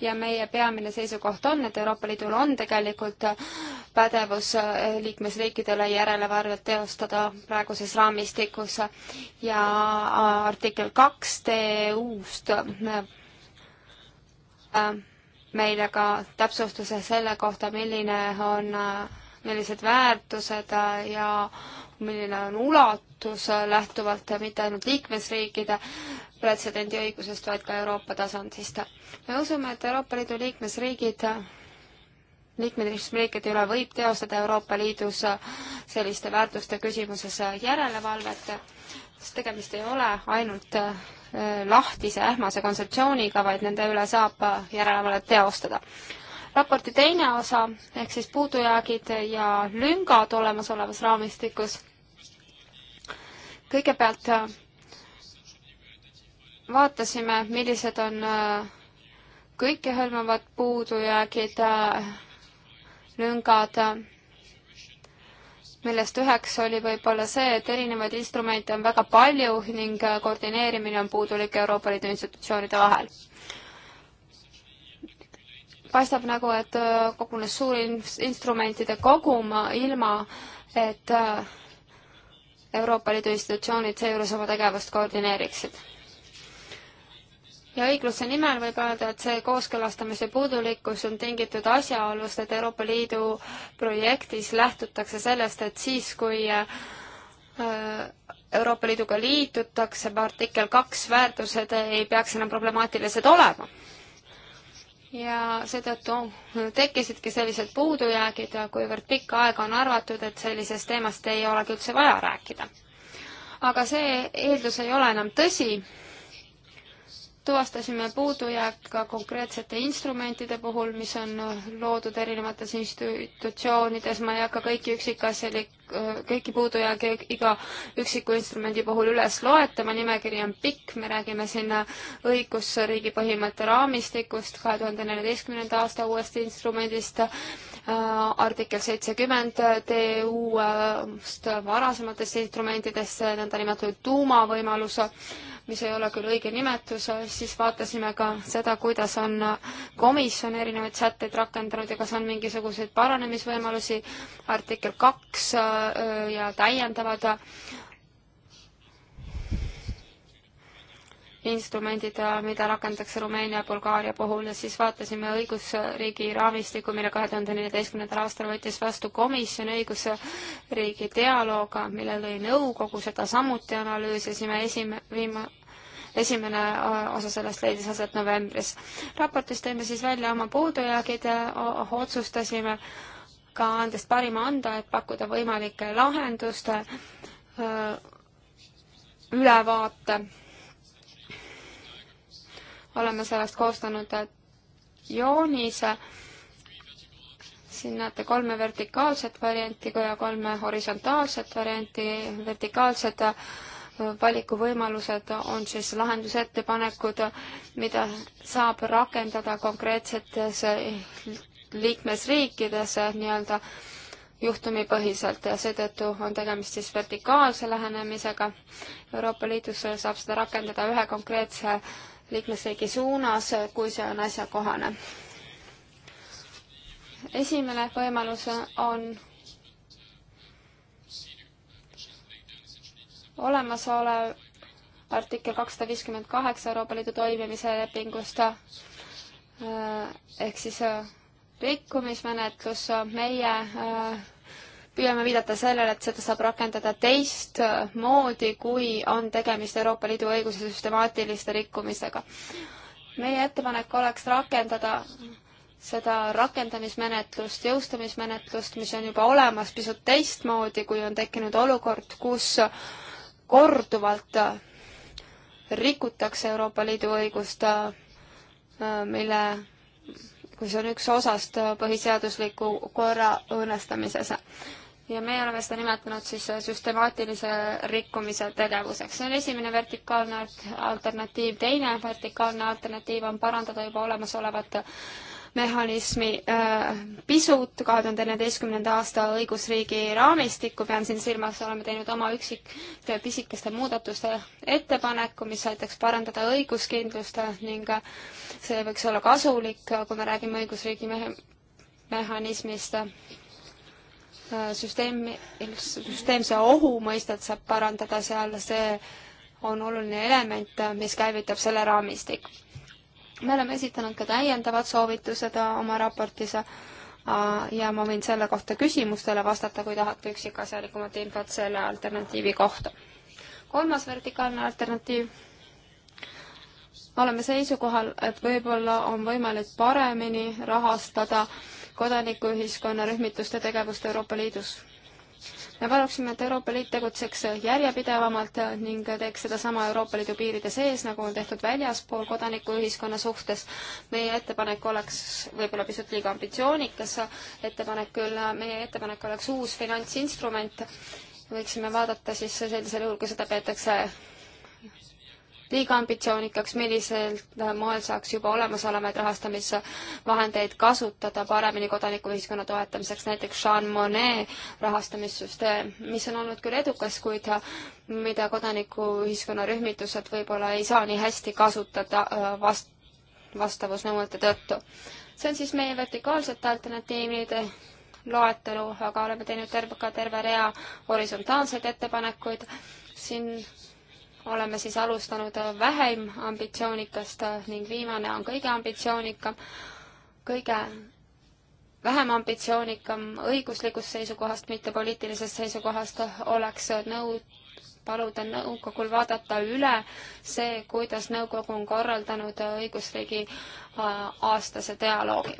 B: ja meie peamine seisukoht on, et Euroopa Liidul on tegelikult pädevus äh, liikmesriikidele järelevalvet teostada praeguses raamistikus ja artikkel kaks TÜ-st äh, meile ka täpsustuse selle kohta, milline on, millised väärtused ja milline on ulatus lähtuvalt mitte ainult liikmesriikide pretsedendi õigusest, vaid ka Euroopa tasandist. me usume, et Euroopa Liidu liikmesriigid liikmesriikide üle võib teostada Euroopa Liidus selliste väärtuste küsimuses järelevalvet, sest tegemist ei ole ainult Äh, lahtise ähmase kontseptsiooniga, vaid nende üle saab äh, järelevalvet teostada. raporti teine osa ehk siis puudujäägid ja lüngad olemasolevas raamistikus. kõigepealt äh, vaatasime, millised on kõikehõlmavad puudujäägid, lüngad millest üheks oli võib-olla see, et erinevaid instrumente on väga palju ning äh, koordineerimine on puudulik Euroopa Liidu institutsioonide vahel. paistab nagu, et äh, kogunes suur instrumentide kogum ilma, et äh, Euroopa Liidu institutsioonid seejuures oma tegevust koordineeriksid ja õigluse nimel võib öelda, et see kooskõlastamise puudulikkus on tingitud asjaolust, et Euroopa Liidu projektis lähtutakse sellest, et siis, kui äh, Euroopa Liiduga liitutakse, artikkel kaks väärtused ei peaks enam problemaatilised olema. ja seetõttu tekkisidki sellised puudujäägid, kuivõrd pikka aega on arvatud, et sellisest teemast ei olegi üldse vaja rääkida. aga see eeldus ei ole enam tõsi tuvastasime puudujääk ka konkreetsete instrumentide puhul, mis on loodud erinevates institutsioonides, ma ei hakka kõiki üksikasjalik, kõiki puudujääke iga üksiku instrumendi puhul üles loetama, nimekiri on pikk, me räägime siin õigusriigi põhimõtte raamistikust, kahe tuhande neljateistkümnenda aasta uuest instrumendist, artikkel seitsekümmend TÜ-st varasematest instrumentidest, nõndanimetatud tuumavõimalus, mis ei ole küll õige nimetus, siis vaatasime ka seda, kuidas on komisjon erinevaid sätteid rakendanud ja kas on mingisuguseid paranemisvõimalusi. artikkel kaks äh, ja täiendavad instrumendid, äh, mida rakendatakse Rumeenia ja Bulgaaria puhul ja siis vaatasime õigusriigi raamistikku, mille kahe tuhande neljateistkümnendal aastal võttis vastu komisjon õigusriigi dialoog, mille lõi nõukogu, seda samuti analüüsisime esime-, viima-, esimene äh, osa sellest leidis aset novembris. raportis tõime siis välja oma puudujäägid, äh, otsustasime ka andest parima anda, et pakkuda võimalike lahenduste öö, ülevaate oleme sellest koostanud joonise. siin näete kolme vertikaalset varianti ja kolme horisontaalset varianti. vertikaalsed valikuvõimalused on siis lahendusettepanekud, mida saab rakendada konkreetsetes liikmesriikides nii-öelda juhtumipõhiselt ja seetõttu on tegemist siis vertikaalse lähenemisega. Euroopa Liidus saab seda rakendada ühe konkreetse liikmesriigi suunas, kui see on asjakohane. esimene võimalus on olemasolev artikkel kakssada viiskümmend kaheksa Euroopa Liidu toimimise lepingust eh, ehk siis eh, rikkumismenetlus eh, meie püüame viidata sellele, et seda saab rakendada teistmoodi, äh, kui on tegemist Euroopa Liidu õiguse süstemaatiliste rikkumisega. meie ettepanek oleks rakendada seda rakendamismenetlust, jõustamismenetlust, mis on juba olemas, pisut teistmoodi, kui on tekkinud olukord, kus korduvalt äh, rikutakse Euroopa Liidu õigust, äh, mille, kui see on üks osast põhiseadusliku korra õõnestamises ja meie oleme seda nimetanud siis äh, süstemaatilise rikkumise tegevuseks. see on esimene vertikaalne alternatiiv, teine vertikaalne alternatiiv on parandada juba olemasolevat mehhanismi äh, pisut kahe tuhande neljateistkümnenda aasta õigusriigi raamistikku, pean siin silmas, oleme teinud oma üksikte pisikeste muudatuste ettepaneku, mis aitaks parandada õiguskindlust ning see võiks olla kasulik, kui me räägime õigusriigi mehe, mehhanismist Äh, süsteemi, süsteemse ohu mõistet saab parandada seal, see on oluline element, äh, mis käivitab selle raamistik. me oleme esitanud ka täiendavad soovitused äh, oma raportis ja ma võin selle kohta küsimustele vastata, kui tahate üksikasjalikumat infot selle alternatiivi kohta. kolmas vertikaalne alternatiiv. oleme seisukohal, et võib-olla on võimalik paremini rahastada äh, kodanikuühiskonna rühmituste tegevust Euroopa Liidus. me paluksime, et Euroopa Liit tegutseks järjepidevamalt ning teeks sedasama Euroopa Liidu piiride sees, nagu on tehtud väljaspool kodanikuühiskonna suhtes. meie ettepanek oleks võib-olla pisut liiga ambitsioonikas ettepanek küll, meie ettepanek oleks uus finantsinstrument, võiksime vaadata siis sellisel juhul, kui seda peetakse liiga ambitsioonikaks, millisel moel saaks juba olemasolevaid rahastamisvahendeid kasutada paremini kodanikuühiskonna toetamiseks, näiteks Jean Monnet rahastamissüsteem, mis on olnud küll edukas, kuid mida kodanikuühiskonna rühmitused võib-olla ei saa nii hästi kasutada äh, vast-, vastavusnõuete tõttu. see on siis meie vertikaalsete alternatiivide loetelu, aga oleme teinud terve, ka terve rea horisontaalseid ettepanekuid. siin oleme siis alustanud vähem ambitsioonikast ning viimane on kõige ambitsioonikam, kõige vähem ambitsioonikam õiguslikust seisukohast, mitte poliitilisest seisukohast, oleks nõu-, paluda nõukogul vaadata üle see, kuidas nõukogu on korraldanud õigusriigi äh, aastase dialoogi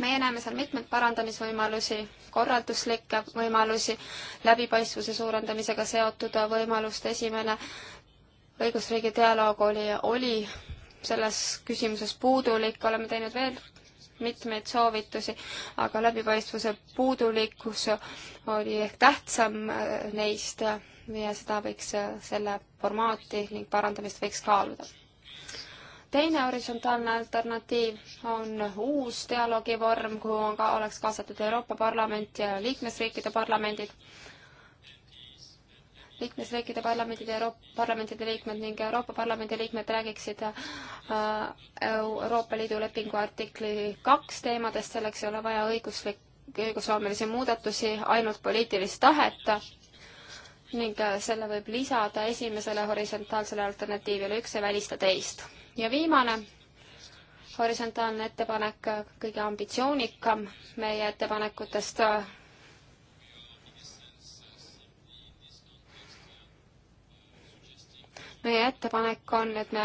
B: meie näeme seal mitmeid parandamisvõimalusi, korralduslikke võimalusi, läbipaistvuse suurendamisega seotud võimalust, esimene õigusriigi dialoog oli, oli selles küsimuses puudulik, oleme teinud veel mitmeid soovitusi, aga läbipaistvuse puudulikkus oli ehk tähtsam äh, neist äh, ja seda võiks, äh, selle formaati ning parandamist võiks kaaluda teine horisontaalne alternatiiv on uus dialoogivorm, kuhu on ka, oleks kaasatud Euroopa Parlament ja liikmesriikide parlamendid, liikmesriikide parlamendid ja Euroopa Parlamentide liikmed ning Euroopa Parlamendi liikmed räägiksid äh, Euroopa Liidu lepingu artikli kaks teemadest, selleks ei ole vaja õiguslik, õigusloomelisi muudatusi, ainult poliitilist tahet ning äh, selle võib lisada esimesele horisontaalsele alternatiivile, üks ei välista teist ja viimane horisontaalne ettepanek, kõige ambitsioonikam meie ettepanekutest. meie ettepanek on, et me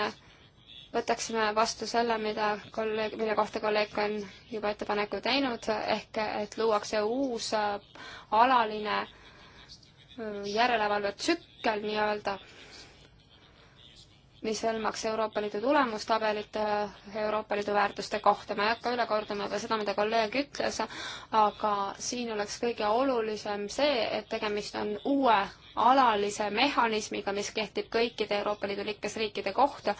B: võtaksime vastu selle, mida kolleeg, mille kohta kolleeg on juba ettepaneku teinud, ehk et luuakse uus alaline järelevalvetsükkel nii-öelda mis hõlmaks Euroopa Liidu tulemustabelit Euroopa Liidu väärtuste kohta. ma ei hakka üle kordama juba seda, mida kolleeg ütles, aga siin oleks kõige olulisem see, et tegemist on uue alalise mehhanismiga, mis kehtib kõikide Euroopa Liidu liikmesriikide kohta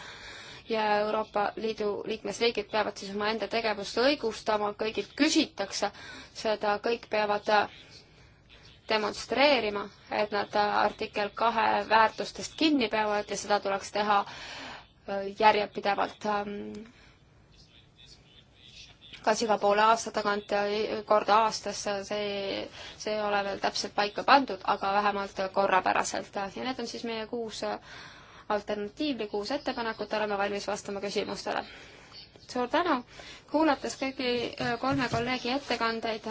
B: ja Euroopa Liidu liikmesriigid peavad siis omaenda tegevust õigustama, kõigilt küsitakse seda, kõik peavad demonstreerima, et nad artikkel kahe väärtustest kinni peavad ja seda tuleks teha äh, järjepidevalt. Ähm, kas iga poole aasta tagant ja kord aastas, äh, see, see ei ole veel täpselt paika pandud, aga vähemalt korrapäraselt ja need on siis meie kuus äh, alternatiivi, kuus ettepanekut, oleme valmis vastama küsimustele. suur tänu, kuulates kõigi kolme kolleegi ettekandeid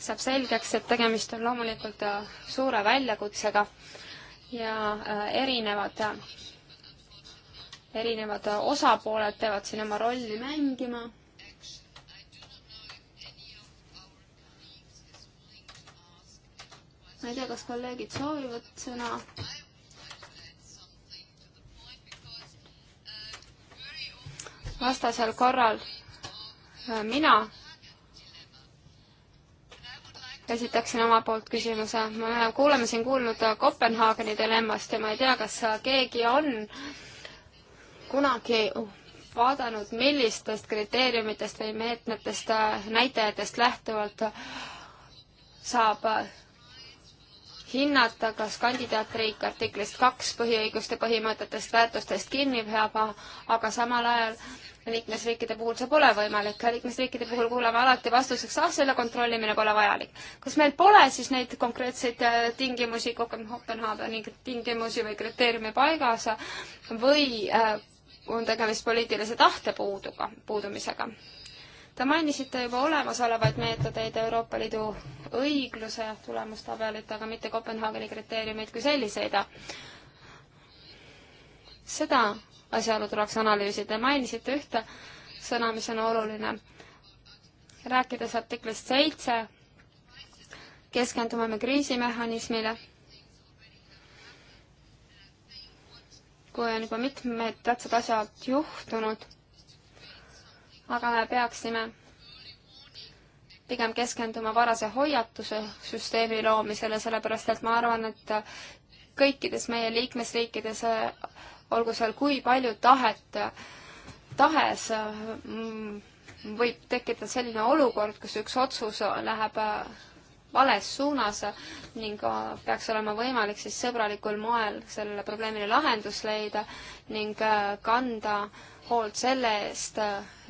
B: saab selgeks, et tegemist on loomulikult äh, suure väljakutsega ja äh, erinevad, erinevad äh, osapooled peavad siin oma rolli mängima ma ei tea, kas kolleegid soovivad sõna. vastasel korral mina esitaksin oma poolt küsimuse. me kuuleme siin kuulnud Kopenhaageni dilemmast ja ma ei tea, kas keegi on kunagi vaadanud, millistest kriteeriumitest või meetmetest, näitajatest lähtuvalt saab hinnata, kas kandidaatriik artiklist kaks põhiõiguste põhimõtetest, väärtustest kinni peab, aga samal ajal liikmesriikide puhul see pole võimalik, liikmesriikide puhul kuuleme alati vastuseks, ah, selle kontrollimine pole vajalik. kas meil pole siis neid konkreetseid äh, tingimusi, Kopenhaageni tingimusi või kriteeriumi paigas või äh, on tegemist poliitilise tahte puuduga, puudumisega? Te mainisite juba olemasolevaid meetodeid Euroopa Liidu õigluse tulemustabelit, aga mitte Kopenhaageni kriteeriumeid kui selliseid. seda asjaolu tuleks analüüsida. mainisite ühte sõna, mis on oluline. rääkides artiklist seitse, keskendume me kriisimehhanismile. kui on juba mitmed tähtsad asjad juhtunud, aga me peaksime pigem keskenduma varase hoiatuse süsteemi loomisele, sellepärast et ma arvan, et kõikides meie liikmesriikides olgu seal kui palju tahet tahes, mm, võib tekkida selline olukord, kus üks otsus läheb äh, vales suunas ning äh, peaks olema võimalik siis sõbralikul moel sellele probleemile lahendus leida ning äh, kanda hoolt selle eest,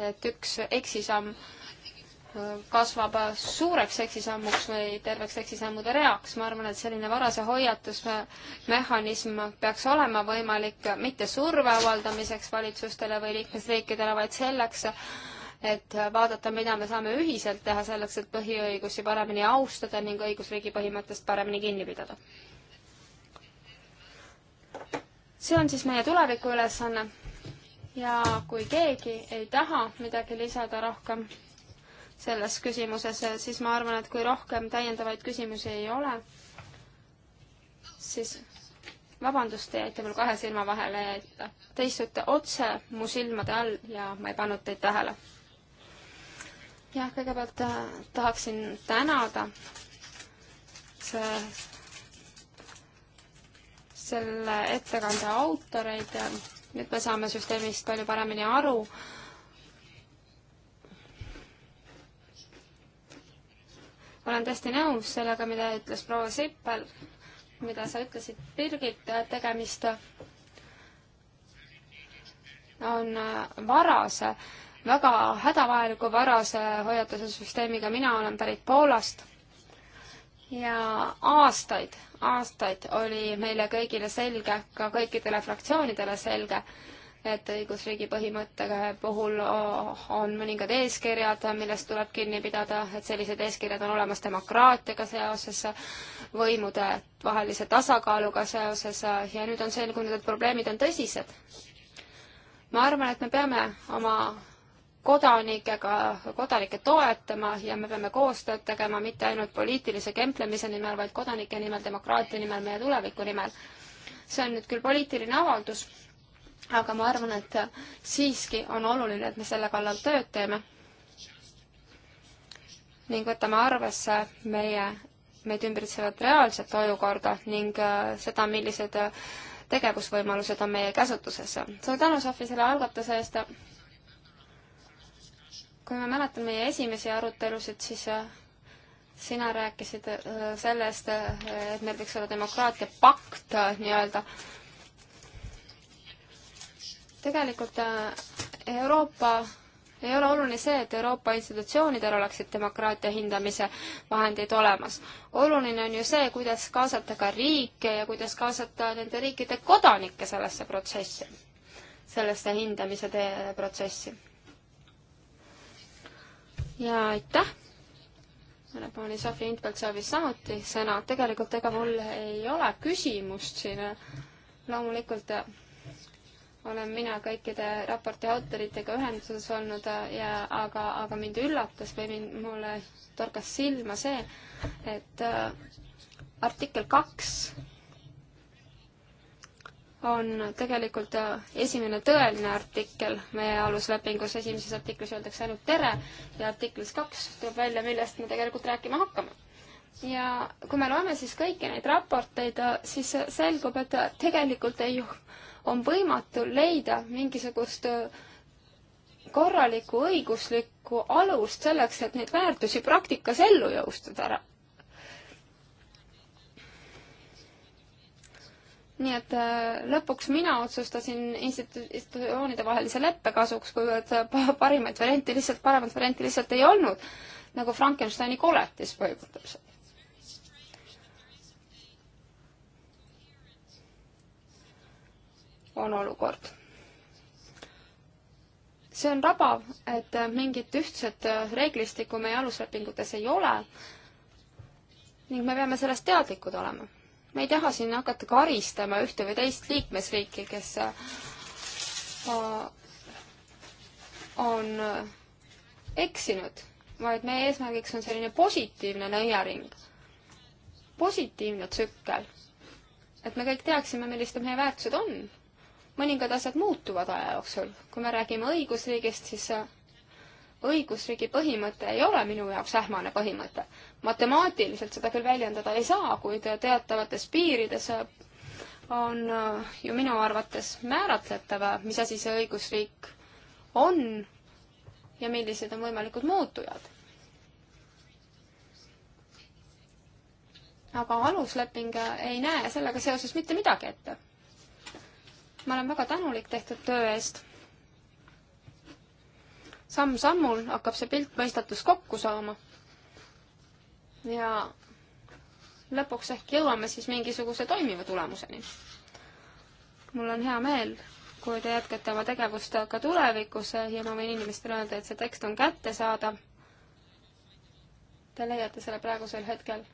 B: et üks eksisamm kasvab suureks seksisammuks või terveks seksisammude reaks. ma arvan, et selline varase hoiatusmehhanism peaks olema võimalik mitte surve avaldamiseks valitsustele või liikmesriikidele, vaid selleks, et vaadata, mida me saame ühiselt teha selleks, et põhiõigusi paremini austada ning õigusriigi põhimõttest paremini kinni pidada. see on siis meie tulevikuülesanne ja kui keegi ei taha midagi lisada rohkem, selles küsimuses, siis ma arvan, et kui rohkem täiendavaid küsimusi ei ole, siis vabandust, te jäite mul kahe silma vahele, et te istute otse mu silmade all ja ma ei pannud teid tähele. jah, kõigepealt äh, tahaksin tänada see, selle ettekande autoreid, nüüd me saame süsteemist palju paremini aru olen täiesti nõus sellega, mida ütles proua Sippel, mida sa ütlesid, Birgit, tegemist on varase, väga hädavajaliku varase hoiatuse süsteemiga, mina olen pärit Poolast ja aastaid, aastaid oli meile kõigile selge, ka kõikidele fraktsioonidele selge, et õigusriigi põhimõtte puhul on mõningad eeskirjad, millest tuleb kinni pidada, et sellised eeskirjad on olemas demokraatiaga seoses, võimude vahelise tasakaaluga seoses ja nüüd on selgunud, et probleemid on tõsised. ma arvan, et me peame oma kodanikega, kodanikke toetama ja me peame koostööd tegema mitte ainult poliitilise kemplemise nimel, vaid kodanike nimel, demokraatia nimel, meie tuleviku nimel. see on nüüd küll poliitiline avaldus, aga ma arvan, et siiski on oluline, et me selle kallal tööd teeme ning võtame arvesse meie, meid ümbritsevat reaalset olukorda ning äh, seda, millised äh, tegevusvõimalused on meie käsutuses. suur tänu, Sofi, selle algatuse eest. kui ma mäletan meie esimesi arutelusid, siis äh, sina rääkisid sellest, et meil võiks olla demokraatia pakt nii-öelda tegelikult äh, Euroopa ei ole oluline see, et Euroopa institutsioonidel oleksid demokraatia hindamise vahendid olemas. oluline on ju see, kuidas kaasata ka riike ja kuidas kaasata nende riikide kodanikke sellesse protsessi, sellesse hindamise protsessi. ja aitäh! Rebaani Sofi Intvelt soovis samuti sõna, tegelikult ega mul ei ole küsimust siin, loomulikult äh, olen mina kõikide raporti autoritega ühenduses olnud äh, ja aga, aga mind üllatas või mind, mulle torkas silma see, et äh, artikkel kaks on tegelikult äh, esimene tõeline artikkel meie aluslepingus, esimeses artiklis öeldakse ainult tere ja artiklis kaks tuleb välja, millest me tegelikult rääkima hakkame. ja kui me loeme siis kõiki neid raporteid, siis selgub, et tegelikult ei on võimatu leida mingisugust äh, korralikku õiguslikku alust selleks, et neid väärtusi praktikas ellu jõustada. nii et äh, lõpuks mina otsustasin institu-, institutsioonide vahelise leppe kasuks, kuivõrd äh, parimat varianti lihtsalt, paremat varianti lihtsalt ei olnud, nagu Frankensteini koletis põhimõtteliselt on olukord. see on rabav, et mingit ühtset reeglistikku meie aluslepingutes ei ole ning me peame sellest teadlikud olema. me ei taha siin hakata karistama ühte või teist liikmesriiki, kes äh, on äh, eksinud, vaid meie eesmärgiks on selline positiivne nõiaring, positiivne tsükkel. et me kõik teaksime, millised meie väärtused on mõningad asjad muutuvad aja jooksul. kui me räägime õigusriigist, siis õigusriigi põhimõte ei ole minu jaoks ähmane põhimõte. matemaatiliselt seda küll väljendada ei saa, kuid te teatavates piirides on äh, ju minu arvates määratletav, mis asi see õigusriik on ja millised on võimalikud muutujad. aga alusleping ei näe sellega seoses mitte midagi ette ma olen väga tänulik tehtud töö eest. samm-sammul hakkab see pilt mõistatus kokku saama. ja lõpuks ehk jõuame siis mingisuguse toimiva tulemuseni. mul on hea meel, kui te jätkate oma tegevust ka tulevikus ja ma võin inimestele öelda, et see tekst on kättesaadav. Te leiate selle praegusel hetkel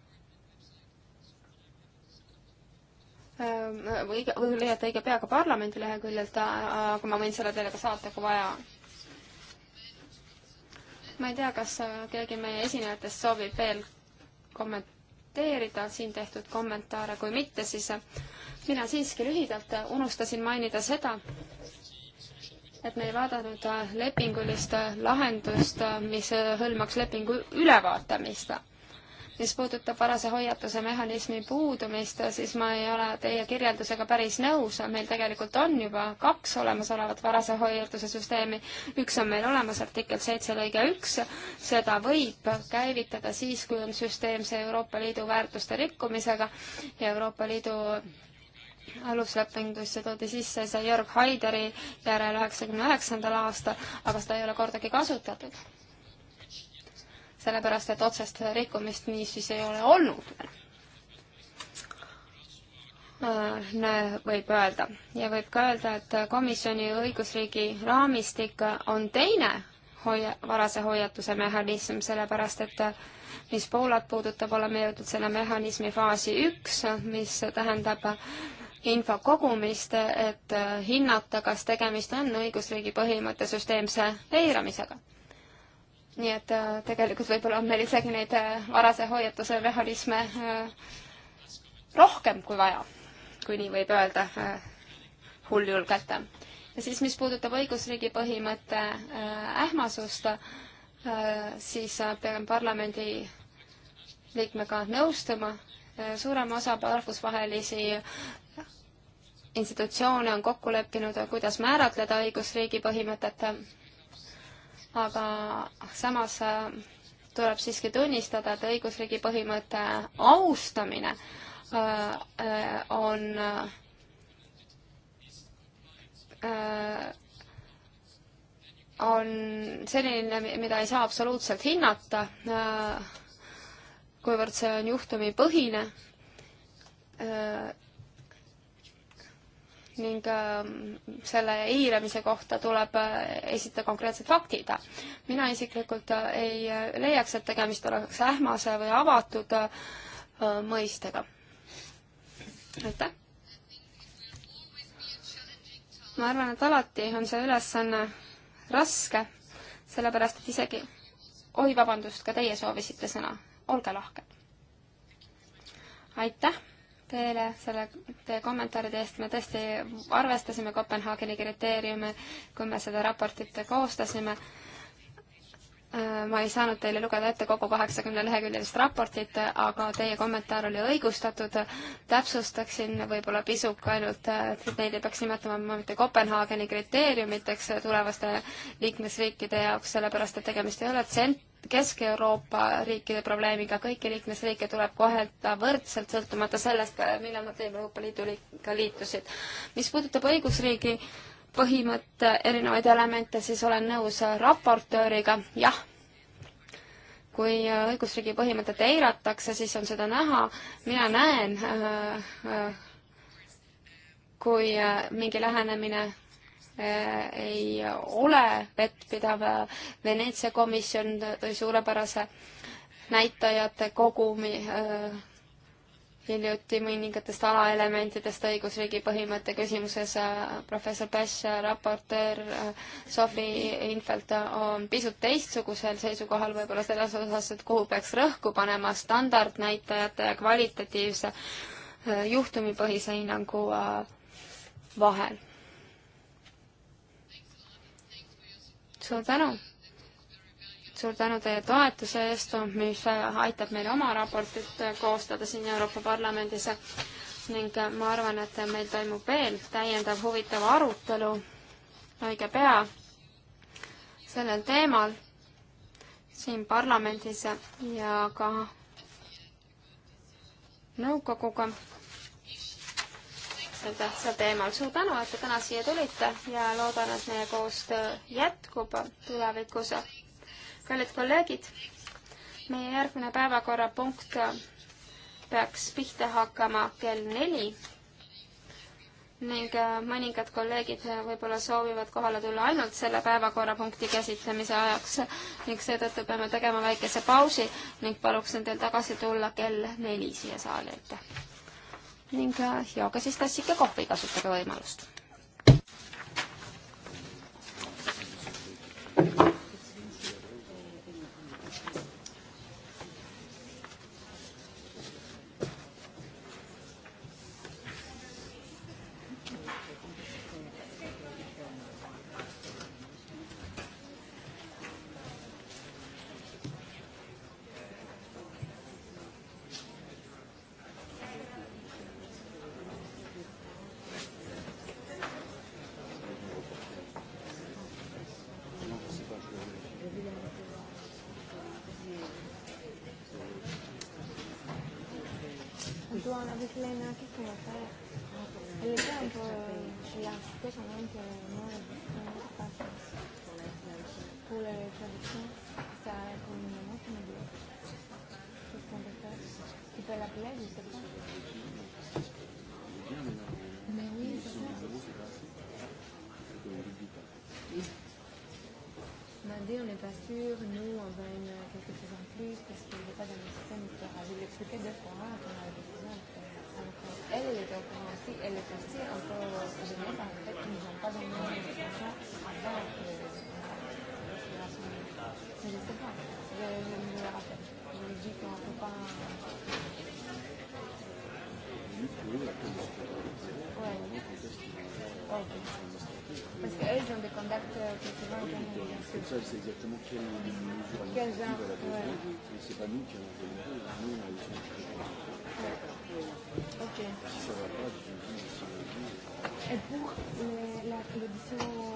B: või, ehm, või leiate õige pea ka parlamendi leheküljelt, aga ma võin selle teile ka saata, kui vaja. ma ei tea, kas äh, keegi meie esinejatest soovib veel kommenteerida siin tehtud kommentaare, kui mitte, siis äh, mina siiski lühidalt äh, unustasin mainida seda, et me ei vaadanud lepingulist lahendust, mis hõlmaks lepingu ülevaatamist mis puudutab varase hoiatuse mehhanismi puudumist, siis ma ei ole teie kirjeldusega päris nõus, meil tegelikult on juba kaks olemasolevat varase hoiatuse süsteemi, üks on meil olemas, artikkel seitse lõige üks, seda võib käivitada siis, kui on süsteemse Euroopa Liidu väärtuste rikkumisega ja Euroopa Liidu aluslepingusse toodi sisse see Jörg Haideri järel üheksakümne üheksandal aastal, aga seda ei ole kordagi kasutatud sellepärast et otsest rikkumist niisiis ei ole olnud veel. Äh, Näe, võib öelda. ja võib ka öelda, et komisjoni õigusriigi raamistik on teine hoia-, varase hoiatuse mehhanism, sellepärast et mis Poolat puudutab, oleme jõudnud selle mehhanismi faasi üks, mis tähendab info kogumist, et hinnata, kas tegemist on õigusriigi põhimõtte süsteemse eiramisega nii et äh, tegelikult võib-olla on meil isegi neid äh, varase hoiatuse mehhanisme äh, rohkem kui vaja, kui nii võib öelda hulljulgelt. ja siis, mis puudutab õigusriigi põhimõtte ähmasust, siis pean parlamendi liikmega nõustuma, suurem osa rahvusvahelisi institutsioone on kokku leppinud, kuidas määratleda õigusriigi põhimõtet aga samas äh, tuleb siiski tunnistada, et õigusriigi põhimõtte austamine äh, äh, on on selline, mida ei saa absoluutselt hinnata, kuivõrd see on juhtumipõhine ning ähm, selle eiramise kohta tuleb äh, esita konkreetsed faktid. mina isiklikult äh, ei äh, leiaks, et tegemist oleks ähmase või avatud mõistega. aitäh! ma arvan, et alati on see ülesanne raske, sellepärast et isegi, oi vabandust, ka teie soovisite sõna, olge lahked! aitäh! teile selle, teie kommentaaride eest, me tõesti arvestasime Kopenhaageni kriteeriume, kui me seda raportit koostasime. Äh, ma ei saanud teile lugeda ette kogu kaheksakümne leheküljelist raportit, aga teie kommentaar oli õigustatud. täpsustaksin võib-olla pisuk ainult, et neid ei peaks nimetama mitte Kopenhaageni kriteeriumiteks tulevaste liikmesriikide jaoks, sellepärast et tegemist ei ole tsent-, Kesk-Euroopa riikide probleemiga, kõiki liikmesriike tuleb kohelda võrdselt, sõltumata sellest, millal nad Euroopa Liiduga liitusid. mis puudutab õigusriigi põhimõtte erinevaid elemente, siis olen nõus raportööriga, jah, kui õigusriigi põhimõtet eiratakse, siis on seda näha, mina näen, äh, äh, kui mingi lähenemine Äh, ei ole vettpidav. Veneetsia komisjon tõi suurepärase näitajate kogumi äh, hiljuti mõningatest alaelementidest õigusriigi põhimõtte küsimuses äh, professor Päss, raportöör Sofi Infeld on pisut teistsugusel seisukohal võib-olla selles osas, et kuhu peaks rõhku panema standardnäitajate ja kvalitatiivse juhtumipõhise hinnangu vahel. suur tänu! suur tänu teie toetuse eest, mis äh, aitab meil oma raportit äh, koostada siin Euroopa Parlamendis ning äh, ma arvan, et meil toimub veel täiendav huvitav arutelu õige pea sellel teemal siin parlamendis ja ka nõukoguga sel tähtsal teemal. suur tänu, et te täna siia tulite ja loodan, et meie koostöö jätkub tulevikus. kallid kolleegid, meie järgmine päevakorrapunkt peaks pihta hakkama kell neli ning äh, mõningad kolleegid võib-olla soovivad kohale tulla ainult selle päevakorrapunkti käsitlemise ajaks ning seetõttu peame tegema väikese pausi ning paluksin teil tagasi tulla kell neli siia saali, aitäh! ning jooge äh, siis tassike kohvi, kasutage võimalust. pas sûr, nous
D: Comme ça, elle sait exactement quelle mesure administrative elle a besoin. Ouais. Et c'est pas nous qui allons faire une chose. Nous, on a eu son D'accord. Ok. Si ça va pas, tu me dis, si on
A: le dit. Et pour l'audition.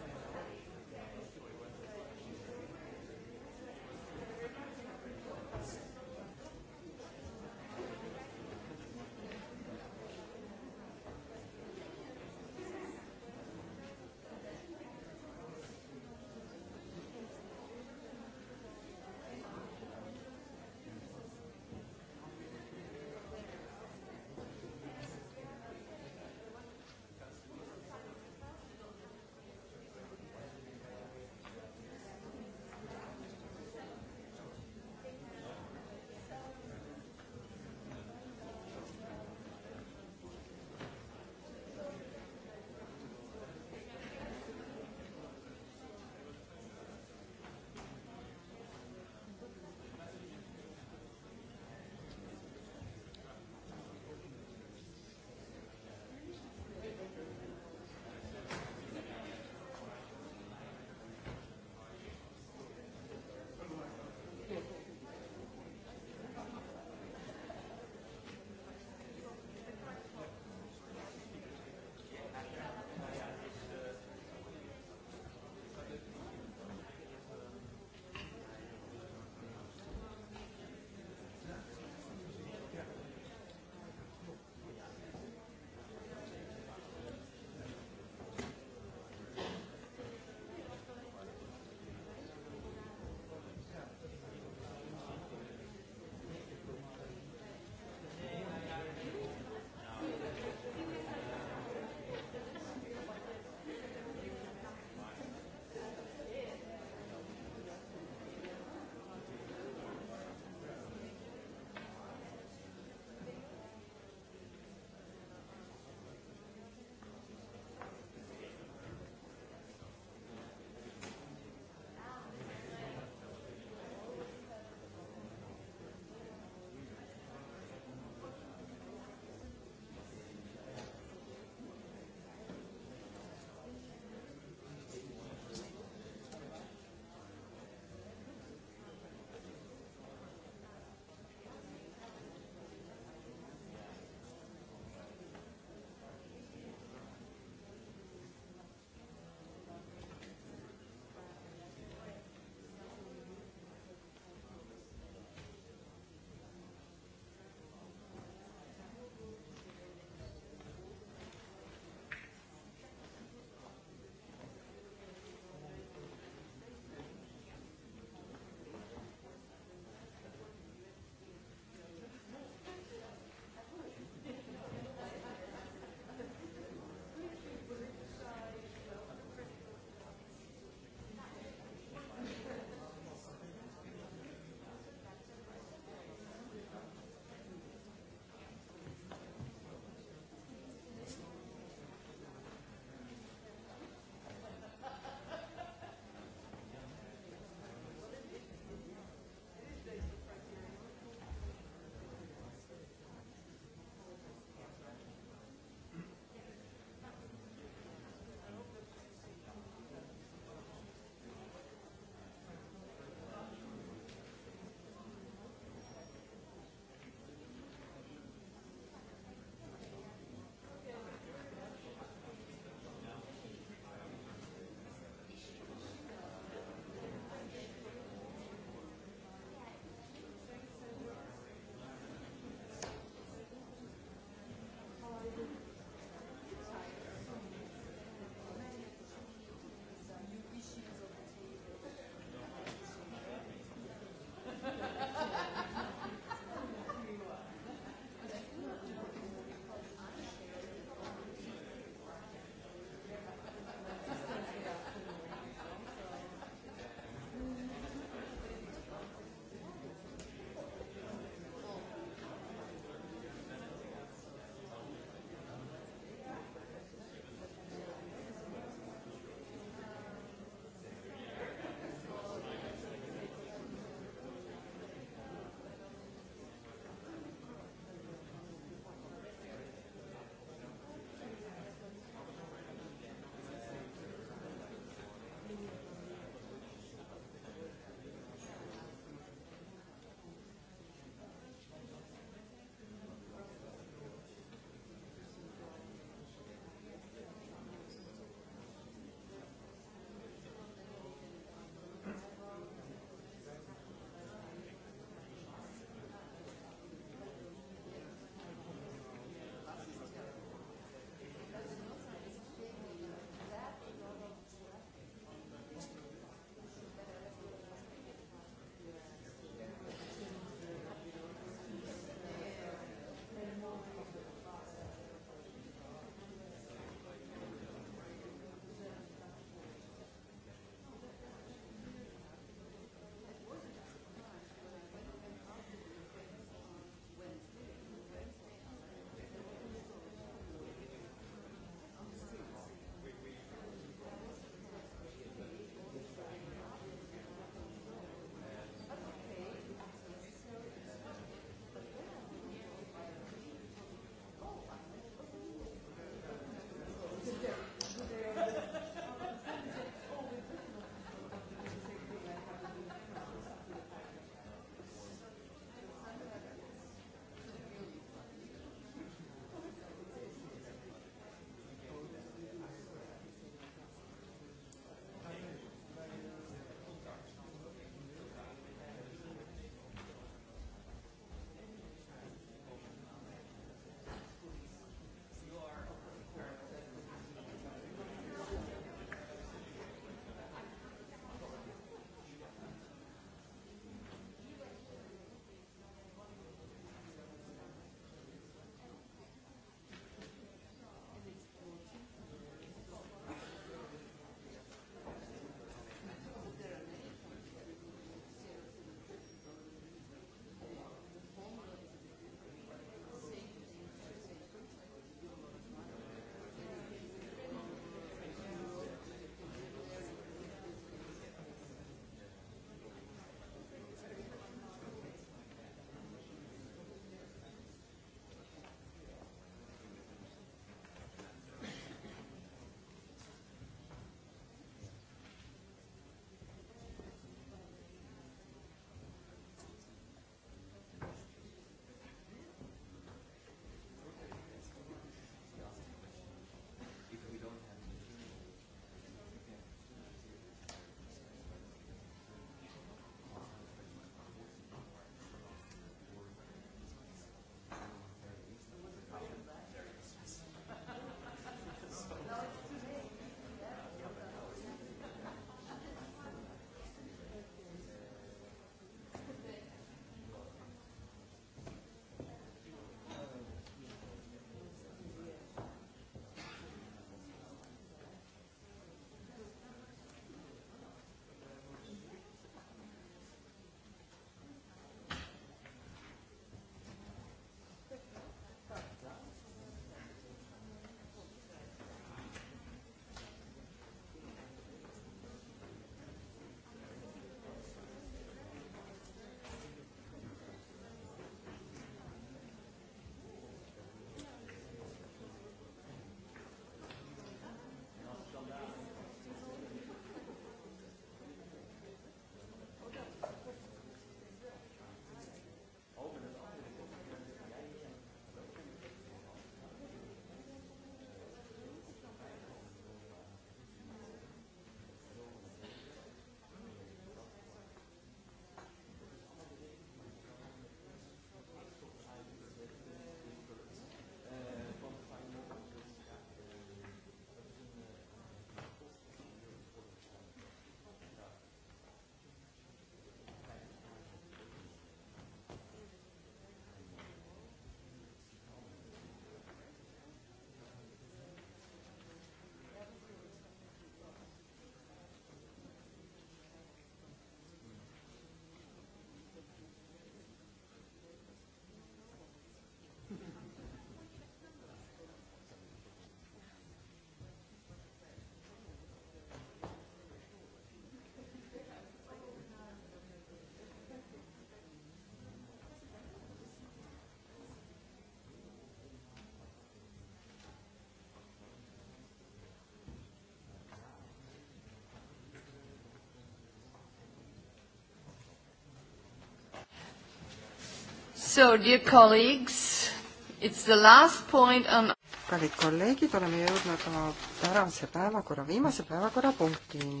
D: So, dear colleagues, it's the last point on
E: kallid kolleegid, oleme jõudnud oma tänase päevakorra, viimase päevakorrapunktini.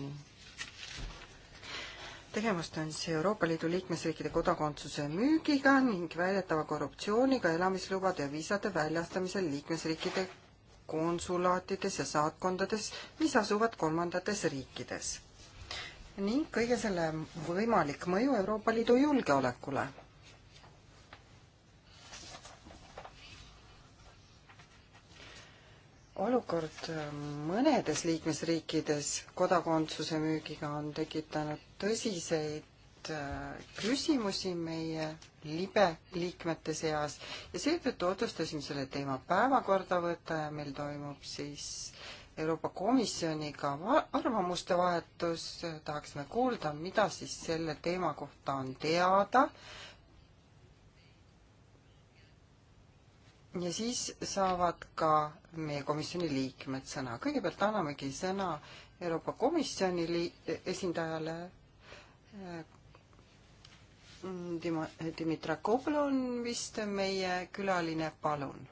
E: tegemist on siis Euroopa Liidu liikmesriikide kodakondsuse müügiga ning väidetava korruptsiooniga elamislubade ja viisade väljastamisel liikmesriikide konsulaatides ja saatkondades, mis asuvad kolmandates riikides. ning kõige selle võimalik mõju Euroopa Liidu julgeolekule olukord äh, mõnedes liikmesriikides kodakondsuse müügiga on tekitanud tõsiseid äh, küsimusi meie libe liikmete seas ja seetõttu otsustasime selle teema päevakorda võtta ja meil toimub siis Euroopa Komisjoniga arvamuste vahetus, tahaksime kuulda, mida siis selle teema kohta on teada, ja siis saavad ka meie komisjoni liikmed sõna. kõigepealt annamegi sõna Euroopa Komisjoni li-, esindajale äh, Dima-, Dimitra Kobla on vist meie külaline, palun,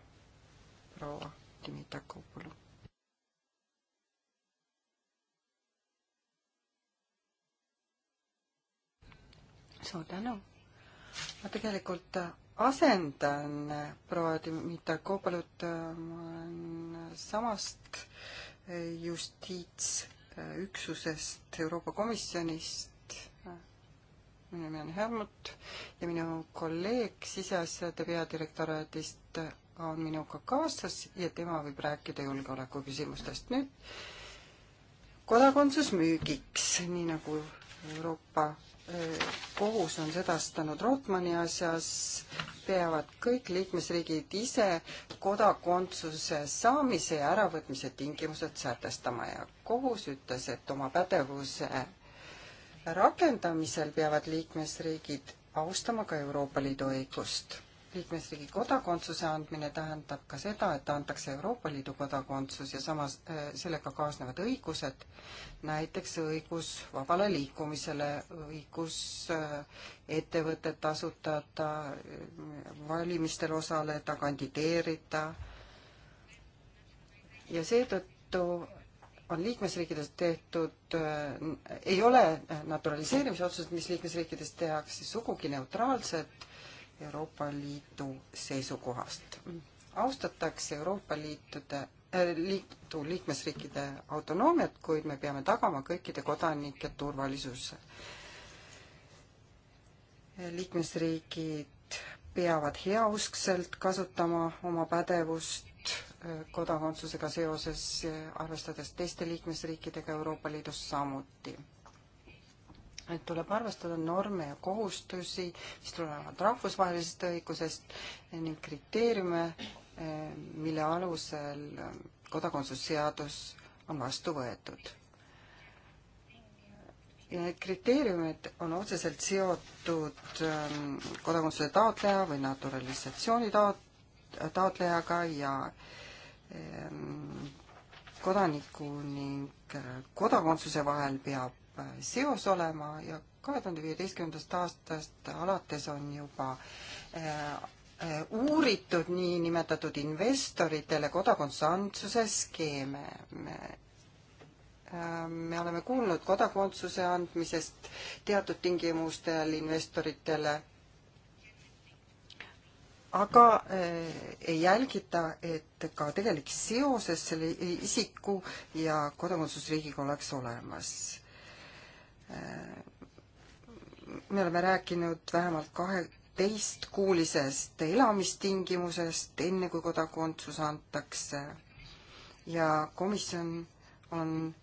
E: proua Dimitra Kobla. suur tänu. ma tegelikult äh, asendan proua Dmitri Kobalut, äh, ma olen samast äh, justiitsüksusest Euroopa Komisjonist, äh, minu nimi on Helmut ja minu kolleeg siseasjade peadirektoraadist on minuga kaasas ja tema võib rääkida julgeoleku küsimustest. nüüd kodakondsus müügiks, nii nagu Euroopa kohus on sedastanud Rotmani asjas, peavad kõik liikmesriigid ise kodakondsuse saamise ja äravõtmise tingimused sätestama ja kohus ütles, et oma pädevuse rakendamisel peavad liikmesriigid austama ka Euroopa Liidu õigust liikmesriigi kodakondsuse andmine tähendab ka seda, et antakse Euroopa Liidu kodakondsus ja samas äh, sellega kaasnevad õigused, näiteks õigus vabale liikumisele, õigus äh, ettevõtet asutada, äh, valimistel osaleda, kandideerida ja seetõttu on liikmesriikides tehtud äh,, ei ole naturaliseerimisotsused, mis liikmesriikides tehakse, sugugi neutraalsed Euroopa Liidu seisukohast. austatakse Euroopa Liitude äh,, liitu liikmesriikide autonoomiat, kuid me peame tagama kõikide kodanike turvalisuse. liikmesriigid peavad heauskselt kasutama oma pädevust äh, kodakondsusega seoses, arvestades teiste liikmesriikidega Euroopa Liidus samuti et tuleb arvestada norme ja kohustusi, mis tulenevad rahvusvahelisest õigusest ning kriteeriume, eh, mille alusel eh, kodakondsusseadus on vastu võetud. ja need kriteeriumid on otseselt seotud eh, kodakondsuse taotleja või naturalisatsiooni taot-, taotlejaga ja kodaniku ning kodakondsuse vahel peab seos olema ja kahe tuhande viieteistkümnendast aastast alates on juba eh, uuritud niinimetatud investoritele kodakondsuse skeeme. Eh, me oleme kuulnud kodakondsuse andmisest teatud tingimustel investoritele, aga eh, ei jälgita, et ka tegelik seoses selle isiku ja kodakondsusriigiga oleks olemas me oleme rääkinud vähemalt kaheteistkuulisest elamistingimusest, enne kui kodakondsus antakse. ja komisjon on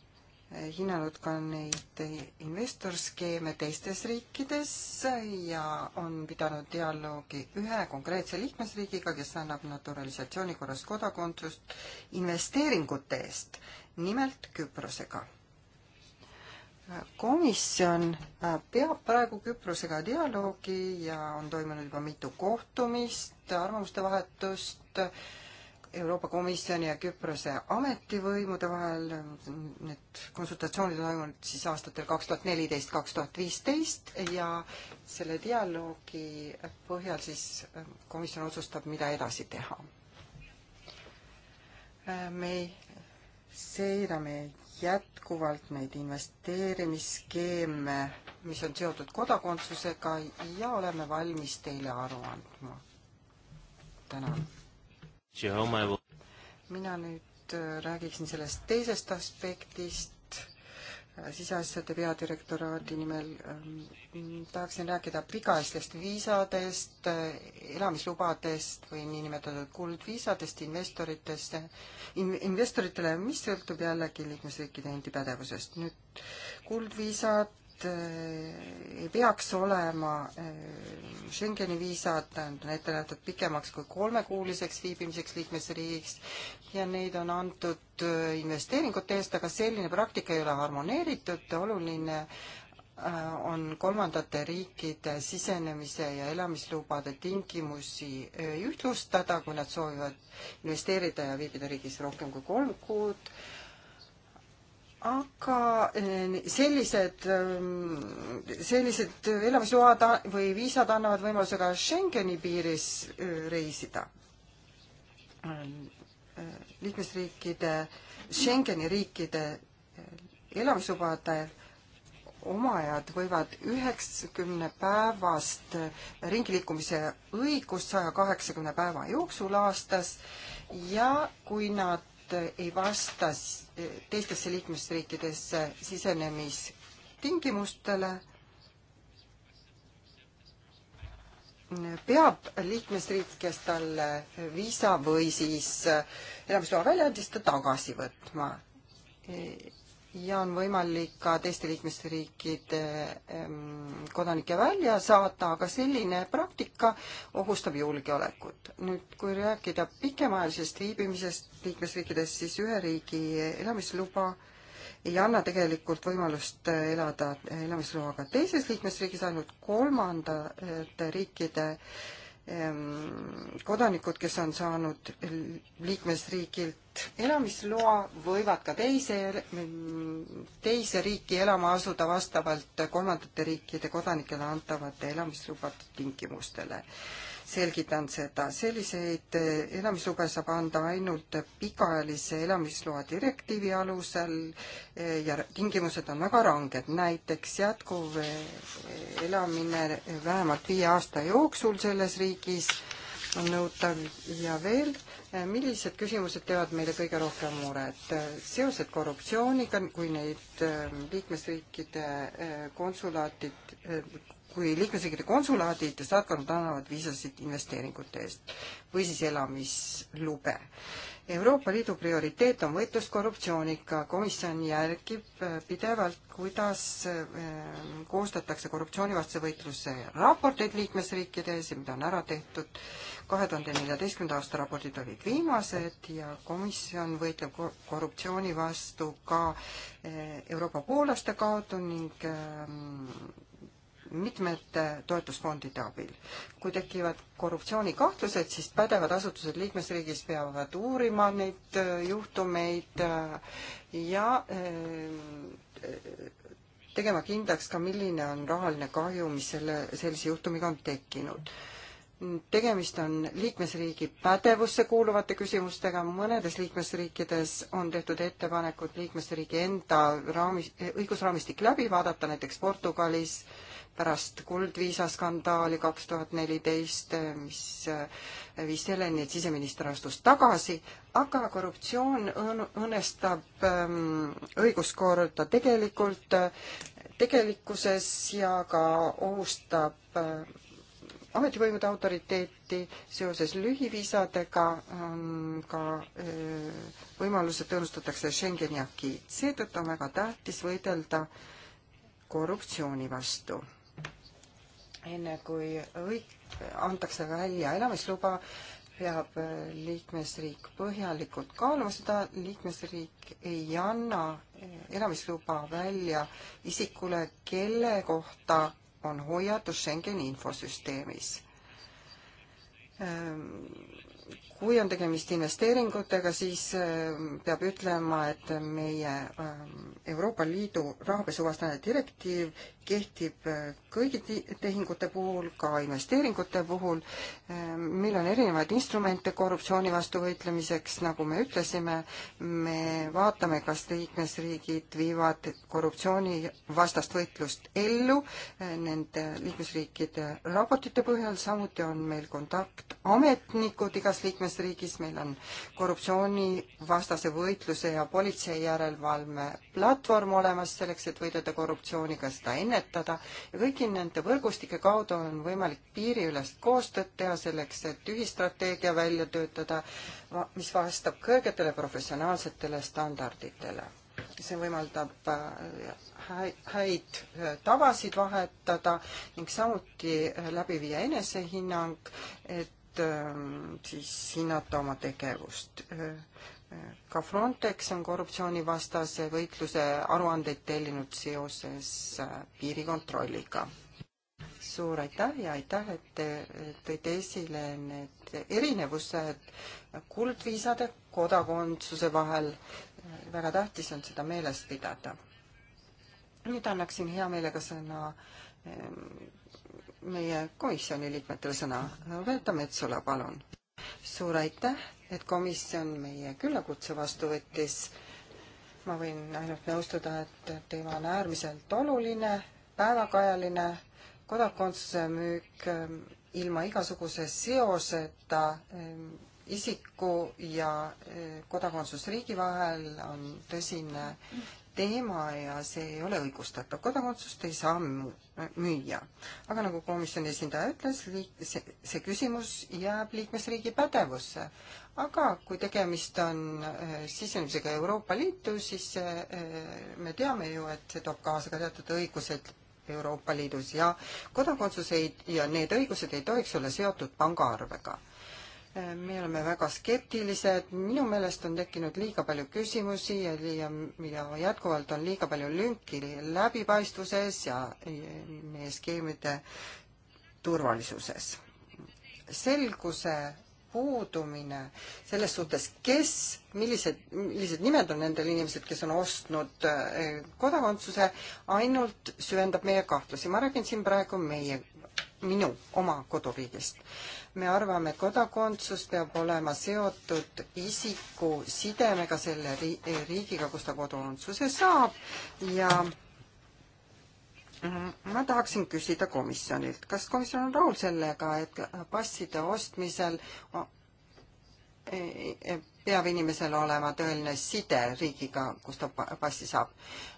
E: hinnanud ka neid investorskeeme teistes riikides ja on pidanud dialoogi ühe konkreetse liikmesriigiga, kes annab naturalisatsiooni korras kodakondsust investeeringute eest, nimelt Küprosega komisjon äh, peab praegu Küprosega dialoogi ja on toimunud juba mitu kohtumist, arvamuste vahetust Euroopa Komisjoni ja Küprose ametivõimude vahel. Need konsultatsioonid on toimunud siis aastatel kaks tuhat neliteist, kaks tuhat viisteist ja selle dialoogi põhjal siis äh, komisjon otsustab, mida edasi teha. Äh, me seirame jätkuvalt neid investeerimisskeeme, mis on seotud kodakondsusega ja oleme valmis teile aru andma. tänan. mina nüüd äh, räägiksin sellest teisest aspektist, siseasjade peadirektoraadi nimel tahaksin rääkida pikaajalistest viisadest, elamislubadest või niinimetatud kuldviisadest investoritesse, investoritele, mis sõltub jällegi liikmesriikide endi pädevusest. nüüd kuldviisad Äh, ei peaks olema äh, Schengeni viisad, tähendab, ette nähtud pikemaks kui kolmekuuliseks viibimiseks liikmesriigiks ja neid on antud äh, investeeringute eest, aga selline praktika ei ole harmoneeritud, oluline on kolmandate riikide sisenemise ja elamislubade tingimusi ühtlustada, kui nad soovivad investeerida ja viibida riigis rohkem kui kolm kuud aga eh, sellised, eh, sellised elamisload või viisad annavad võimaluse ka Schengeni piiris eh, reisida. liikmesriikide, Schengeni riikide elamislubade omajad võivad üheksakümne päevast ringiliikumise õigust saja kaheksakümne päeva jooksul aastas ja kui nad ei vasta teistesse liikmesriikidesse sisenemistingimustele, peab liikmesriik, kes talle viisa või siis elamisloa välja andis, ta tagasi võtma ja on võimalik ka teiste liikmesriikide ehm, kodanikke välja saata, aga selline praktika ohustab julgeolekut. nüüd, kui rääkida pikemaajalisest viibimisest liikmesriikides, siis ühe riigi elamisluba ei anna tegelikult võimalust eh, elada elamisloaga teises liikmesriigis, ainult kolmandate riikide äh, Ehm, kodanikud, kes on saanud liikmesriigilt elamisloa, võivad ka teise, teise riiki elama asuda vastavalt kolmandate riikide kodanikele antavate elamislubade tingimustele selgitan seda, selliseid eh, elamislube saab anda ainult pikaajalise elamisloa direktiivi alusel eh, ja tingimused on väga ranged, näiteks jätkuv eh, elamine vähemalt viie aasta jooksul selles riigis on nõutav ja veel, millised küsimused teevad meile kõige rohkem muret? seosed korruptsiooniga, kui neid liikmesriikide konsulaatid, kui liikmesriikide konsulaadid ja saatkonnad annavad viisasid investeeringute eest või siis elamislube. Euroopa Liidu prioriteet on võitlus korruptsiooniga, komisjon järgib äh, pidevalt, kuidas äh, koostatakse korruptsioonivastase võitluse raporteid liikmesriikides ja mida on ära tehtud. kahe tuhande neljateistkümnenda aasta raportid olid viimased ja komisjon võitleb korruptsiooni vastu ka äh, Euroopa poolaste kaudu ning ähm, mitmete toetusfondide abil. kui tekivad korruptsioonikahtlused, siis pädevad asutused liikmesriigis peavad uurima neid äh, juhtumeid äh, ja äh, tegema kindlaks ka, milline on rahaline kahju, mis selle, sellise juhtumiga on tekkinud tegemist on liikmesriigi pädevusse kuuluvate küsimustega, mõnedes liikmesriikides on tehtud ettepanekud liikmesriigi enda raamis, õigusraamistik läbi vaadata, näiteks Portugalis äh, pärast kuldviisaskandaali kaks tuhat neliteist, mis äh, viis selleni, et siseminister astus tagasi, aga korruptsioon õõnestab ähm, õiguskorda tegelikult, äh, tegelikkuses ja ka ohustab äh, ametivõimude autoriteeti seoses lühiviisadega on ähm, ka võimalused tõunustatakse Schengeni akiid. seetõttu on väga tähtis võidelda korruptsiooni vastu enne kui õig-, antakse välja elamisluba, peab äh, liikmesriik põhjalikult kaaluma seda, liikmesriik ei anna äh, elamisluba välja isikule, kelle kohta on hoiatus Schengeni infosüsteemis. Ähm, kui on tegemist investeeringutega, siis ähm, peab ütlema, et meie ähm, Euroopa Liidu rahapesuvastane direktiiv kehtib äh, kõigi tehingute puhul, ka investeeringute puhul. Äh, meil on erinevaid instrumente korruptsiooni vastu võitlemiseks, nagu me ütlesime, me vaatame, kas liikmesriigid viivad korruptsioonivastast võitlust ellu äh, nende liikmesriikide raportite põhjal, samuti on meil kontaktametnikud igas liikmesriigis, meil on korruptsioonivastase võitluse ja politsei järelevalve platvorm olemas selleks, et võidelda korruptsiooniga, seda enne ennetada ja kõigi nende võrgustike kaudu on võimalik piiriülest koostööd teha selleks, et ühistrateegia välja töötada, mis vastab kõrgetele professionaalsetele standarditele. see võimaldab äh, häid äh, tavasid vahetada ning samuti äh, läbi viia enesehinnang, et ähm, siis hinnata oma tegevust ka Frontex on korruptsioonivastase võitluse aruandeid tellinud seoses äh, piirikontrolliga. suur aitäh ja aitäh, et te tõite esile need erinevused kuldviisade, kodakondsuse vahel. väga tähtis on seda meeles pidada. nüüd annaksin hea meelega sõna ähm, meie komisjoni liikmetele sõna. Veeta Metsula, palun. suur aitäh et komisjon meie küllakutse vastu võttis. ma võin ainult nõustuda, et teema on äärmiselt oluline, päevakajaline, kodakondsuse müük ähm, ilma igasuguse seoseta ähm, isiku ja äh, kodakondsusriigi vahel on tõsine teema ja see ei ole õigustatav. kodakondsust ei saa müüa. aga nagu komisjoni esindaja ütles, liik-, see, see küsimus jääb liikmesriigi pädevusse. aga kui tegemist on äh, sisenemisega Euroopa Liitu, siis äh, me teame ju, et see toob kaasa ka teatud õigused Euroopa Liidus ja kodakondsus ei, ja need õigused ei tohiks olla seotud pangaarvega me oleme väga skeptilised, minu meelest on tekkinud liiga palju küsimusi ja, ja, ja jätkuvalt on liiga palju lünki läbipaistvuses ja meie skeemide turvalisuses. selguse puudumine selles suhtes, kes, millised, millised nimed on nendel inimesed, kes on ostnud eh, kodakondsuse, ainult süvendab meie kahtlusi. ma räägin siin praegu meie, minu oma koduriigist me arvame, kodakondsus peab olema seotud isiku sidemega selle eh, riigiga, kus ta kodakondsuse saab ja mm, ma tahaksin küsida komisjonilt, kas komisjon on rahul sellega, et passide ostmisel eh, eh, peab inimesel olema tõeline side riigiga, kus ta passi saab.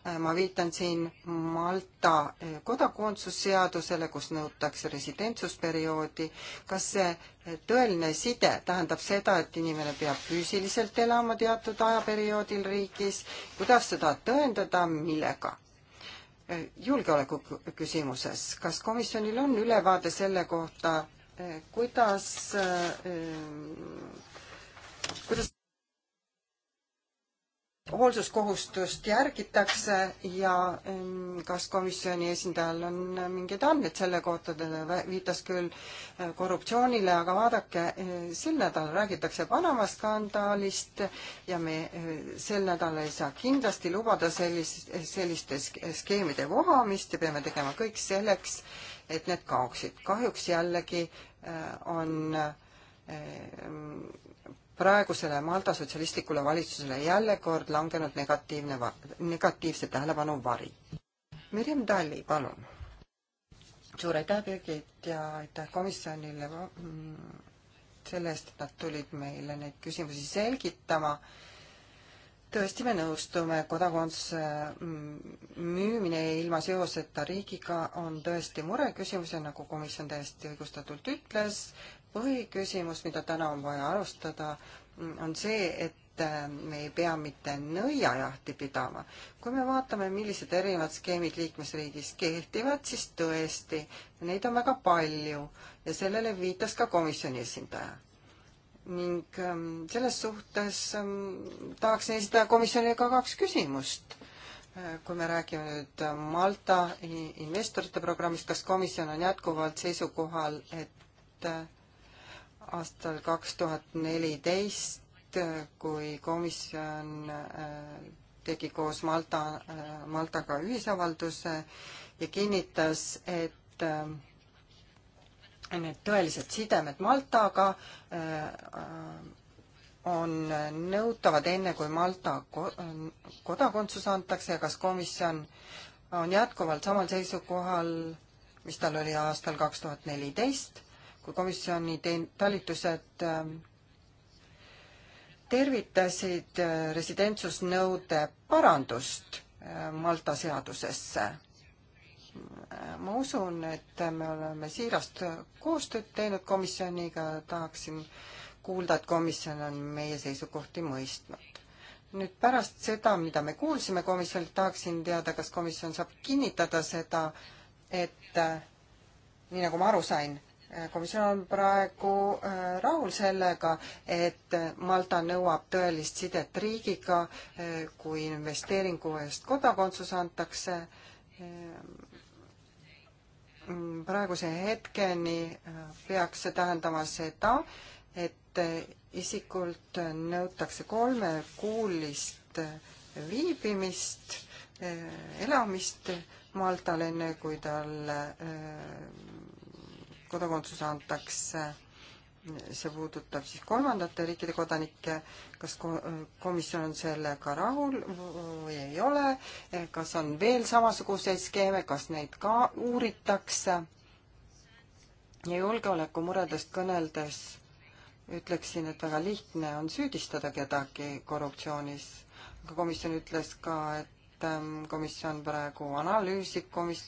E: Äh, ma viitan siin Malta äh, kodakondsusseadusele, kus nõutakse residentsusperioodi. kas see äh, tõeline side tähendab seda, et inimene peab füüsiliselt elama teatud ajaperioodil riigis? kuidas seda tõendada, millega? julgeoleku küsimuses, kas komisjonil on ülevaade selle kohta, kuidas kuidas hoolsuskohustust järgitakse ja mm, kas komisjoni esindajal on mingeid andmeid selle kohta, ta viitas küll äh, korruptsioonile, aga vaadake, äh, sel nädalal räägitakse Panama skandaalist ja me äh, sel nädalal ei saa kindlasti lubada sellist, selliste skeemide vohamist ja peame tegema kõik selleks, et need kaoksid. kahjuks jällegi on praegusele Malta sotsialistlikule valitsusele jälle kord langenud negatiivne, negatiivse tähelepanu vari. Mirjam Talli, palun. suur aitäh, Birgit, ja aitäh komisjonile mm, selle eest, et nad tulid meile neid küsimusi selgitama tõesti, me nõustume, kodakondsuse mm, müümine ilma seoseta riigiga on tõesti mureküsimus ja nagu komisjon täiesti õigustatult ütles, põhiküsimus, mida täna on vaja alustada, on see, et äh, me ei pea mitte nõiajahti pidama. kui me vaatame, millised erinevad skeemid liikmesriigis kehtivad, siis tõesti, neid on väga palju ja sellele viitas ka komisjoni esindaja. ning ähm, selles suhtes ähm, tahaksin esitada komisjonile ka kaks küsimust äh, kui me räägime nüüd äh, Malta investorite programmist, kas komisjon on jätkuvalt seisukohal, et aastal kaks tuhat neliteist, kui komisjon äh, tegi koos Malta, äh, Maltaga ühisavalduse ja kinnitas, et äh, need tõelised sidemed Maltaga on nõutavad enne, kui Malta kodakondsus antakse ja kas komisjon on jätkuvalt samal seisukohal, mis tal oli aastal kaks tuhat neliteist kui komisjoni teen-, talitused ähm, tervitasid äh, residentsusnõude parandust äh, Malta seadusesse. Äh, ma usun, et me oleme siirast koostööd teinud komisjoniga, tahaksin kuulda, et komisjon on meie seisukohti mõistnud. nüüd pärast seda, mida me kuulsime komisjonilt, tahaksin teada, kas komisjon saab kinnitada seda, et nii nagu ma aru sain, komisjon on praegu äh, rahul sellega, et Malta nõuab tõelist sidet riigiga, äh, kui investeeringu eest kodakondsus antakse. Äh, praeguse hetkeni peaks see tähendama seda, et isikult nõutakse kolmekuulist viibimist, elamist Maltal, enne kui tal kodakondsus antakse. see puudutab siis kolmandate riikide kodanikke, kas komisjon on sellega rahul või ei ole, kas on veel samasuguseid skeeme, kas neid ka uuritakse? ja julgeolekumuredest kõneldes ütleksin, et väga lihtne on süüdistada kedagi korruptsioonis, aga komisjon ütles ka, et ähm, komisjon praegu analüüsib komis-,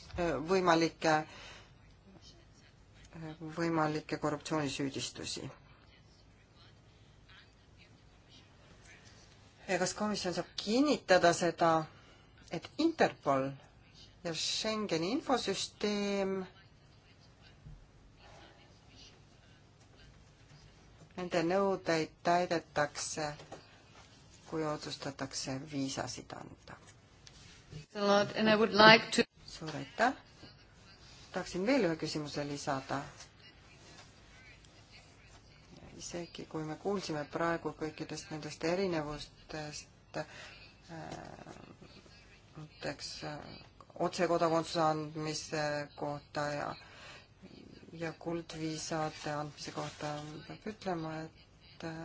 E: võimalikke äh, võimalikke korruptsioonisüüdistusi. kas komisjon saab kinnitada seda, et Interpol ja Schengeni infosüsteem Nende nõudeid täidetakse, kui otsustatakse viisasid anda. suur aitäh! tahaksin veel ühe küsimuse lisada. isegi kui me kuulsime praegu kõikidest nendest erinevustest äh, näiteks äh, otsekodakondsuse andmise kohta ja ja kuldviisade andmise kohta peab ütlema, et äh,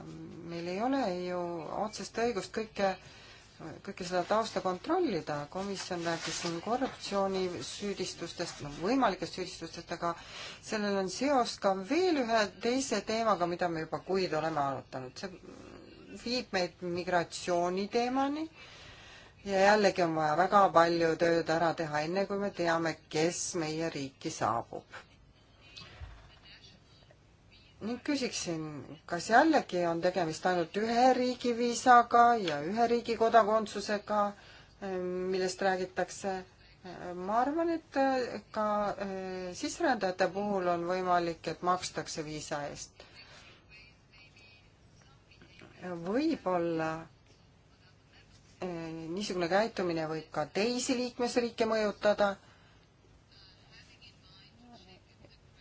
E: meil ei ole ju otsest õigust kõike äh, kõike seda tausta kontrollida, komisjon rääkis siin korruptsioonisüüdistustest, noh võimalikest süüdistustest, aga sellel on seos ka veel ühe teise teemaga, mida me juba kuid oleme arutanud, see viib meid migratsiooniteemani ja jällegi on vaja väga palju tööd ära teha, enne kui me teame, kes meie riiki saabub ning küsiksin, kas jällegi on tegemist ainult ühe riigi viisaga ja ühe riigi kodakondsusega, millest räägitakse? ma arvan, et ka äh, sisserändajate puhul on võimalik, et makstakse viisa eest. võib-olla äh, niisugune käitumine võib ka teisi liikmesriike mõjutada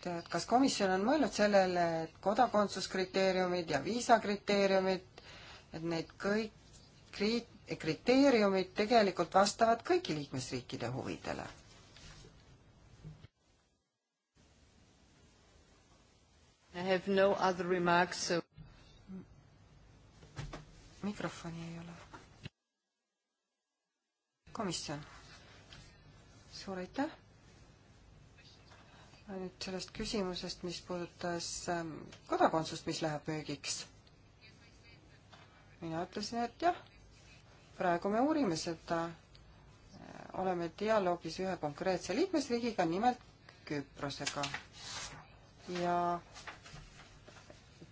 E: et kas komisjon on mõelnud sellele, et kodakondsuskriteeriumid ja viisakriteeriumid, et neid kõik kriit-, kriteeriumid tegelikult vastavad kõigi liikmesriikide huvidele? I have no other remarks so.... mikrofoni ei ole. komisjon, suur aitäh nüüd sellest küsimusest, mis puudutas ähm, kodakondsust, mis läheb müügiks. mina ütlesin, et jah, praegu me uurime seda, äh, oleme dialoogis ühe konkreetse liikmesriigiga, nimelt Küprosega. ja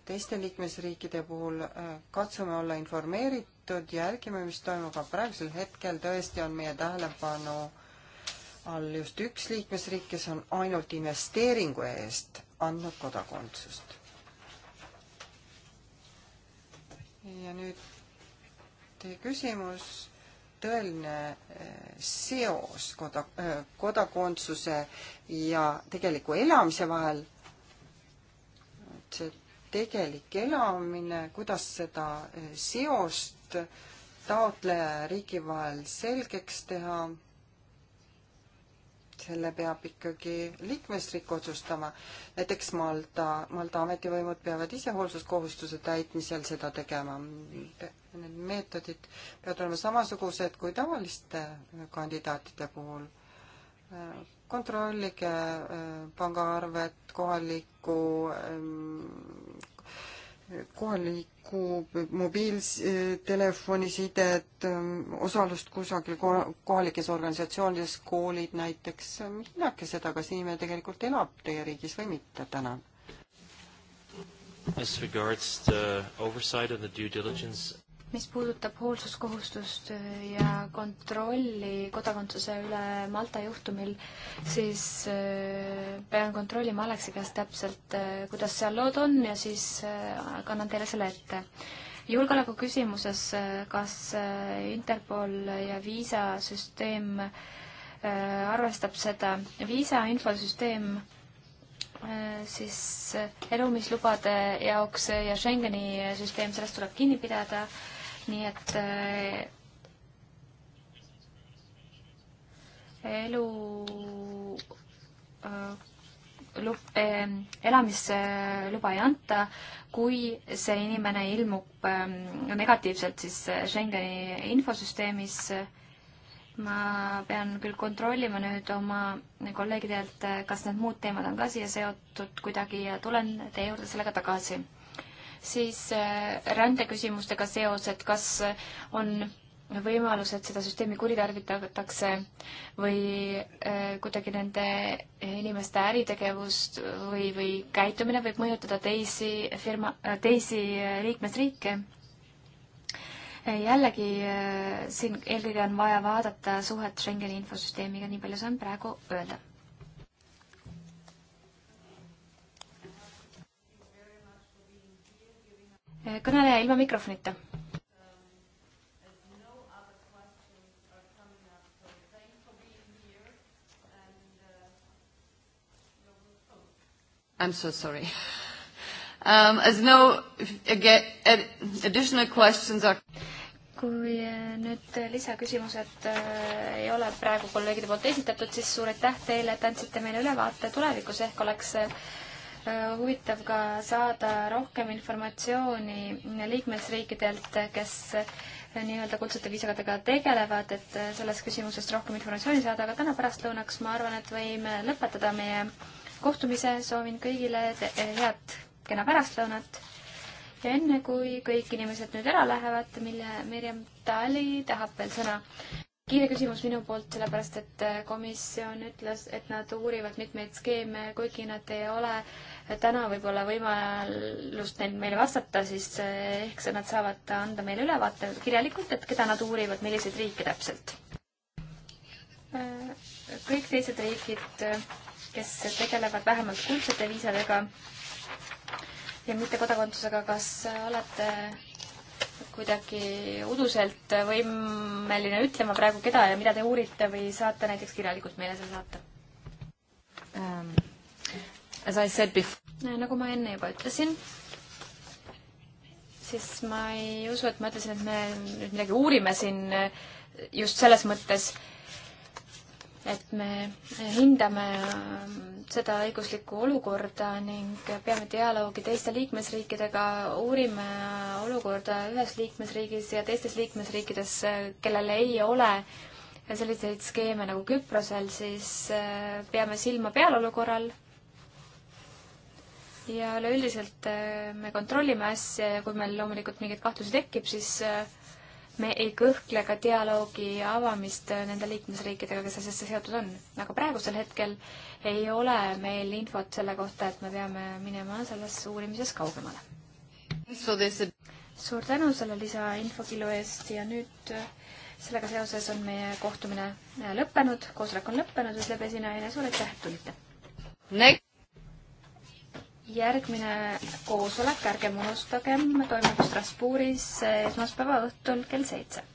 E: teiste liikmesriikide puhul äh, katsume olla informeeritud, jälgime, mis toimub, aga praegusel hetkel tõesti on meie tähelepanu all just üks liikmesriik, kes on ainult investeeringu eest andnud kodakondsust. ja nüüd teie küsimus, tõeline eh, seos koda, eh, kodakondsuse ja tegeliku elamise vahel, et see tegelik elamine, kuidas seda eh, seost taotleja ja riigi vahel selgeks teha selle peab ikkagi liikmesriik otsustama. näiteks Malta, Malta ametivõimud peavad ise hoolsuskohustuse täitmisel seda tegema. Need meetodid peavad olema samasugused kui tavaliste kandidaatide puhul. kontrollige pangaarvet, kohalikku kohalikku mobiiltelefonisidet, osalust kusagil kohalikes organisatsioonides, koolid näiteks, hinnake seda, kas inimene tegelikult elab teie riigis või mitte, tänan.
D: As regards the oversight of the due diligence
E: mis puudutab
A: hoolsuskohustust ja kontrolli kodakondsuse üle Malta juhtumil, siis äh, pean kontrollima Aleksi käest täpselt, äh, kuidas seal lood on ja siis äh, kannan teile selle ette. julgeoleku küsimuses, kas Interpol ja viisasüsteem arvestab seda, viisa infosüsteem siis elumislubade jaoks ja Schengeni süsteem, sellest tuleb kinni pidada nii et äh, elu äh, lub, äh, elamisluba ei anta, kui see inimene ilmub ähm, negatiivselt siis Schengeni infosüsteemis. ma pean küll kontrollima nüüd oma kolleegidelt, kas need muud teemad on ka siia seotud kuidagi ja tulen teie juurde sellega tagasi siis äh, rändeküsimustega seoses, kas on võimalus, et seda süsteemi kuritarvitatakse või äh, kuidagi nende inimeste äritegevust või, või käitumine võib mõjutada teisi firma, äh, teisi liikmesriike jällegi siin eelkõige on vaja vaadata suhet Schengeni infosüsteemiga, nii palju saan praegu öelda. kõneleja ilma mikrofonita.
E: I am so sorry.
D: Um, as no again, additional questions are
A: kui äh, nüüd lisaküsimused äh, ei ole praegu kolleegide poolt esitatud, siis suur aitäh teile, et andsite meile ülevaate tulevikus ehk oleks äh, Äh, huvitav ka saada rohkem informatsiooni liikmesriikidelt, kes äh, nii-öelda kutsute viisagadega tegelevad, et äh, sellest küsimusest rohkem informatsiooni saada, aga täna pärastlõunaks ma arvan, et võime lõpetada meie kohtumise, soovin kõigile head kena pärastlõunat. ja enne, kui kõik inimesed nüüd ära lähevad, mille Mirjam Tali tahab veel sõna kiire küsimus minu poolt, sellepärast et komisjon ütles, et nad uurivad mitmeid skeeme, kuigi nad ei ole äh, täna võib-olla võimalust neil meile vastata, siis eh, ehk nad saavad anda meile ülevaate kirjalikult, et keda nad uurivad, milliseid riike täpselt. Eh, kõik teised riigid, eh, kes tegelevad vähemalt kuldsete viisadega ja mittekodakondsusega, kas olete kuidagi uduselt võimeline ütlema praegu, keda ja mida te uurite või saate näiteks kirjalikult meile selle saata um.? As I said before. nagu ma enne juba ütlesin, siis ma ei usu, et ma ütlesin, et me nüüd midagi uurime siin eh, just selles mõttes, et me hindame eh, seda õiguslikku olukorda ning peame dialoogi teiste liikmesriikidega, uurime olukorda ühes liikmesriigis ja teistes liikmesriikides, kellel ei ole selliseid skeeme nagu Küprosel, siis eh, peame silma peal olukorral ja üleüldiselt äh, me kontrollime asja ja kui meil loomulikult mingeid kahtlusi tekib, siis äh, me ei kõhkle ka dialoogi avamist äh, nende liikmesriikidega, kes asjasse seotud on. aga praegusel hetkel ei ole meil infot selle kohta, et me peame minema selles uurimises kaugemale. suur tänu selle lisainfokillu eest ja nüüd sellega seoses on meie kohtumine lõppenud, koosolek on lõppenud, ütleb esinaine, suur aitäh, et tulite! järgmine koosolek, ärgem unustagem, toimub Strasbourgis esmaspäeva õhtul kell seitse